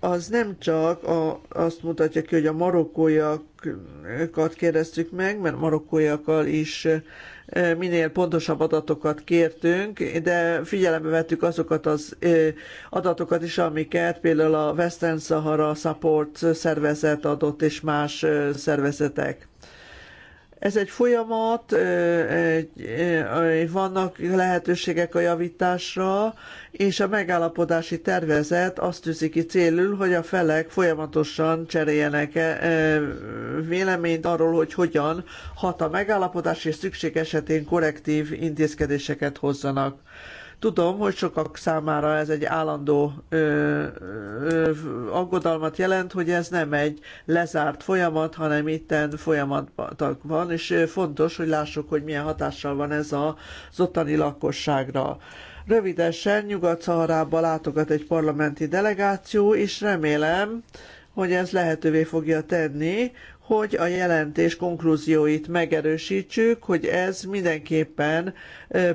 az nem csak a, azt mutatja ki, hogy a marokkóiakat kérdeztük meg, mert marokkóiakkal is eh, minél pontosabb adatokat kértünk, de figyelembe vettük azokat az eh, adatokat is, amiket például a Western Sahara Support szervezet adott, és más eh, szervezetek. Ez egy folyamat, vannak lehetőségek a javításra, és a megállapodási tervezet azt tűzi ki célul, hogy a felek folyamatosan cseréljenek véleményt arról, hogy hogyan hat a megállapodás, és szükség esetén korrektív intézkedéseket hozzanak. Tudom, hogy sokak számára ez egy állandó ö, ö, aggodalmat jelent, hogy ez nem egy lezárt folyamat, hanem itten folyamatban van, és fontos, hogy lássuk, hogy milyen hatással van ez az ottani lakosságra. Rövidesen Nyugat-Szaharába látogat egy parlamenti delegáció, és remélem, hogy ez lehetővé fogja tenni, hogy a jelentés konklúzióit megerősítsük, hogy ez mindenképpen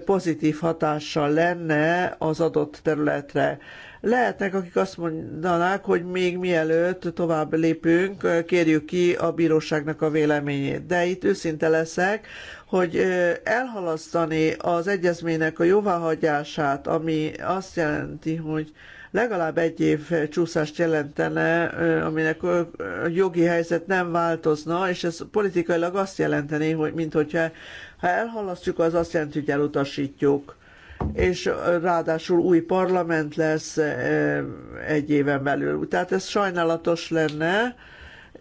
pozitív hatással lenne az adott területre. Lehetnek, akik azt mondanák, hogy még mielőtt tovább lépünk, kérjük ki a bíróságnak a véleményét. De itt őszinte leszek, hogy elhalasztani az egyezménynek a jóváhagyását, ami azt jelenti, hogy legalább egy év csúszást jelentene, aminek a jogi helyzet nem változna, és ez politikailag azt jelenteni, hogy mint hogyha ha elhalasztjuk, az azt jelenti, hogy elutasítjuk és ráadásul új parlament lesz egy éven belül. Tehát ez sajnálatos lenne,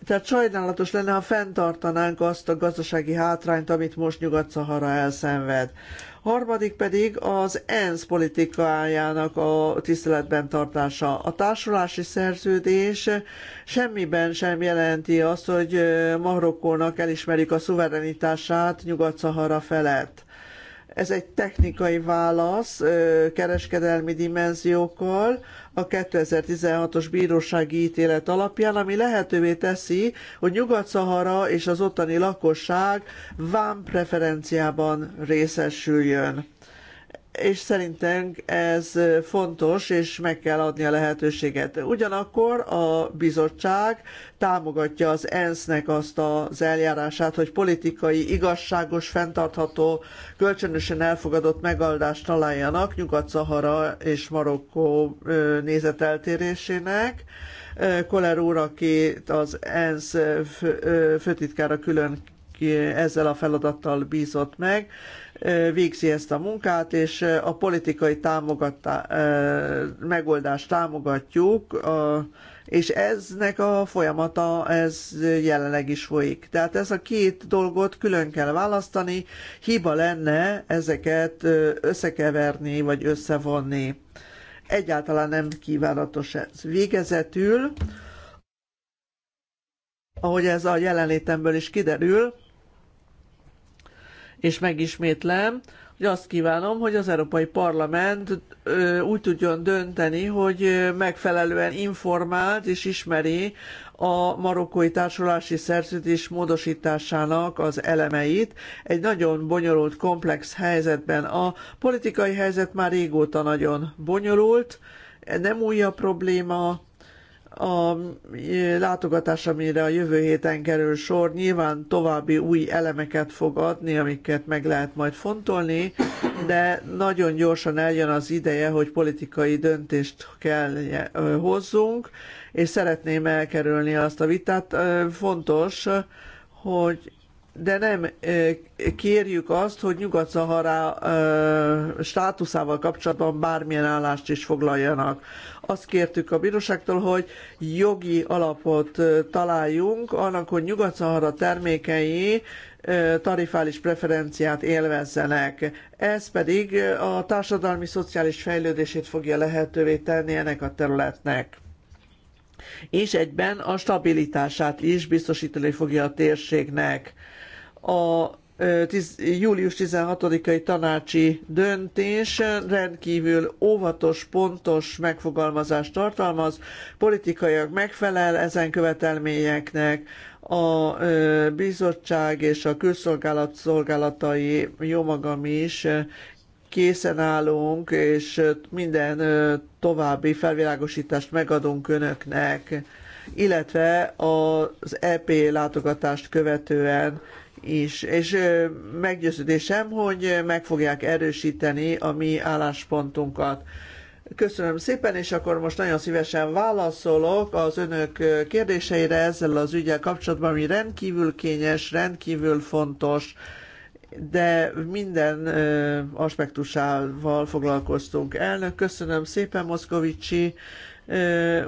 tehát sajnálatos lenne, ha fenntartanánk azt a gazdasági hátrányt, amit most Nyugat-Szahara elszenved harmadik pedig az ENSZ politikájának a tiszteletben tartása. A társulási szerződés semmiben sem jelenti azt, hogy Marokkónak elismerik a szuverenitását Nyugat-Szahara felett ez egy technikai válasz kereskedelmi dimenziókkal a 2016-os bírósági ítélet alapján, ami lehetővé teszi, hogy Nyugat-Szahara és az ottani lakosság vámpreferenciában preferenciában részesüljön és szerintünk ez fontos, és meg kell adni a lehetőséget. Ugyanakkor a bizottság támogatja az ENSZ-nek azt az eljárását, hogy politikai, igazságos, fenntartható, kölcsönösen elfogadott megoldást találjanak Nyugat-Szahara és Marokkó nézeteltérésének. Koller úr, akit az ENSZ főtitkára külön ezzel a feladattal bízott meg, végzi ezt a munkát, és a politikai támogatá, megoldást támogatjuk, és eznek a folyamata ez jelenleg is folyik. Tehát ez a két dolgot külön kell választani, hiba lenne ezeket összekeverni vagy összevonni. Egyáltalán nem kívánatos ez. Végezetül, ahogy ez a jelenlétemből is kiderül, és megismétlem, hogy azt kívánom, hogy az Európai Parlament úgy tudjon dönteni, hogy megfelelően informált és ismeri a marokkói társulási szerződés módosításának az elemeit. Egy nagyon bonyolult, komplex helyzetben. A politikai helyzet már régóta nagyon bonyolult, nem új a probléma, a látogatás, amire a jövő héten kerül sor, nyilván további új elemeket fog adni, amiket meg lehet majd fontolni, de nagyon gyorsan eljön az ideje, hogy politikai döntést kell eh, hozzunk, és szeretném elkerülni azt a vitát. Eh, fontos, hogy de nem eh, kérjük azt, hogy Nyugat-Szahara státuszával kapcsolatban bármilyen állást is foglaljanak. Azt kértük a bíróságtól, hogy jogi alapot találjunk annak, hogy Nyugat-Szahara termékei tarifális preferenciát élvezzenek. Ez pedig a társadalmi-szociális fejlődését fogja lehetővé tenni ennek a területnek és egyben a stabilitását is biztosítani fogja a térségnek. A július 16-ai tanácsi döntés rendkívül óvatos, pontos megfogalmazást tartalmaz, politikaiak megfelel ezen követelményeknek, a bizottság és a külszolgálat szolgálatai, jó magam is, készen állunk, és minden további felvilágosítást megadunk önöknek, illetve az EP látogatást követően is, és meggyőződésem, hogy meg fogják erősíteni a mi álláspontunkat. Köszönöm szépen, és akkor most nagyon szívesen válaszolok az önök kérdéseire ezzel az ügyel kapcsolatban, ami rendkívül kényes, rendkívül fontos, de minden aspektusával foglalkoztunk. Elnök, köszönöm szépen, Moszkovicsi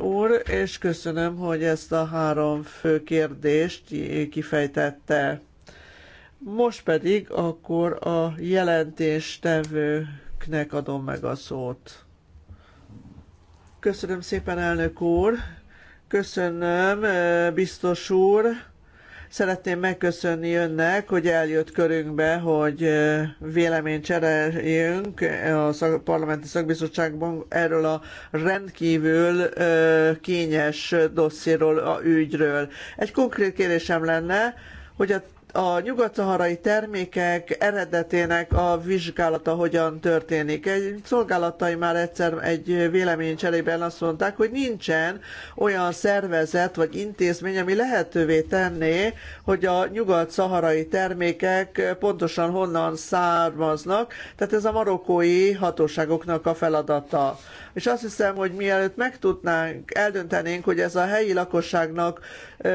úr, és köszönöm, hogy ezt a három fő kérdést kifejtette. Most pedig akkor a jelentéstevőknek adom meg a szót. Köszönöm szépen, elnök úr! Köszönöm, biztos úr! Szeretném megköszönni önnek, hogy eljött körünkbe, hogy véleményt cseréljünk a parlamenti szakbizottságban erről a rendkívül kényes dossziról, a ügyről. Egy konkrét kérésem lenne, hogy a a nyugat-szaharai termékek eredetének a vizsgálata hogyan történik. Egy szolgálatai már egyszer egy véleménycserében azt mondták, hogy nincsen olyan szervezet vagy intézmény, ami lehetővé tenné, hogy a nyugat-szaharai termékek pontosan honnan származnak, tehát ez a marokkói hatóságoknak a feladata és azt hiszem, hogy mielőtt megtudnánk, eldöntenénk, hogy ez a helyi lakosságnak ö,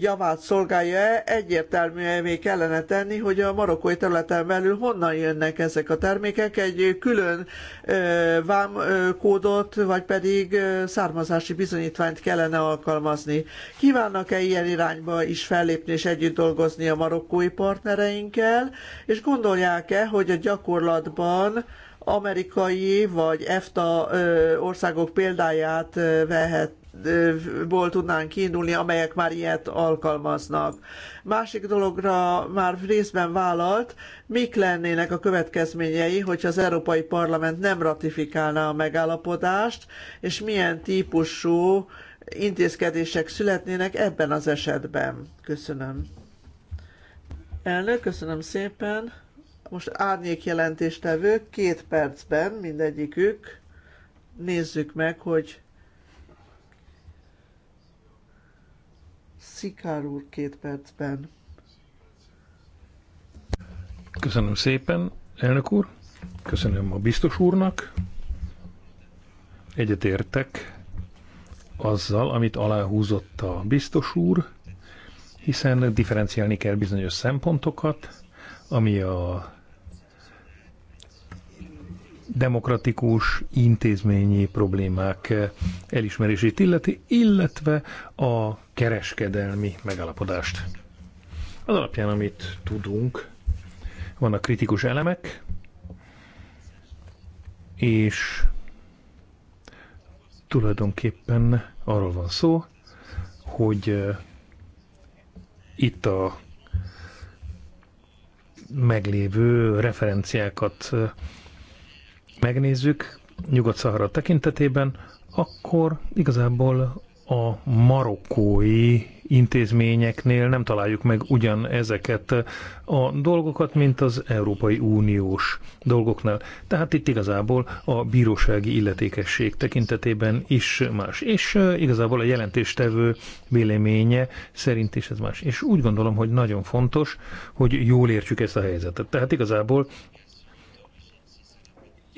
javát szolgálja-e, egyértelműen kellene tenni, hogy a marokkói területen belül honnan jönnek ezek a termékek, egy külön ö, vám ö, kódot, vagy pedig ö, származási bizonyítványt kellene alkalmazni. Kívánnak-e ilyen irányba is fellépni és együtt dolgozni a marokkói partnereinkkel, és gondolják-e, hogy a gyakorlatban amerikai vagy EFTA országok példáját vehet ból tudnánk kiindulni, amelyek már ilyet alkalmaznak. Másik dologra már részben vállalt, mik lennének a következményei, hogyha az Európai Parlament nem ratifikálná a megállapodást, és milyen típusú intézkedések születnének ebben az esetben. Köszönöm. Elnök, köszönöm szépen. Most árnyék jelentéstevők, két percben mindegyikük. Nézzük meg, hogy Szikár úr két percben. Köszönöm szépen, elnök úr. Köszönöm a biztos úrnak. Egyetértek azzal, amit aláhúzott a biztos úr, hiszen differenciálni kell bizonyos szempontokat, ami a demokratikus intézményi problémák eh, elismerését illeti, illetve a kereskedelmi megalapodást. Az alapján, amit tudunk, vannak kritikus elemek, és tulajdonképpen arról van szó, hogy eh, itt a meglévő referenciákat eh, megnézzük Nyugat-Szahara tekintetében, akkor igazából a marokkói intézményeknél nem találjuk meg ugyan ezeket a dolgokat, mint az Európai Uniós dolgoknál. Tehát itt igazából a bírósági illetékesség tekintetében is más. És igazából a jelentéstevő véleménye szerint is ez más. És úgy gondolom, hogy nagyon fontos, hogy jól értsük ezt a helyzetet. Tehát igazából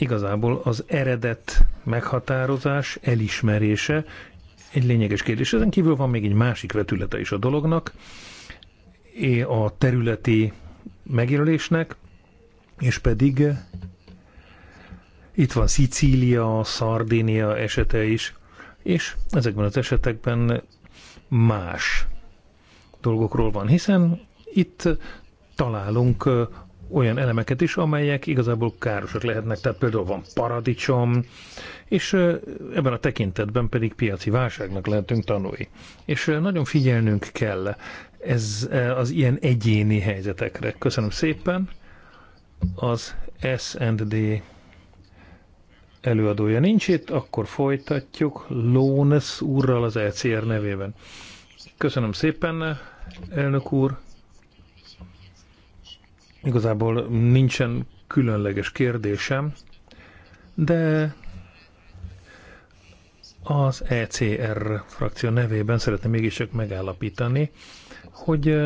Igazából az eredet meghatározás, elismerése egy lényeges kérdés. Ezen kívül van még egy másik vetülete is a dolognak, a területi megjelölésnek, és pedig itt van Szicília, Szardénia esete is, és ezekben az esetekben más dolgokról van, hiszen itt találunk olyan elemeket is, amelyek igazából károsak lehetnek, tehát például van paradicsom, és ebben a tekintetben pedig piaci válságnak lehetünk tanulni. És nagyon figyelnünk kell ez az ilyen egyéni helyzetekre. Köszönöm szépen. Az S&D előadója nincs itt, akkor folytatjuk Lónes úrral az ECR nevében. Köszönöm szépen, elnök úr. Igazából nincsen különleges kérdésem, de az ECR frakció nevében szeretném mégiscsak megállapítani, hogy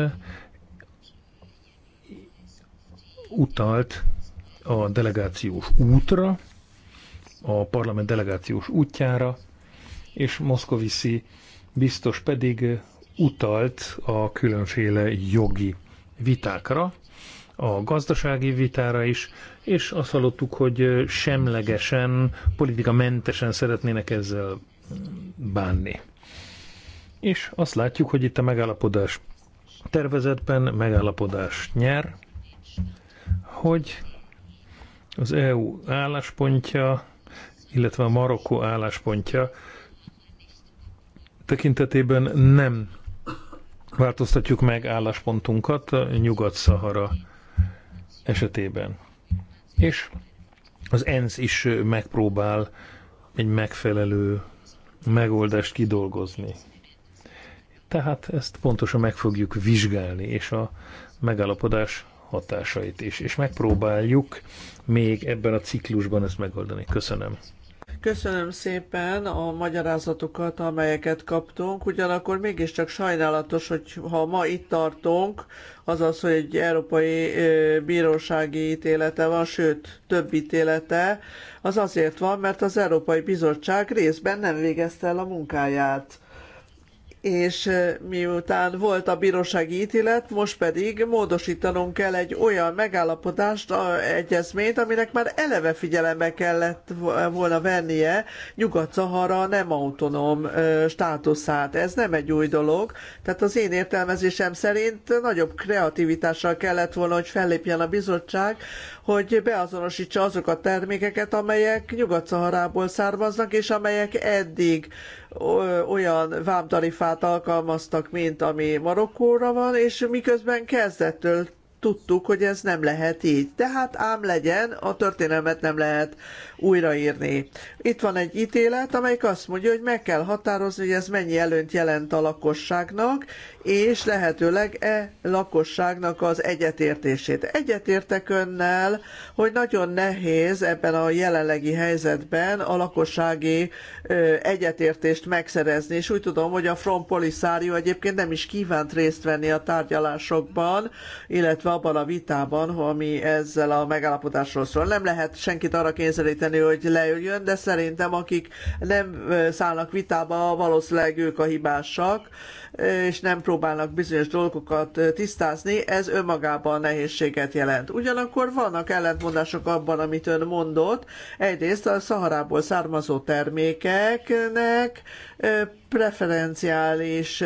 utalt a delegációs útra, a parlament delegációs útjára, és Moszkoviszi biztos pedig utalt a különféle jogi vitákra, a gazdasági vitára is, és azt hallottuk, hogy semlegesen, politikamentesen szeretnének ezzel bánni. És azt látjuk, hogy itt a megállapodás tervezetben megállapodás nyer, hogy az EU álláspontja, illetve a Marokkó álláspontja tekintetében nem változtatjuk meg álláspontunkat Nyugat-Szahara esetében. És az ENSZ is megpróbál egy megfelelő megoldást kidolgozni. Tehát ezt pontosan meg fogjuk vizsgálni, és a megállapodás hatásait is, és megpróbáljuk még ebben a ciklusban ezt megoldani. Köszönöm. Köszönöm szépen a magyarázatokat, amelyeket kaptunk, ugyanakkor mégiscsak sajnálatos, hogy ha ma itt tartunk, azaz, hogy egy európai bírósági ítélete van, sőt, több ítélete, az azért van, mert az Európai Bizottság részben nem végezte el a munkáját és miután volt a bírósági ítélet, most pedig módosítanunk kell egy olyan megállapodást, egyezményt, aminek már eleve figyelembe kellett volna vennie Nyugat-Szahara nem autonóm státuszát. Ez nem egy új dolog, tehát az én értelmezésem szerint nagyobb kreativitással kellett volna, hogy fellépjen a bizottság hogy beazonosítsa azok a termékeket, amelyek Nyugat-Szaharából származnak, és amelyek eddig olyan vámtarifát alkalmaztak, mint ami Marokkóra van, és miközben kezdettől tudtuk, hogy ez nem lehet így. Tehát ám legyen, a történelmet nem lehet újraírni. Itt van egy ítélet, amelyik azt mondja, hogy meg kell határozni, hogy ez mennyi előnyt jelent a lakosságnak, és lehetőleg e lakosságnak az egyetértését. Egyetértek önnel, hogy nagyon nehéz ebben a jelenlegi helyzetben a lakossági egyetértést megszerezni, és úgy tudom, hogy a Front Polisario egyébként nem is kívánt részt venni a tárgyalásokban, illetve abban a vitában, ami ezzel a megállapodásról szól. Nem lehet senkit arra kényszeríteni, hogy leüljön, de szerintem akik nem szállnak vitába, valószínűleg ők a hibásak és nem próbálnak bizonyos dolgokat tisztázni, ez önmagában nehézséget jelent. Ugyanakkor vannak ellentmondások abban, amit ön mondott. Egyrészt a szaharából származó termékeknek preferenciális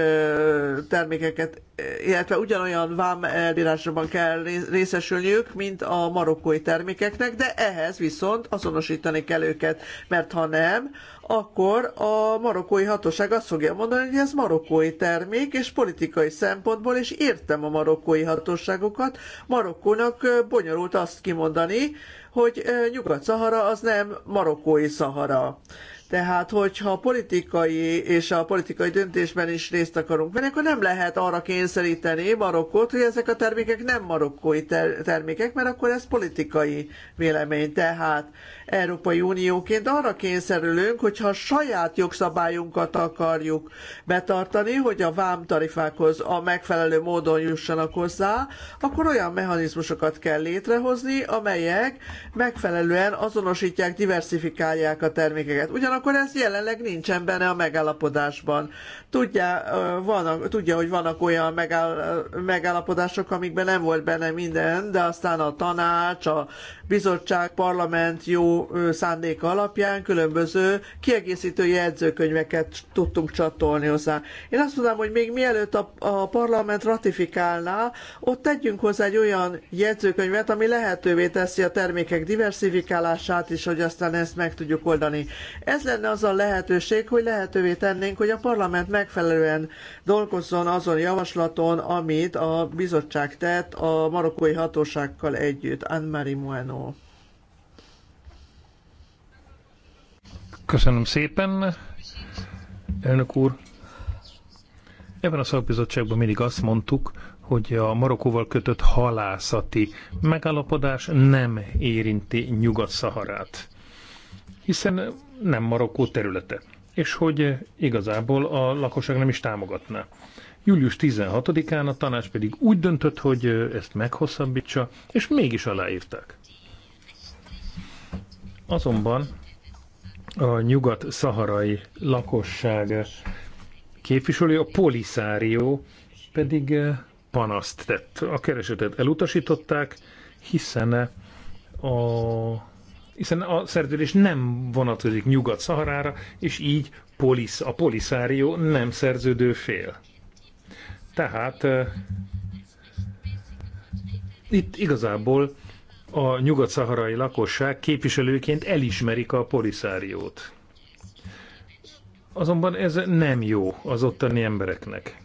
termékeket, illetve ugyanolyan vám elbírásban kell részesülniük, mint a marokkói termékeknek, de ehhez viszont azonosítani kell őket, mert ha nem, akkor a marokkói hatóság azt fogja mondani, hogy ez marokkói termék, és politikai szempontból is értem a marokkói hatóságokat. Marokkónak bonyolult azt kimondani, hogy Nyugat-Szahara az nem marokkói Szahara. Tehát, hogyha politikai és a politikai döntésben is részt akarunk venni, akkor nem lehet arra kényszeríteni Marokkót, hogy ezek a termékek nem marokkói ter- termékek, mert akkor ez politikai vélemény. Tehát Európai Unióként arra kényszerülünk, hogyha a saját jogszabályunkat akarjuk betartani, hogy a vámtarifákhoz a megfelelő módon jussanak hozzá, akkor olyan mechanizmusokat kell létrehozni, amelyek megfelelően azonosítják, diversifikálják a termékeket. Ugyanakkor ugyanakkor ez jelenleg nincsen benne a megállapodásban. Tudja, van tudja hogy vannak olyan megáll, megállapodások, amikben nem volt benne minden, de aztán a tanács, a bizottság, parlament jó szándéka alapján különböző kiegészítő jegyzőkönyveket tudtunk csatolni hozzá. Én azt mondom, hogy még mielőtt a, a parlament ratifikálná, ott tegyünk hozzá egy olyan jegyzőkönyvet, ami lehetővé teszi a termékek diversifikálását, és hogy aztán ezt meg tudjuk oldani. Ez lenne az a lehetőség, hogy lehetővé tennénk, hogy a parlament megfelelően dolgozzon azon javaslaton, amit a bizottság tett a marokkói hatóságokkal együtt. Anne-Marie Bueno. Köszönöm szépen, elnök úr. Ebben a szakbizottságban mindig azt mondtuk, hogy a Marokkóval kötött halászati megállapodás nem érinti Nyugat-Szaharát hiszen nem Marokkó területe, és hogy igazából a lakosság nem is támogatná. Július 16-án a tanács pedig úgy döntött, hogy ezt meghosszabbítsa, és mégis aláírták. Azonban a nyugat-szaharai lakosság képviselő, a Polisárió pedig panaszt tett. A keresetet elutasították, hiszen a hiszen a szerződés nem vonatkozik Nyugat-Szaharára, és így polisz, a poliszárió nem szerződő fél. Tehát eh, itt igazából a nyugat-szaharai lakosság képviselőként elismerik a poliszáriót. Azonban ez nem jó az ottani embereknek.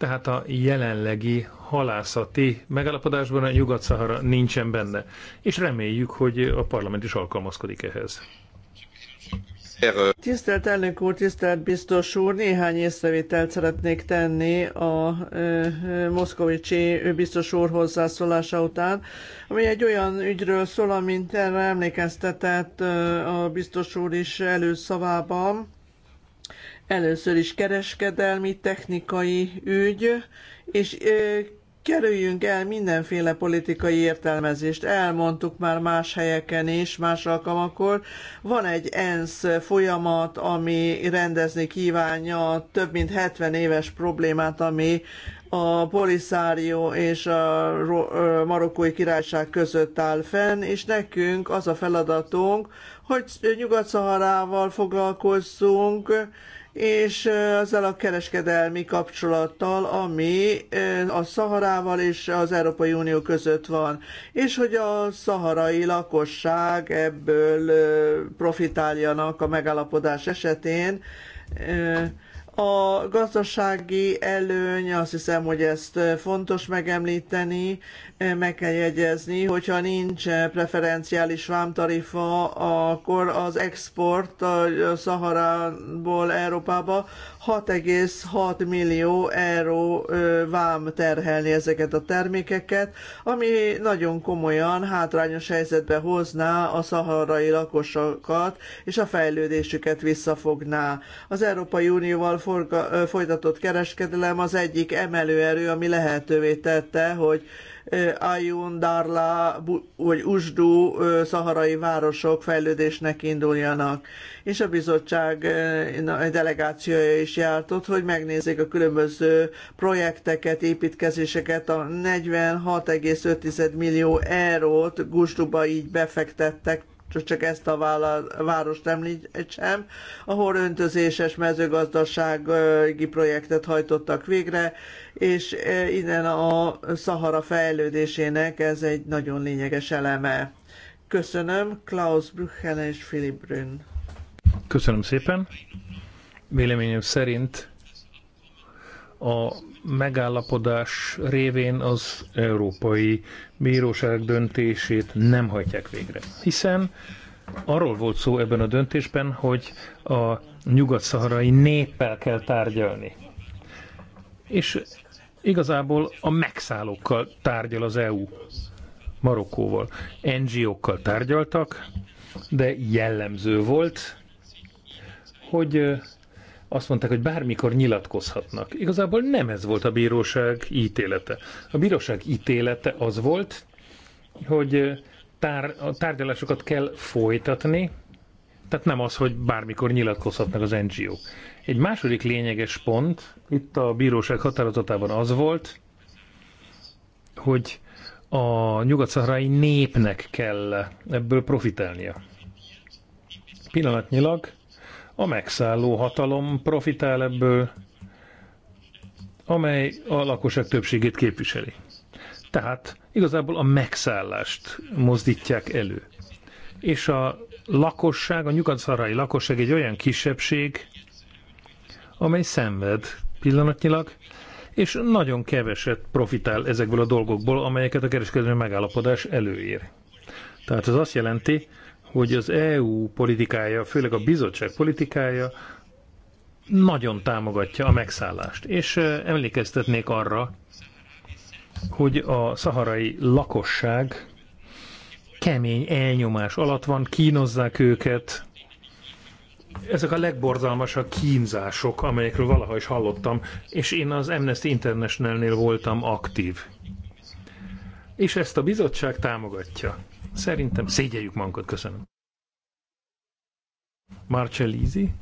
Tehát a jelenlegi halászati megállapodásban a Nyugat-Szahara nincsen benne, és reméljük, hogy a parlament is alkalmazkodik ehhez. Tisztelt elnök úr, tisztelt biztos úr, néhány észrevételt szeretnék tenni a ö, moszkovicsi biztos úr hozzászólása után, ami egy olyan ügyről szól, amint erre emlékeztetett a biztos úr is előszavában, Először is kereskedelmi, technikai ügy, és kerüljünk el mindenféle politikai értelmezést. Elmondtuk már más helyeken is, más alkalmakor. Van egy ENSZ folyamat, ami rendezni kívánja több mint 70 éves problémát, ami a Polisárió és a Marokkói Királyság között áll fenn, és nekünk az a feladatunk, hogy Nyugat-Szaharával foglalkozzunk, és azzal a kereskedelmi kapcsolattal, ami a Szaharával és az Európai Unió között van, és hogy a szaharai lakosság ebből profitáljanak a megállapodás esetén, a gazdasági előny, azt hiszem, hogy ezt fontos megemlíteni, meg kell jegyezni, hogyha nincs preferenciális vámtarifa, akkor az export a Szaharából Európába 6,6 millió euró vám terhelni ezeket a termékeket, ami nagyon komolyan hátrányos helyzetbe hozná a szaharai lakosokat, és a fejlődésüket visszafogná. Az Európai Unióval forga, folytatott kereskedelem az egyik emelőerő, ami lehetővé tette, hogy Ayun, Darla vagy Usdu szaharai városok fejlődésnek induljanak. És a bizottság delegációja is járt ott, hogy megnézzék a különböző projekteket, építkezéseket. A 46,5 millió eurót Gusduba így befektettek csak csak ezt a várost említsem, ahol öntözéses mezőgazdasági projektet hajtottak végre, és e, innen a Szahara fejlődésének ez egy nagyon lényeges eleme. Köszönöm, Klaus Brüchen és Philip Brünn. Köszönöm szépen. Véleményem szerint a megállapodás révén az Európai Bíróság döntését nem hajtják végre. Hiszen arról volt szó ebben a döntésben, hogy a nyugat-szaharai néppel kell tárgyalni. És igazából a megszállókkal tárgyal az EU, Marokkóval. NGO-kkal tárgyaltak, de jellemző volt, hogy azt mondták, hogy bármikor nyilatkozhatnak. Igazából nem ez volt a bíróság ítélete. A bíróság ítélete az volt, hogy tár, a tárgyalásokat kell folytatni, tehát nem az, hogy bármikor nyilatkozhatnak az NGO-k. Egy második lényeges pont itt a bíróság határozatában az volt, hogy a nyugat népnek kell ebből profitálnia. Pillanatnyilag a megszálló hatalom profitál ebből, amely a lakosság többségét képviseli. Tehát igazából a megszállást mozdítják elő. És a lakosság, a nyugat lakosság egy olyan kisebbség, amely szenved pillanatnyilag, és nagyon keveset profitál ezekből a dolgokból, amelyeket a kereskedelmi megállapodás előír. Tehát ez azt jelenti, hogy az EU politikája, főleg a bizottság politikája nagyon támogatja a megszállást. És emlékeztetnék arra, hogy a szaharai lakosság kemény elnyomás alatt van, kínozzák őket. Ezek a legborzalmasabb kínzások, amelyekről valaha is hallottam, és én az Amnesty Internationalnél voltam aktív. És ezt a bizottság támogatja. Szerintem szégyeljük magunkat. Köszönöm. Marcellisi.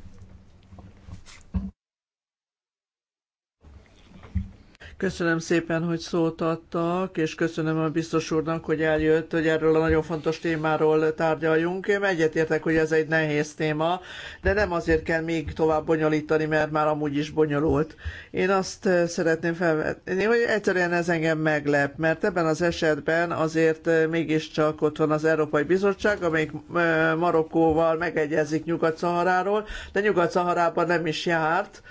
Köszönöm szépen, hogy szót adtak, és köszönöm a biztos úrnak, hogy eljött, hogy erről a nagyon fontos témáról tárgyaljunk. Én egyetértek, hogy ez egy nehéz téma, de nem azért kell még tovább bonyolítani, mert már amúgy is bonyolult. Én azt eh, szeretném felvetni, hogy egyszerűen ez engem meglep, mert ebben az esetben azért eh, mégiscsak ott van az Európai Bizottság, amelyik eh, Marokkóval megegyezik Nyugat-Szaharáról, de Nyugat-Szaharában nem is járt,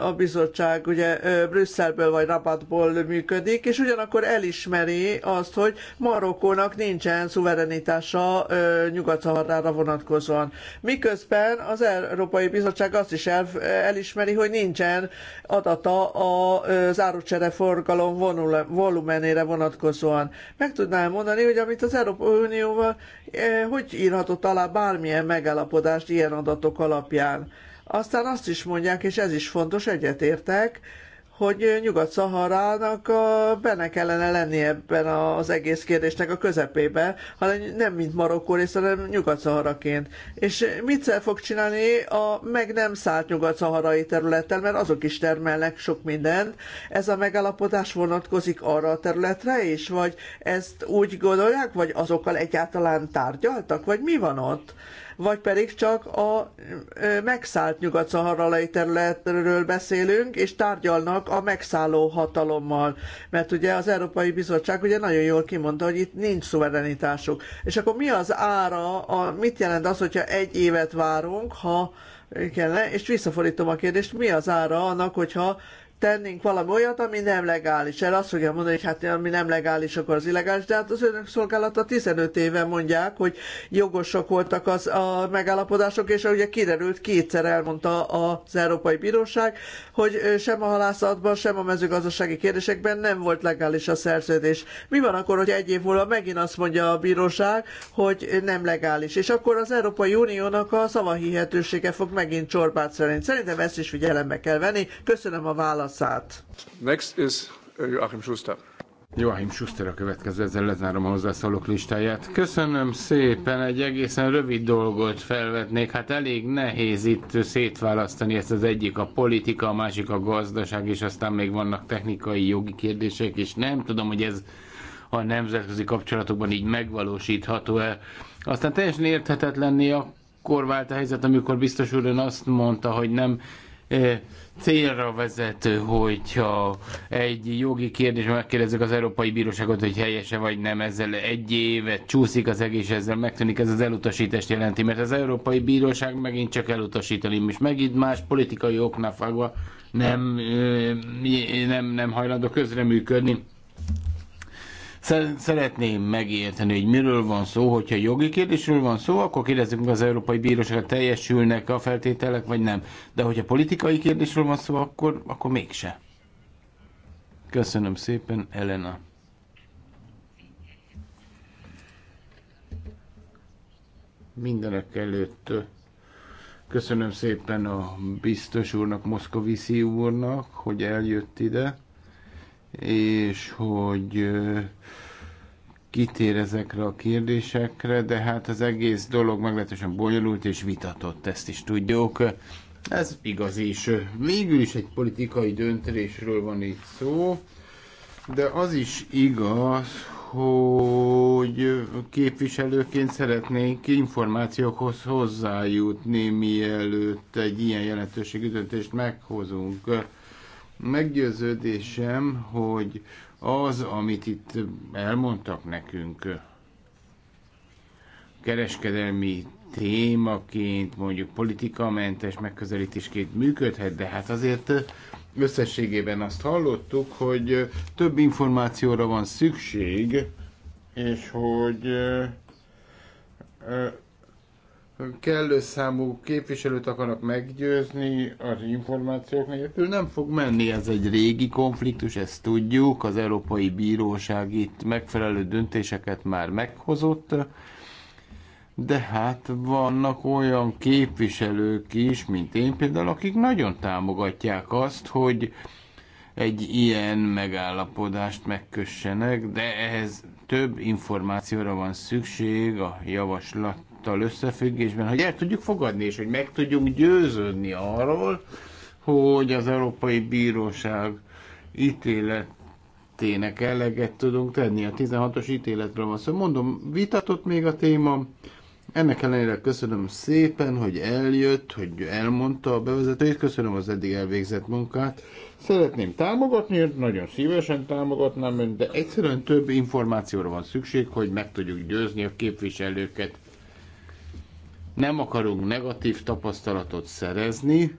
a bizottság ugye Brüsszelből vagy Rabatból működik, és ugyanakkor elismeri azt, hogy Marokkónak nincsen szuverenitása nyugat vonatkozóan. Miközben az Európai Bizottság azt is el, elismeri, hogy nincsen adata a zárócsere forgalom volumenére vonatkozóan. Meg tudnám mondani, hogy amit az Európai Unióval hogy írhatott alá bármilyen megállapodást ilyen adatok alapján. Aztán azt is mondják, és ez is fontos, egyetértek, hogy Nyugat-Szaharának benne kellene lenni ebben az egész kérdésnek a közepébe, hanem nem mint Marokkó rész, hanem Nyugat-Szaharaként. És mit fog csinálni a meg nem szállt nyugat-szaharai területtel, mert azok is termelnek sok mindent. Ez a megállapodás vonatkozik arra a területre is, vagy ezt úgy gondolják, vagy azokkal egyáltalán tárgyaltak, vagy mi van ott? vagy pedig csak a megszállt nyugat-szaharalai területről beszélünk, és tárgyalnak a megszálló hatalommal. Mert ugye az Európai Bizottság ugye nagyon jól kimondta, hogy itt nincs szuverenitásuk. És akkor mi az ára, a, mit jelent az, hogyha egy évet várunk, ha kellene, és visszafordítom a kérdést, mi az ára annak, hogyha tennénk valami olyat, ami nem legális. El azt fogja mondani, hogy hát ami nem legális, akkor az illegális, de hát az önök szolgálata 15 éve mondják, hogy jogosok voltak az, a megállapodások, és ugye kiderült, kétszer elmondta az Európai Bíróság, hogy sem a halászatban, sem a mezőgazdasági kérdésekben nem volt legális a szerződés. Mi van akkor, hogy egy év múlva megint azt mondja a bíróság, hogy nem legális, és akkor az Európai Uniónak a szavahihetősége fog megint csorbát szerint. Szerintem ezt is figyelembe kell venni. Köszönöm a választ válaszát. Next is uh, Joachim Schuster. Joachim Schuster a következő, ezzel lezárom a hozzászólók listáját. Köszönöm szépen, egy egészen rövid dolgot felvetnék. Hát elég nehéz itt szétválasztani ezt az egyik a politika, a másik a gazdaság, és aztán még vannak technikai jogi kérdések, és nem tudom, hogy ez a nemzetközi kapcsolatokban így megvalósítható-e. Aztán teljesen érthetetlenné akkor vált a helyzet, amikor biztos úr azt mondta, hogy nem eh, célra vezető, hogyha egy jogi kérdés, megkérdezzük az Európai Bíróságot, hogy helyese vagy nem, ezzel egy évet csúszik az egész, ezzel megtűnik, ez az elutasítást jelenti, mert az Európai Bíróság megint csak elutasítani, és megint más politikai oknál fogva nem, nem, nem hajlandó közreműködni. Szeretném megérteni, hogy miről van szó, hogyha jogi kérdésről van szó, akkor kérdezzük az Európai Bíróság, teljesülnek a feltételek, vagy nem. De hogyha politikai kérdésről van szó, akkor, akkor mégse. Köszönöm szépen, Elena. Mindenek előtt köszönöm szépen a biztos úrnak, Moszkovici úrnak, hogy eljött ide és hogy kitér ezekre a kérdésekre, de hát az egész dolog meglehetősen bonyolult és vitatott, ezt is tudjuk. Ez igaz, és végül is egy politikai döntésről van itt szó, de az is igaz, hogy képviselőként szeretnénk információkhoz hozzájutni, mielőtt egy ilyen jelentőségű döntést meghozunk Meggyőződésem, hogy az, amit itt elmondtak nekünk kereskedelmi témaként, mondjuk politikamentes megközelítésként működhet, de hát azért összességében azt hallottuk, hogy több információra van szükség, és hogy kellő számú képviselőt akarnak meggyőzni az információk nélkül, nem fog menni. Ez egy régi konfliktus, ezt tudjuk. Az Európai Bíróság itt megfelelő döntéseket már meghozott, de hát vannak olyan képviselők is, mint én például, akik nagyon támogatják azt, hogy egy ilyen megállapodást megkössenek, de ehhez több információra van szükség a javaslat folyamattal összefüggésben, hogy el tudjuk fogadni, és hogy meg tudjunk győződni arról, hogy az Európai Bíróság ítéletének eleget tudunk tenni. A 16-os ítéletről van szó. Szóval mondom, vitatott még a téma. Ennek ellenére köszönöm szépen, hogy eljött, hogy elmondta a bevezetőjét, köszönöm az eddig elvégzett munkát. Szeretném támogatni, nagyon szívesen támogatnám önt, de egyszerűen több információra van szükség, hogy meg tudjuk győzni a képviselőket nem akarunk negatív tapasztalatot szerezni,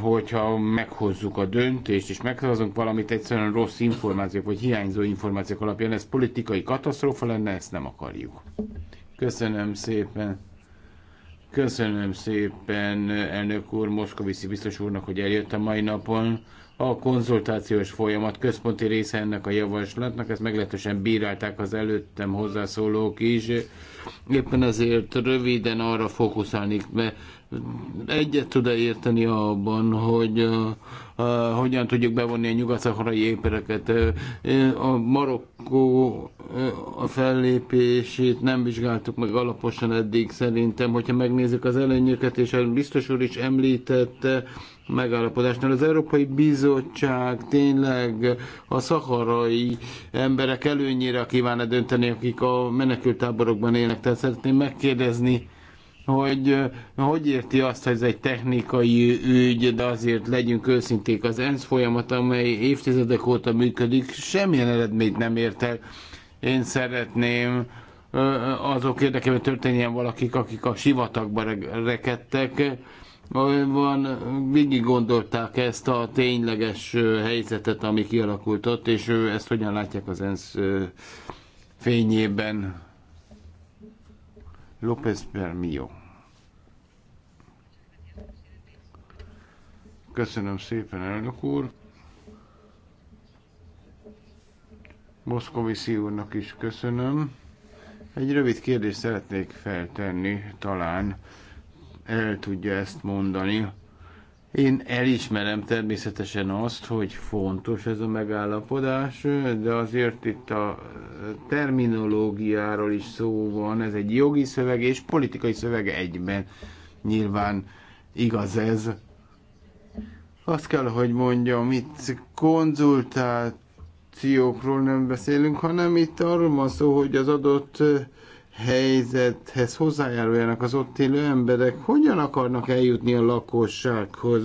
hogyha meghozzuk a döntést, és megszavazunk valamit egyszerűen rossz információk, vagy hiányzó információk alapján, ez politikai katasztrófa lenne, ezt nem akarjuk. Köszönöm szépen. Köszönöm szépen elnök úr, Moszkoviszi biztos úrnak, hogy eljött a mai napon a konzultációs folyamat központi része ennek a javaslatnak, ezt meglehetősen bírálták az előttem hozzászólók is. Éppen azért röviden arra fókuszálni, mert egyet tud -e érteni abban, hogy uh, uh, hogyan tudjuk bevonni a nyugat-szaharai épereket. Uh, a Marokkó uh, a fellépését nem vizsgáltuk meg alaposan eddig szerintem, hogyha megnézzük az előnyöket, és biztos úr is említette, megállapodásnál. Az Európai Bizottság tényleg a szaharai emberek előnyére kívánna dönteni, akik a menekültáborokban élnek. Tehát szeretném megkérdezni, hogy hogy érti azt, hogy ez egy technikai ügy, de azért legyünk őszinték, az ENSZ folyamat, amely évtizedek óta működik, semmilyen eredményt nem ért el. Én szeretném azok érdekében történjen valakik, akik a sivatagba rekedtek, van, végig gondolták ezt a tényleges helyzetet, ami kialakult ott, és ezt hogyan látják az ENSZ fényében. López Bermio. Köszönöm szépen, elnök úr. Moszkoviszi úrnak is köszönöm. Egy rövid kérdést szeretnék feltenni, talán el tudja ezt mondani. Én elismerem természetesen azt, hogy fontos ez a megállapodás, de azért itt a terminológiáról is szó van, ez egy jogi szöveg és politikai szöveg egyben. Nyilván igaz ez. Azt kell, hogy mondjam, itt konzultációkról nem beszélünk, hanem itt arról van szó, hogy az adott helyzethez hozzájáruljanak az ott élő emberek, hogyan akarnak eljutni a lakossághoz.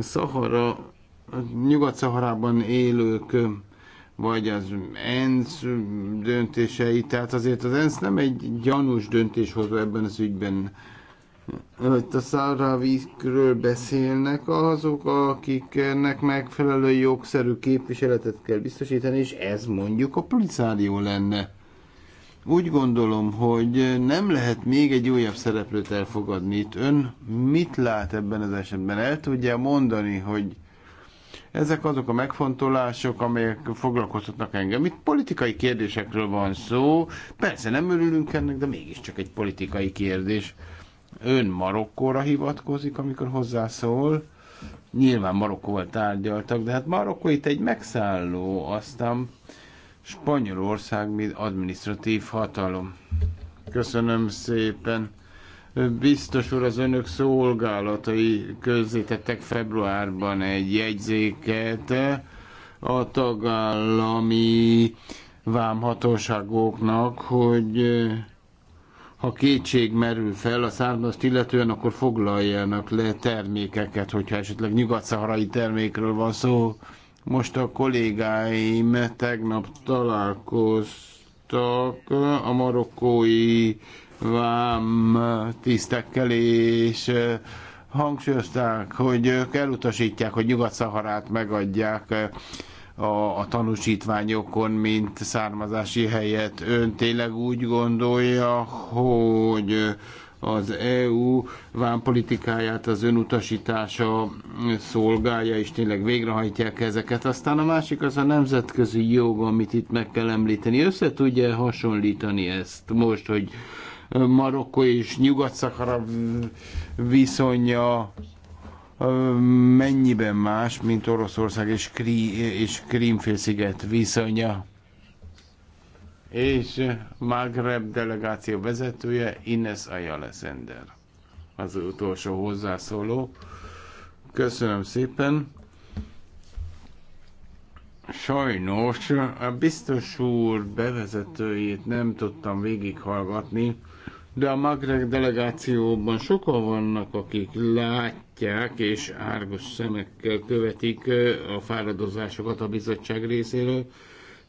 Szahara, Nyugat-Szaharában élők, vagy az ENSZ döntései, tehát azért az ENSZ nem egy gyanús döntéshozó ebben az ügyben. Itt a száravízről beszélnek azok, akiknek megfelelő jogszerű képviseletet kell biztosítani, és ez mondjuk a policárió lenne úgy gondolom, hogy nem lehet még egy újabb szereplőt elfogadni itt. Ön mit lát ebben az esetben? El tudja mondani, hogy ezek azok a megfontolások, amelyek foglalkoztatnak engem. Itt politikai kérdésekről van szó. Persze nem örülünk ennek, de mégiscsak egy politikai kérdés. Ön Marokkóra hivatkozik, amikor hozzászól. Nyilván Marokkóval tárgyaltak, de hát Marokkó itt egy megszálló, aztán Spanyolország, mint administratív hatalom. Köszönöm szépen. Biztos úr, az önök szolgálatai közzétettek februárban egy jegyzéket a tagállami vámhatóságoknak, hogy eh, ha kétség merül fel a származt illetően, akkor foglaljanak le termékeket, hogyha esetleg nyugat-szaharai termékről van szó. Most a kollégáim tegnap találkoztak a marokkói vám tisztekkel, és eh, hangsúlyozták, hogy ők elutasítják, hogy Nyugat-Szaharát megadják eh, a, a tanúsítványokon, mint származási helyet. Ön tényleg úgy gondolja, hogy eh, az EU vámpolitikáját az önutasítása szolgálja, és tényleg végrehajtják ezeket. Aztán a másik az a nemzetközi jog, amit itt meg kell említeni. Össze tudja hasonlítani ezt most, hogy Marokko és Nyugat-Szahara viszonya mennyiben más, mint Oroszország és, kri és Krímfélsziget viszonya és Magreb delegáció vezetője Ines Ayala Az utolsó hozzászóló. Köszönöm szépen. Sajnos a biztos úr bevezetőjét nem tudtam végighallgatni, de a Magreb delegációban sokan vannak, akik látják és árgos szemekkel követik a fáradozásokat a bizottság részéről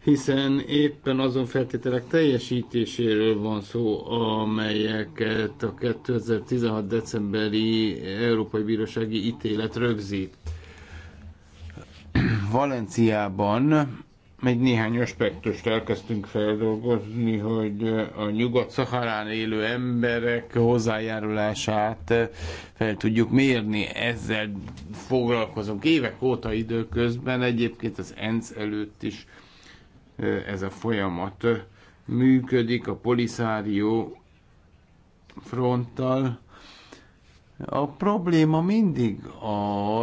hiszen éppen azon feltételek teljesítéséről van szó, amelyeket a 2016. decemberi Európai Bírósági ítélet rögzít. Valenciában egy néhány aspektust elkezdtünk feldolgozni, hogy a nyugat-szaharán élő emberek hozzájárulását fel tudjuk mérni. Ezzel foglalkozunk évek óta időközben, egyébként az ENSZ előtt is ez a folyamat működik a poliszárió fronttal. A probléma mindig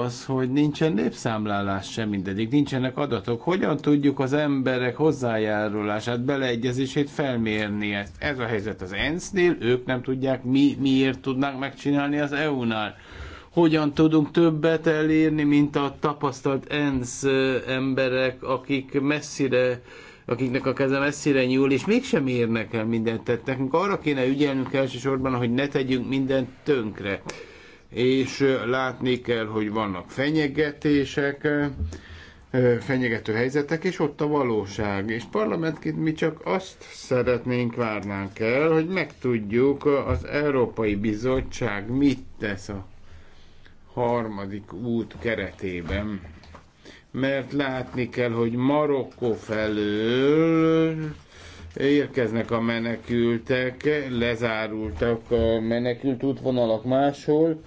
az, hogy nincsen népszámlálás sem mindegyik, nincsenek adatok. Hogyan tudjuk az emberek hozzájárulását, beleegyezését felmérni ezt? Ez a helyzet az ENSZ-nél, ők nem tudják, mi miért tudnánk megcsinálni az EU-nál hogyan tudunk többet elérni, mint a tapasztalt ENSZ emberek, akik messzire akiknek a keze messzire nyúl, és mégsem érnek el mindent. Tehát nekünk arra kéne ügyelnünk elsősorban, hogy ne tegyünk mindent tönkre. És látni kell, hogy vannak fenyegetések, fenyegető helyzetek, és ott a valóság. És parlamentként mi csak azt szeretnénk, várnánk el, hogy megtudjuk az Európai Bizottság mit tesz a harmadik út keretében. Mert látni kell, hogy Marokkó felől érkeznek a menekültek, lezárultak a menekült útvonalak máshol.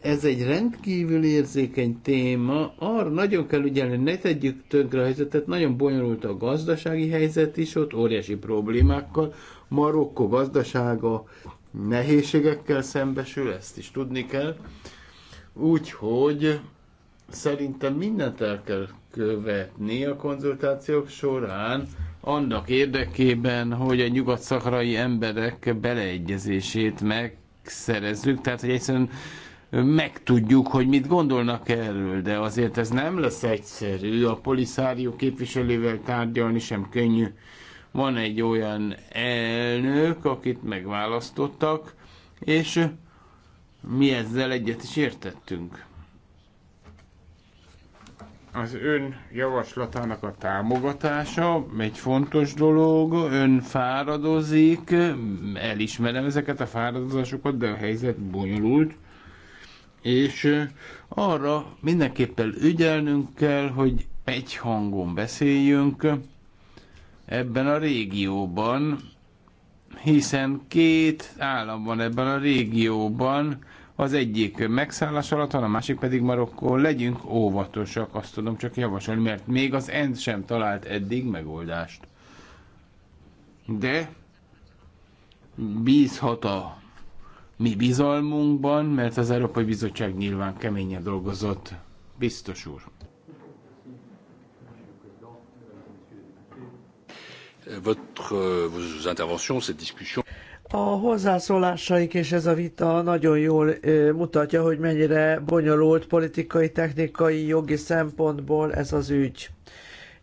Ez egy rendkívül érzékeny téma, arra nagyon kell ügyelni, ne tegyük tönkre a helyzetet, nagyon bonyolult a gazdasági helyzet is ott, óriási problémákkal. Marokkó gazdasága nehézségekkel szembesül, ezt is tudni kell. Úgyhogy szerintem mindent el kell követni a konzultációk során, annak érdekében, hogy a nyugat emberek beleegyezését megszerezzük, tehát hogy egyszerűen megtudjuk, hogy mit gondolnak erről, de azért ez nem lesz egyszerű. A poliszárió képviselővel tárgyalni sem könnyű. Van egy olyan elnök, akit megválasztottak, és mi ezzel egyet is értettünk. Az ön javaslatának a támogatása egy fontos dolog, ön fáradozik, elismerem ezeket a fáradozásokat, de a helyzet bonyolult, és arra mindenképpen ügyelnünk kell, hogy egy hangon beszéljünk ebben a régióban, hiszen két állam van ebben a régióban, az egyik megszállás alatt van, a másik pedig Marokkó. Legyünk óvatosak, azt tudom csak javasolni, mert még az END sem talált eddig megoldást. De bízhat a mi bizalmunkban, mert az Európai Bizottság nyilván keményen dolgozott. Biztos úr. Votre, euh, vos interventions, cette discussion. A hozzászólásaik és ez a vita nagyon jól mutatja, hogy mennyire bonyolult politikai, technikai, jogi szempontból ez az ügy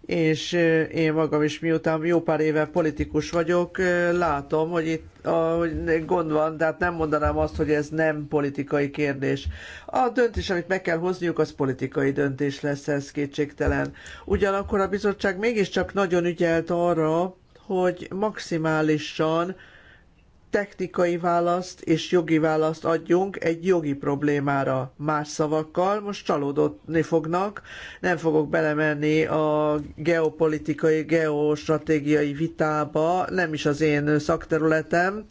és én magam is miután jó pár éve politikus vagyok, látom, hogy itt a, hogy gond van, tehát nem mondanám azt, hogy ez nem politikai kérdés. A döntés, amit meg kell hozniuk, az politikai döntés lesz, ez kétségtelen. Ugyanakkor a bizottság mégiscsak nagyon ügyelt arra, hogy maximálisan technikai választ és jogi választ adjunk egy jogi problémára más szavakkal. Most csalódni fognak, nem fogok belemenni a geopolitikai, geostratégiai vitába, nem is az én szakterületem,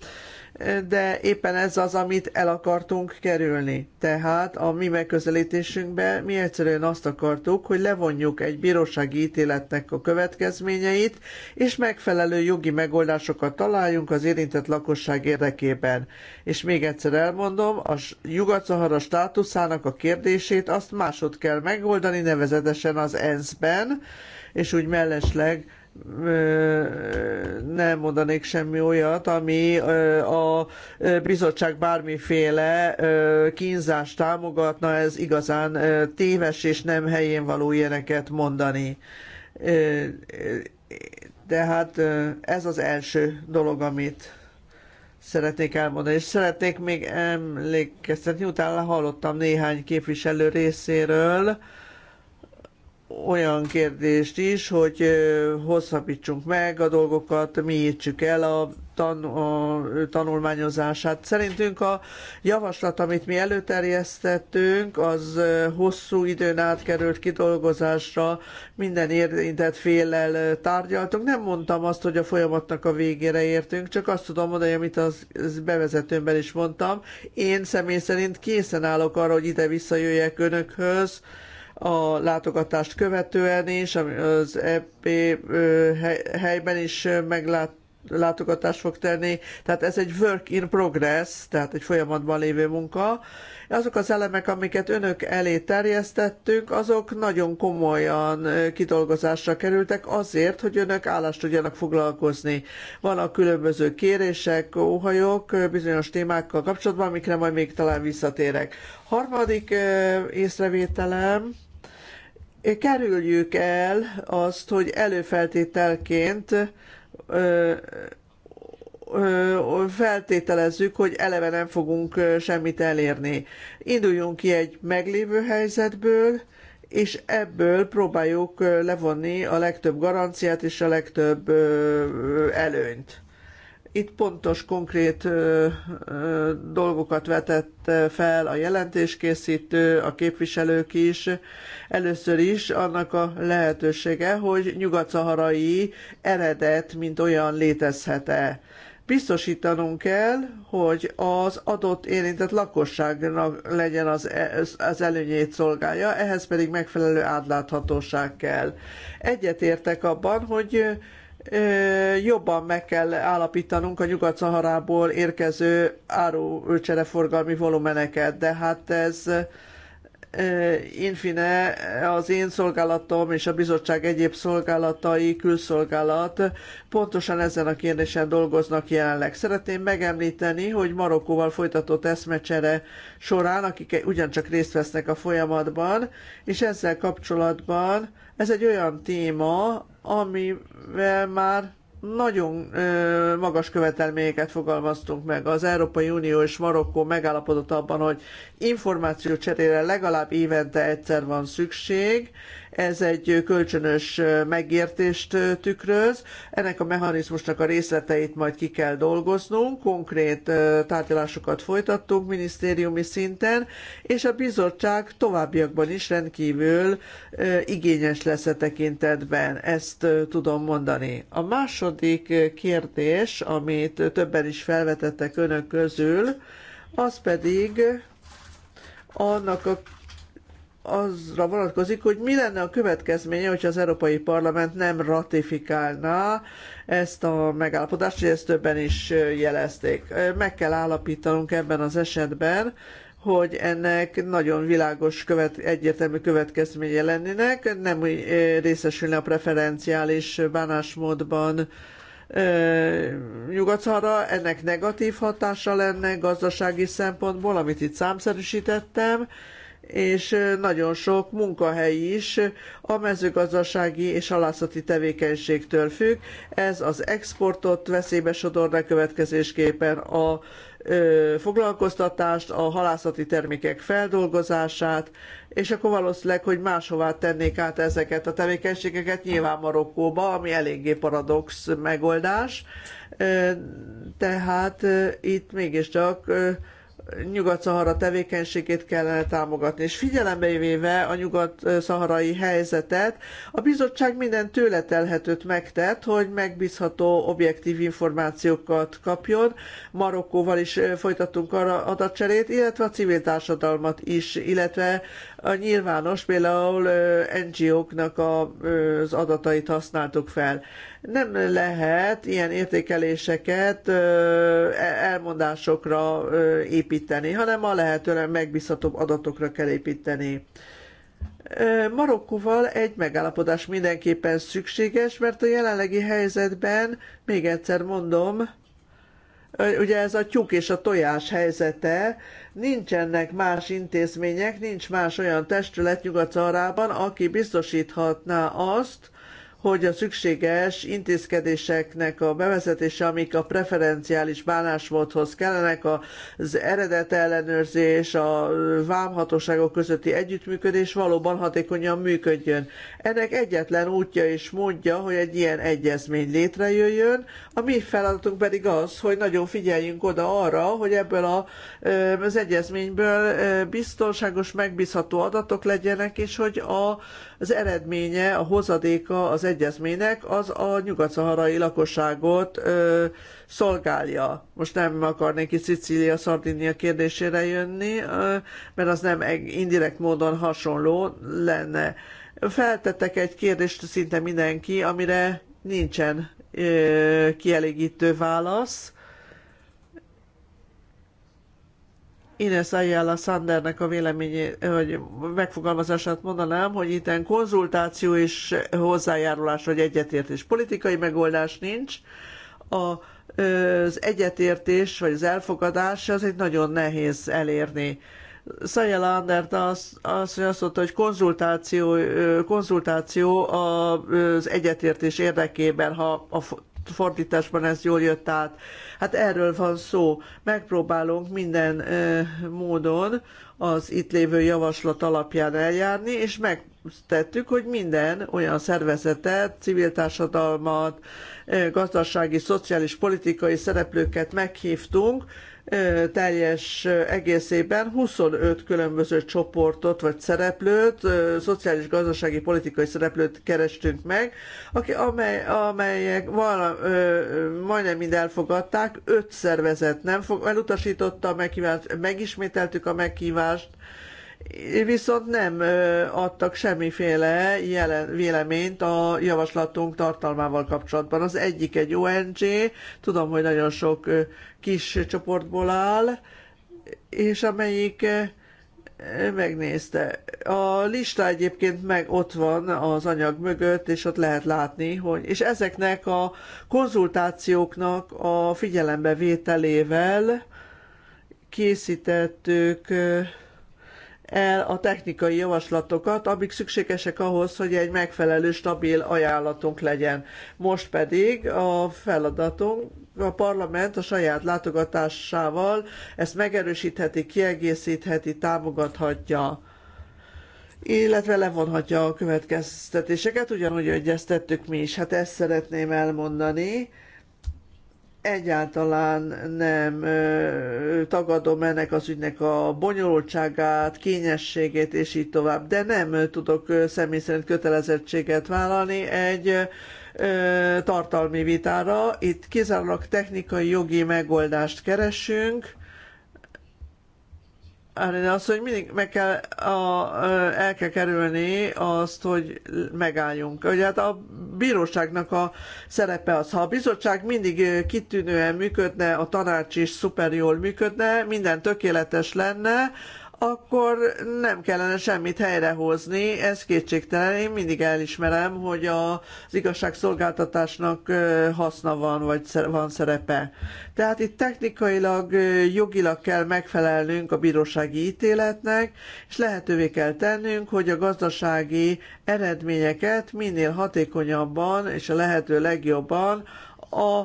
de éppen ez az, amit el akartunk kerülni. Tehát a mi megközelítésünkben mi egyszerűen azt akartuk, hogy levonjuk egy bírósági ítéletnek a következményeit, és megfelelő jogi megoldásokat találjunk az érintett lakosság érdekében. És még egyszer elmondom, a nyugat státuszának a kérdését azt másod kell megoldani, nevezetesen az ENSZ-ben, és úgy mellesleg nem mondanék semmi olyat, ami a bizottság bármiféle kínzást támogatna, ez igazán téves és nem helyén való ilyeneket mondani. De hát ez az első dolog, amit szeretnék elmondani. És szeretnék még emlékeztetni, utána hallottam néhány képviselő részéről, olyan kérdést is, hogy hosszabbítsunk meg a dolgokat, értsük el a, tan, a tanulmányozását. Szerintünk a javaslat, amit mi előterjesztettünk, az hosszú időn át került kidolgozásra, minden érintett féllel tárgyaltunk. Nem mondtam azt, hogy a folyamatnak a végére értünk, csak azt tudom mondani, amit az, az bevezetőmben is mondtam. Én személy szerint készen állok arra, hogy ide visszajöjjek önökhöz, a látogatást követően is, az EP helyben is meglát, látogatást fog tenni, tehát ez egy work in progress, tehát egy folyamatban lévő munka. Azok az elemek, amiket önök elé terjesztettünk, azok nagyon komolyan kidolgozásra kerültek azért, hogy önök állást tudjanak foglalkozni. a különböző kérések, óhajok bizonyos témákkal kapcsolatban, amikre majd még talán visszatérek. Harmadik észrevételem, kerüljük el azt, hogy előfeltételként feltételezzük, hogy eleve nem fogunk semmit elérni. Induljunk ki egy meglévő helyzetből, és ebből próbáljuk levonni a legtöbb garanciát és a legtöbb előnyt. Itt pontos, konkrét ö, ö, dolgokat vetett fel a jelentéskészítő, a képviselők is. Először is annak a lehetősége, hogy nyugat-szaharai eredet, mint olyan létezhet-e biztosítanunk kell, hogy az adott érintett lakosságnak legyen az, e, az előnyét szolgálja, ehhez pedig megfelelő átláthatóság kell. Egyetértek abban, hogy jobban meg kell állapítanunk a Nyugat-Szaharából érkező árucsereforgalmi volumeneket, de hát ez infine az én szolgálatom és a bizottság egyéb szolgálatai, külszolgálat pontosan ezen a kérdésen dolgoznak jelenleg. Szeretném megemlíteni, hogy Marokkóval folytatott eszmecsere során, akik ugyancsak részt vesznek a folyamatban, és ezzel kapcsolatban ez egy olyan téma, amivel már nagyon ö, magas követelményeket fogalmaztunk meg. Az Európai Unió és Marokkó megállapodott abban, hogy információ cserére legalább évente egyszer van szükség, ez egy kölcsönös megértést tükröz. Ennek a mechanizmusnak a részleteit majd ki kell dolgoznunk. Konkrét tárgyalásokat folytattunk minisztériumi szinten, és a bizottság továbbiakban is rendkívül igényes lesz a e tekintetben. Ezt tudom mondani. A második kérdés, amit többen is felvetettek önök közül, az pedig annak a azra vonatkozik, hogy mi lenne a következménye, hogyha az Európai Parlament nem ratifikálná ezt a megállapodást, és ezt többen is jelezték. Meg kell állapítanunk ebben az esetben, hogy ennek nagyon világos, követ, egyértelmű következménye lennének, nem úgy eh, részesülne a preferenciális bánásmódban eh, nyugatszarra, ennek negatív hatása lenne gazdasági szempontból, amit itt számszerűsítettem, és nagyon sok munkahely is a mezőgazdasági és halászati tevékenységtől függ. Ez az exportot veszélybe sodorna következésképpen a foglalkoztatást, a halászati termékek feldolgozását, és akkor valószínűleg, hogy máshová tennék át ezeket a tevékenységeket, nyilván Marokkóba, ami eléggé paradox megoldás. Tehát itt mégiscsak Nyugat-Szahara tevékenységét kellene támogatni. És figyelembe véve a nyugat-szaharai helyzetet, a bizottság minden tőle telhetőt megtett, hogy megbízható objektív információkat kapjon. Marokkóval is folytattunk arra adatcserét, illetve a civil társadalmat is, illetve a nyilvános, például NGO-knak az adatait használtuk fel. Nem lehet ilyen értékeléseket e, elmondásokra építeni, hanem a lehetően megbízhatóbb adatokra kell építeni. Marokkóval egy megállapodás mindenképpen szükséges, mert a jelenlegi helyzetben, még egyszer mondom, ugye ez a tyúk és a tojás helyzete, nincsenek más intézmények, nincs más olyan testület nyugat aki biztosíthatná azt, hogy a szükséges intézkedéseknek a bevezetése, amik a preferenciális bánásmódhoz kellenek, az eredet ellenőrzés, a vámhatóságok közötti együttműködés valóban hatékonyan működjön. Ennek egyetlen útja és módja, hogy egy ilyen egyezmény létrejöjjön, a mi feladatunk pedig az, hogy nagyon figyeljünk oda arra, hogy ebből a, az egyezményből biztonságos, megbízható adatok legyenek, és hogy a, az eredménye, a hozadéka az egyezménynek, az a nyugat-szaharai lakosságot ö, szolgálja. Most nem akarnék itt Szicília, Szardinia kérdésére jönni, ö, mert az nem indirekt módon hasonló lenne. Feltettek egy kérdést szinte mindenki, amire nincsen ö, kielégítő válasz Ines Ayala Sandernek a véleményé, hogy megfogalmazását mondanám, hogy itt konzultáció és hozzájárulás vagy egyetértés. Politikai megoldás nincs. A az egyetértés, vagy az elfogadás, az egy nagyon nehéz elérni. Szajela Andert azt, azt, azt mondta, hogy konzultáció, konzultáció az egyetértés érdekében, ha a fordításban ez jól jött át. Hát erről van szó. Megpróbálunk minden ö, módon az itt lévő javaslat alapján eljárni, és megtettük, hogy minden olyan szervezetet, civil társadalmat, ö, gazdasági, szociális, politikai szereplőket meghívtunk, teljes egészében 25 különböző csoportot vagy szereplőt, szociális, gazdasági, politikai szereplőt kerestünk meg, aki, amely, amelyek vala, majdnem mind elfogadták, öt szervezet nem fog, elutasította a meghívást, megismételtük a meghívást, viszont nem adtak semmiféle jelen, véleményt a javaslatunk tartalmával kapcsolatban. Az egyik egy ONG, tudom, hogy nagyon sok kis csoportból áll, és amelyik megnézte. A lista egyébként meg ott van az anyag mögött, és ott lehet látni, hogy és ezeknek a konzultációknak a figyelembevételével készítettük el a technikai javaslatokat, amik szükségesek ahhoz, hogy egy megfelelő, stabil ajánlatunk legyen. Most pedig a feladatunk, a parlament a saját látogatásával ezt megerősítheti, kiegészítheti, támogathatja illetve levonhatja a következtetéseket, ugyanúgy egyeztettük mi is. Hát ezt szeretném elmondani egyáltalán nem tagadom ennek az ügynek a bonyolultságát, kényességét és így tovább, de nem tudok személy szerint kötelezettséget vállalni egy tartalmi vitára. Itt kizárólag technikai jogi megoldást keresünk, Arena az, hogy mindig meg kell, a, el kell kerülni azt, hogy megálljunk. Ugye hát a bíróságnak a szerepe az, ha a bizottság mindig kitűnően működne, a tanács is szuper jól működne, minden tökéletes lenne, akkor nem kellene semmit helyrehozni. Ez kétségtelen. Én mindig elismerem, hogy a, az igazságszolgáltatásnak haszna van, vagy van szerepe. Tehát itt technikailag, jogilag kell megfelelnünk a bírósági ítéletnek, és lehetővé kell tennünk, hogy a gazdasági eredményeket minél hatékonyabban és a lehető legjobban a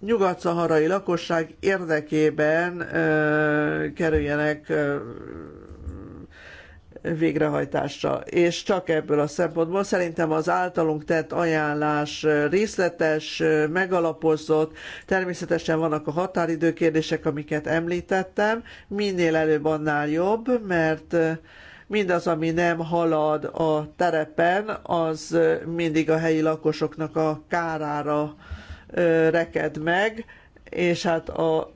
nyugat-szaharai lakosság érdekében ö, kerüljenek ö, végrehajtásra. És csak ebből a szempontból szerintem az általunk tett ajánlás részletes, megalapozott, természetesen vannak a határidő kérdések, amiket említettem, minél előbb annál jobb, mert mindaz, ami nem halad a terepen, az mindig a helyi lakosoknak a kárára reked meg, és hát a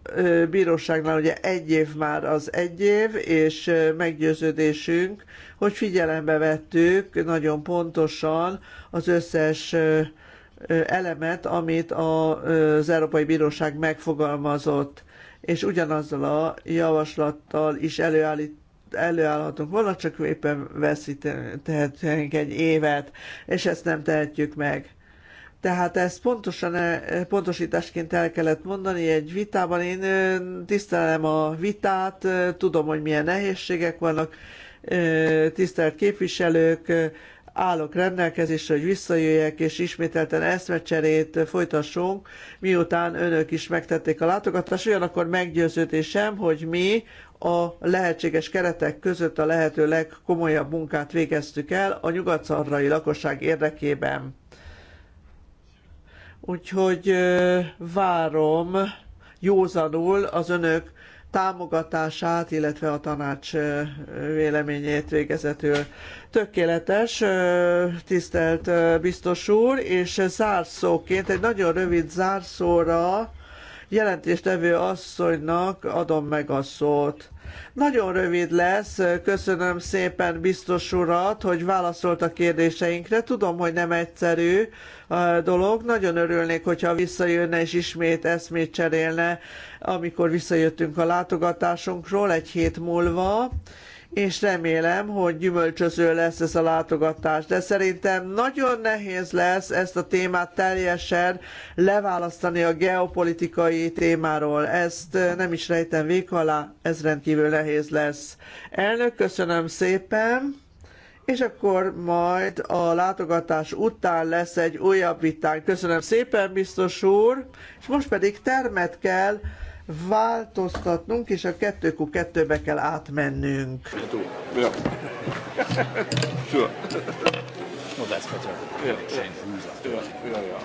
bíróságnál ugye egy év már az egy év, és meggyőződésünk, hogy figyelembe vettük nagyon pontosan az összes elemet, amit az Európai Bíróság megfogalmazott, és ugyanazzal a javaslattal is előállít, előállhatunk volna, csak éppen veszítehetünk egy évet, és ezt nem tehetjük meg. Tehát ezt pontosan e, pontosításként el kellett mondani egy vitában. Én e, tisztelem a vitát, e, tudom, hogy milyen nehézségek vannak, tisztelt képviselők, állok rendelkezésre, hogy visszajöjjek, és ismételten eszmecserét folytassunk, miután önök is megtették a látogatást. Ugyanakkor meggyőződésem, hogy mi a lehetséges keretek között a lehető legkomolyabb munkát végeztük el a nyugatszarrai lakosság érdekében. Úgyhogy várom józanul az önök támogatását, illetve a tanács véleményét végezetül. Tökéletes, tisztelt biztos úr, és zárszóként egy nagyon rövid zárszóra jelentéstevő asszonynak adom meg a szót. Nagyon rövid lesz, köszönöm szépen biztos urat, hogy válaszolt a kérdéseinkre. Tudom, hogy nem egyszerű uh, dolog. Nagyon örülnék, hogyha visszajönne és ismét eszmét cserélne, amikor visszajöttünk a látogatásunkról egy hét múlva és remélem, hogy gyümölcsöző lesz ez a látogatás. De szerintem nagyon nehéz lesz ezt a témát teljesen leválasztani a geopolitikai témáról. Ezt nem is rejtem vék alá, ez rendkívül nehéz lesz. Elnök, köszönöm szépen! és akkor majd a látogatás után lesz egy újabb vitánk. Köszönöm szépen, biztos úr, és most pedig termet kell változtatnunk, és a 2Q2-be kell átmennünk. jó. Jó. Jó. Jó. Jó. Jó. Jó. Jó. Jó.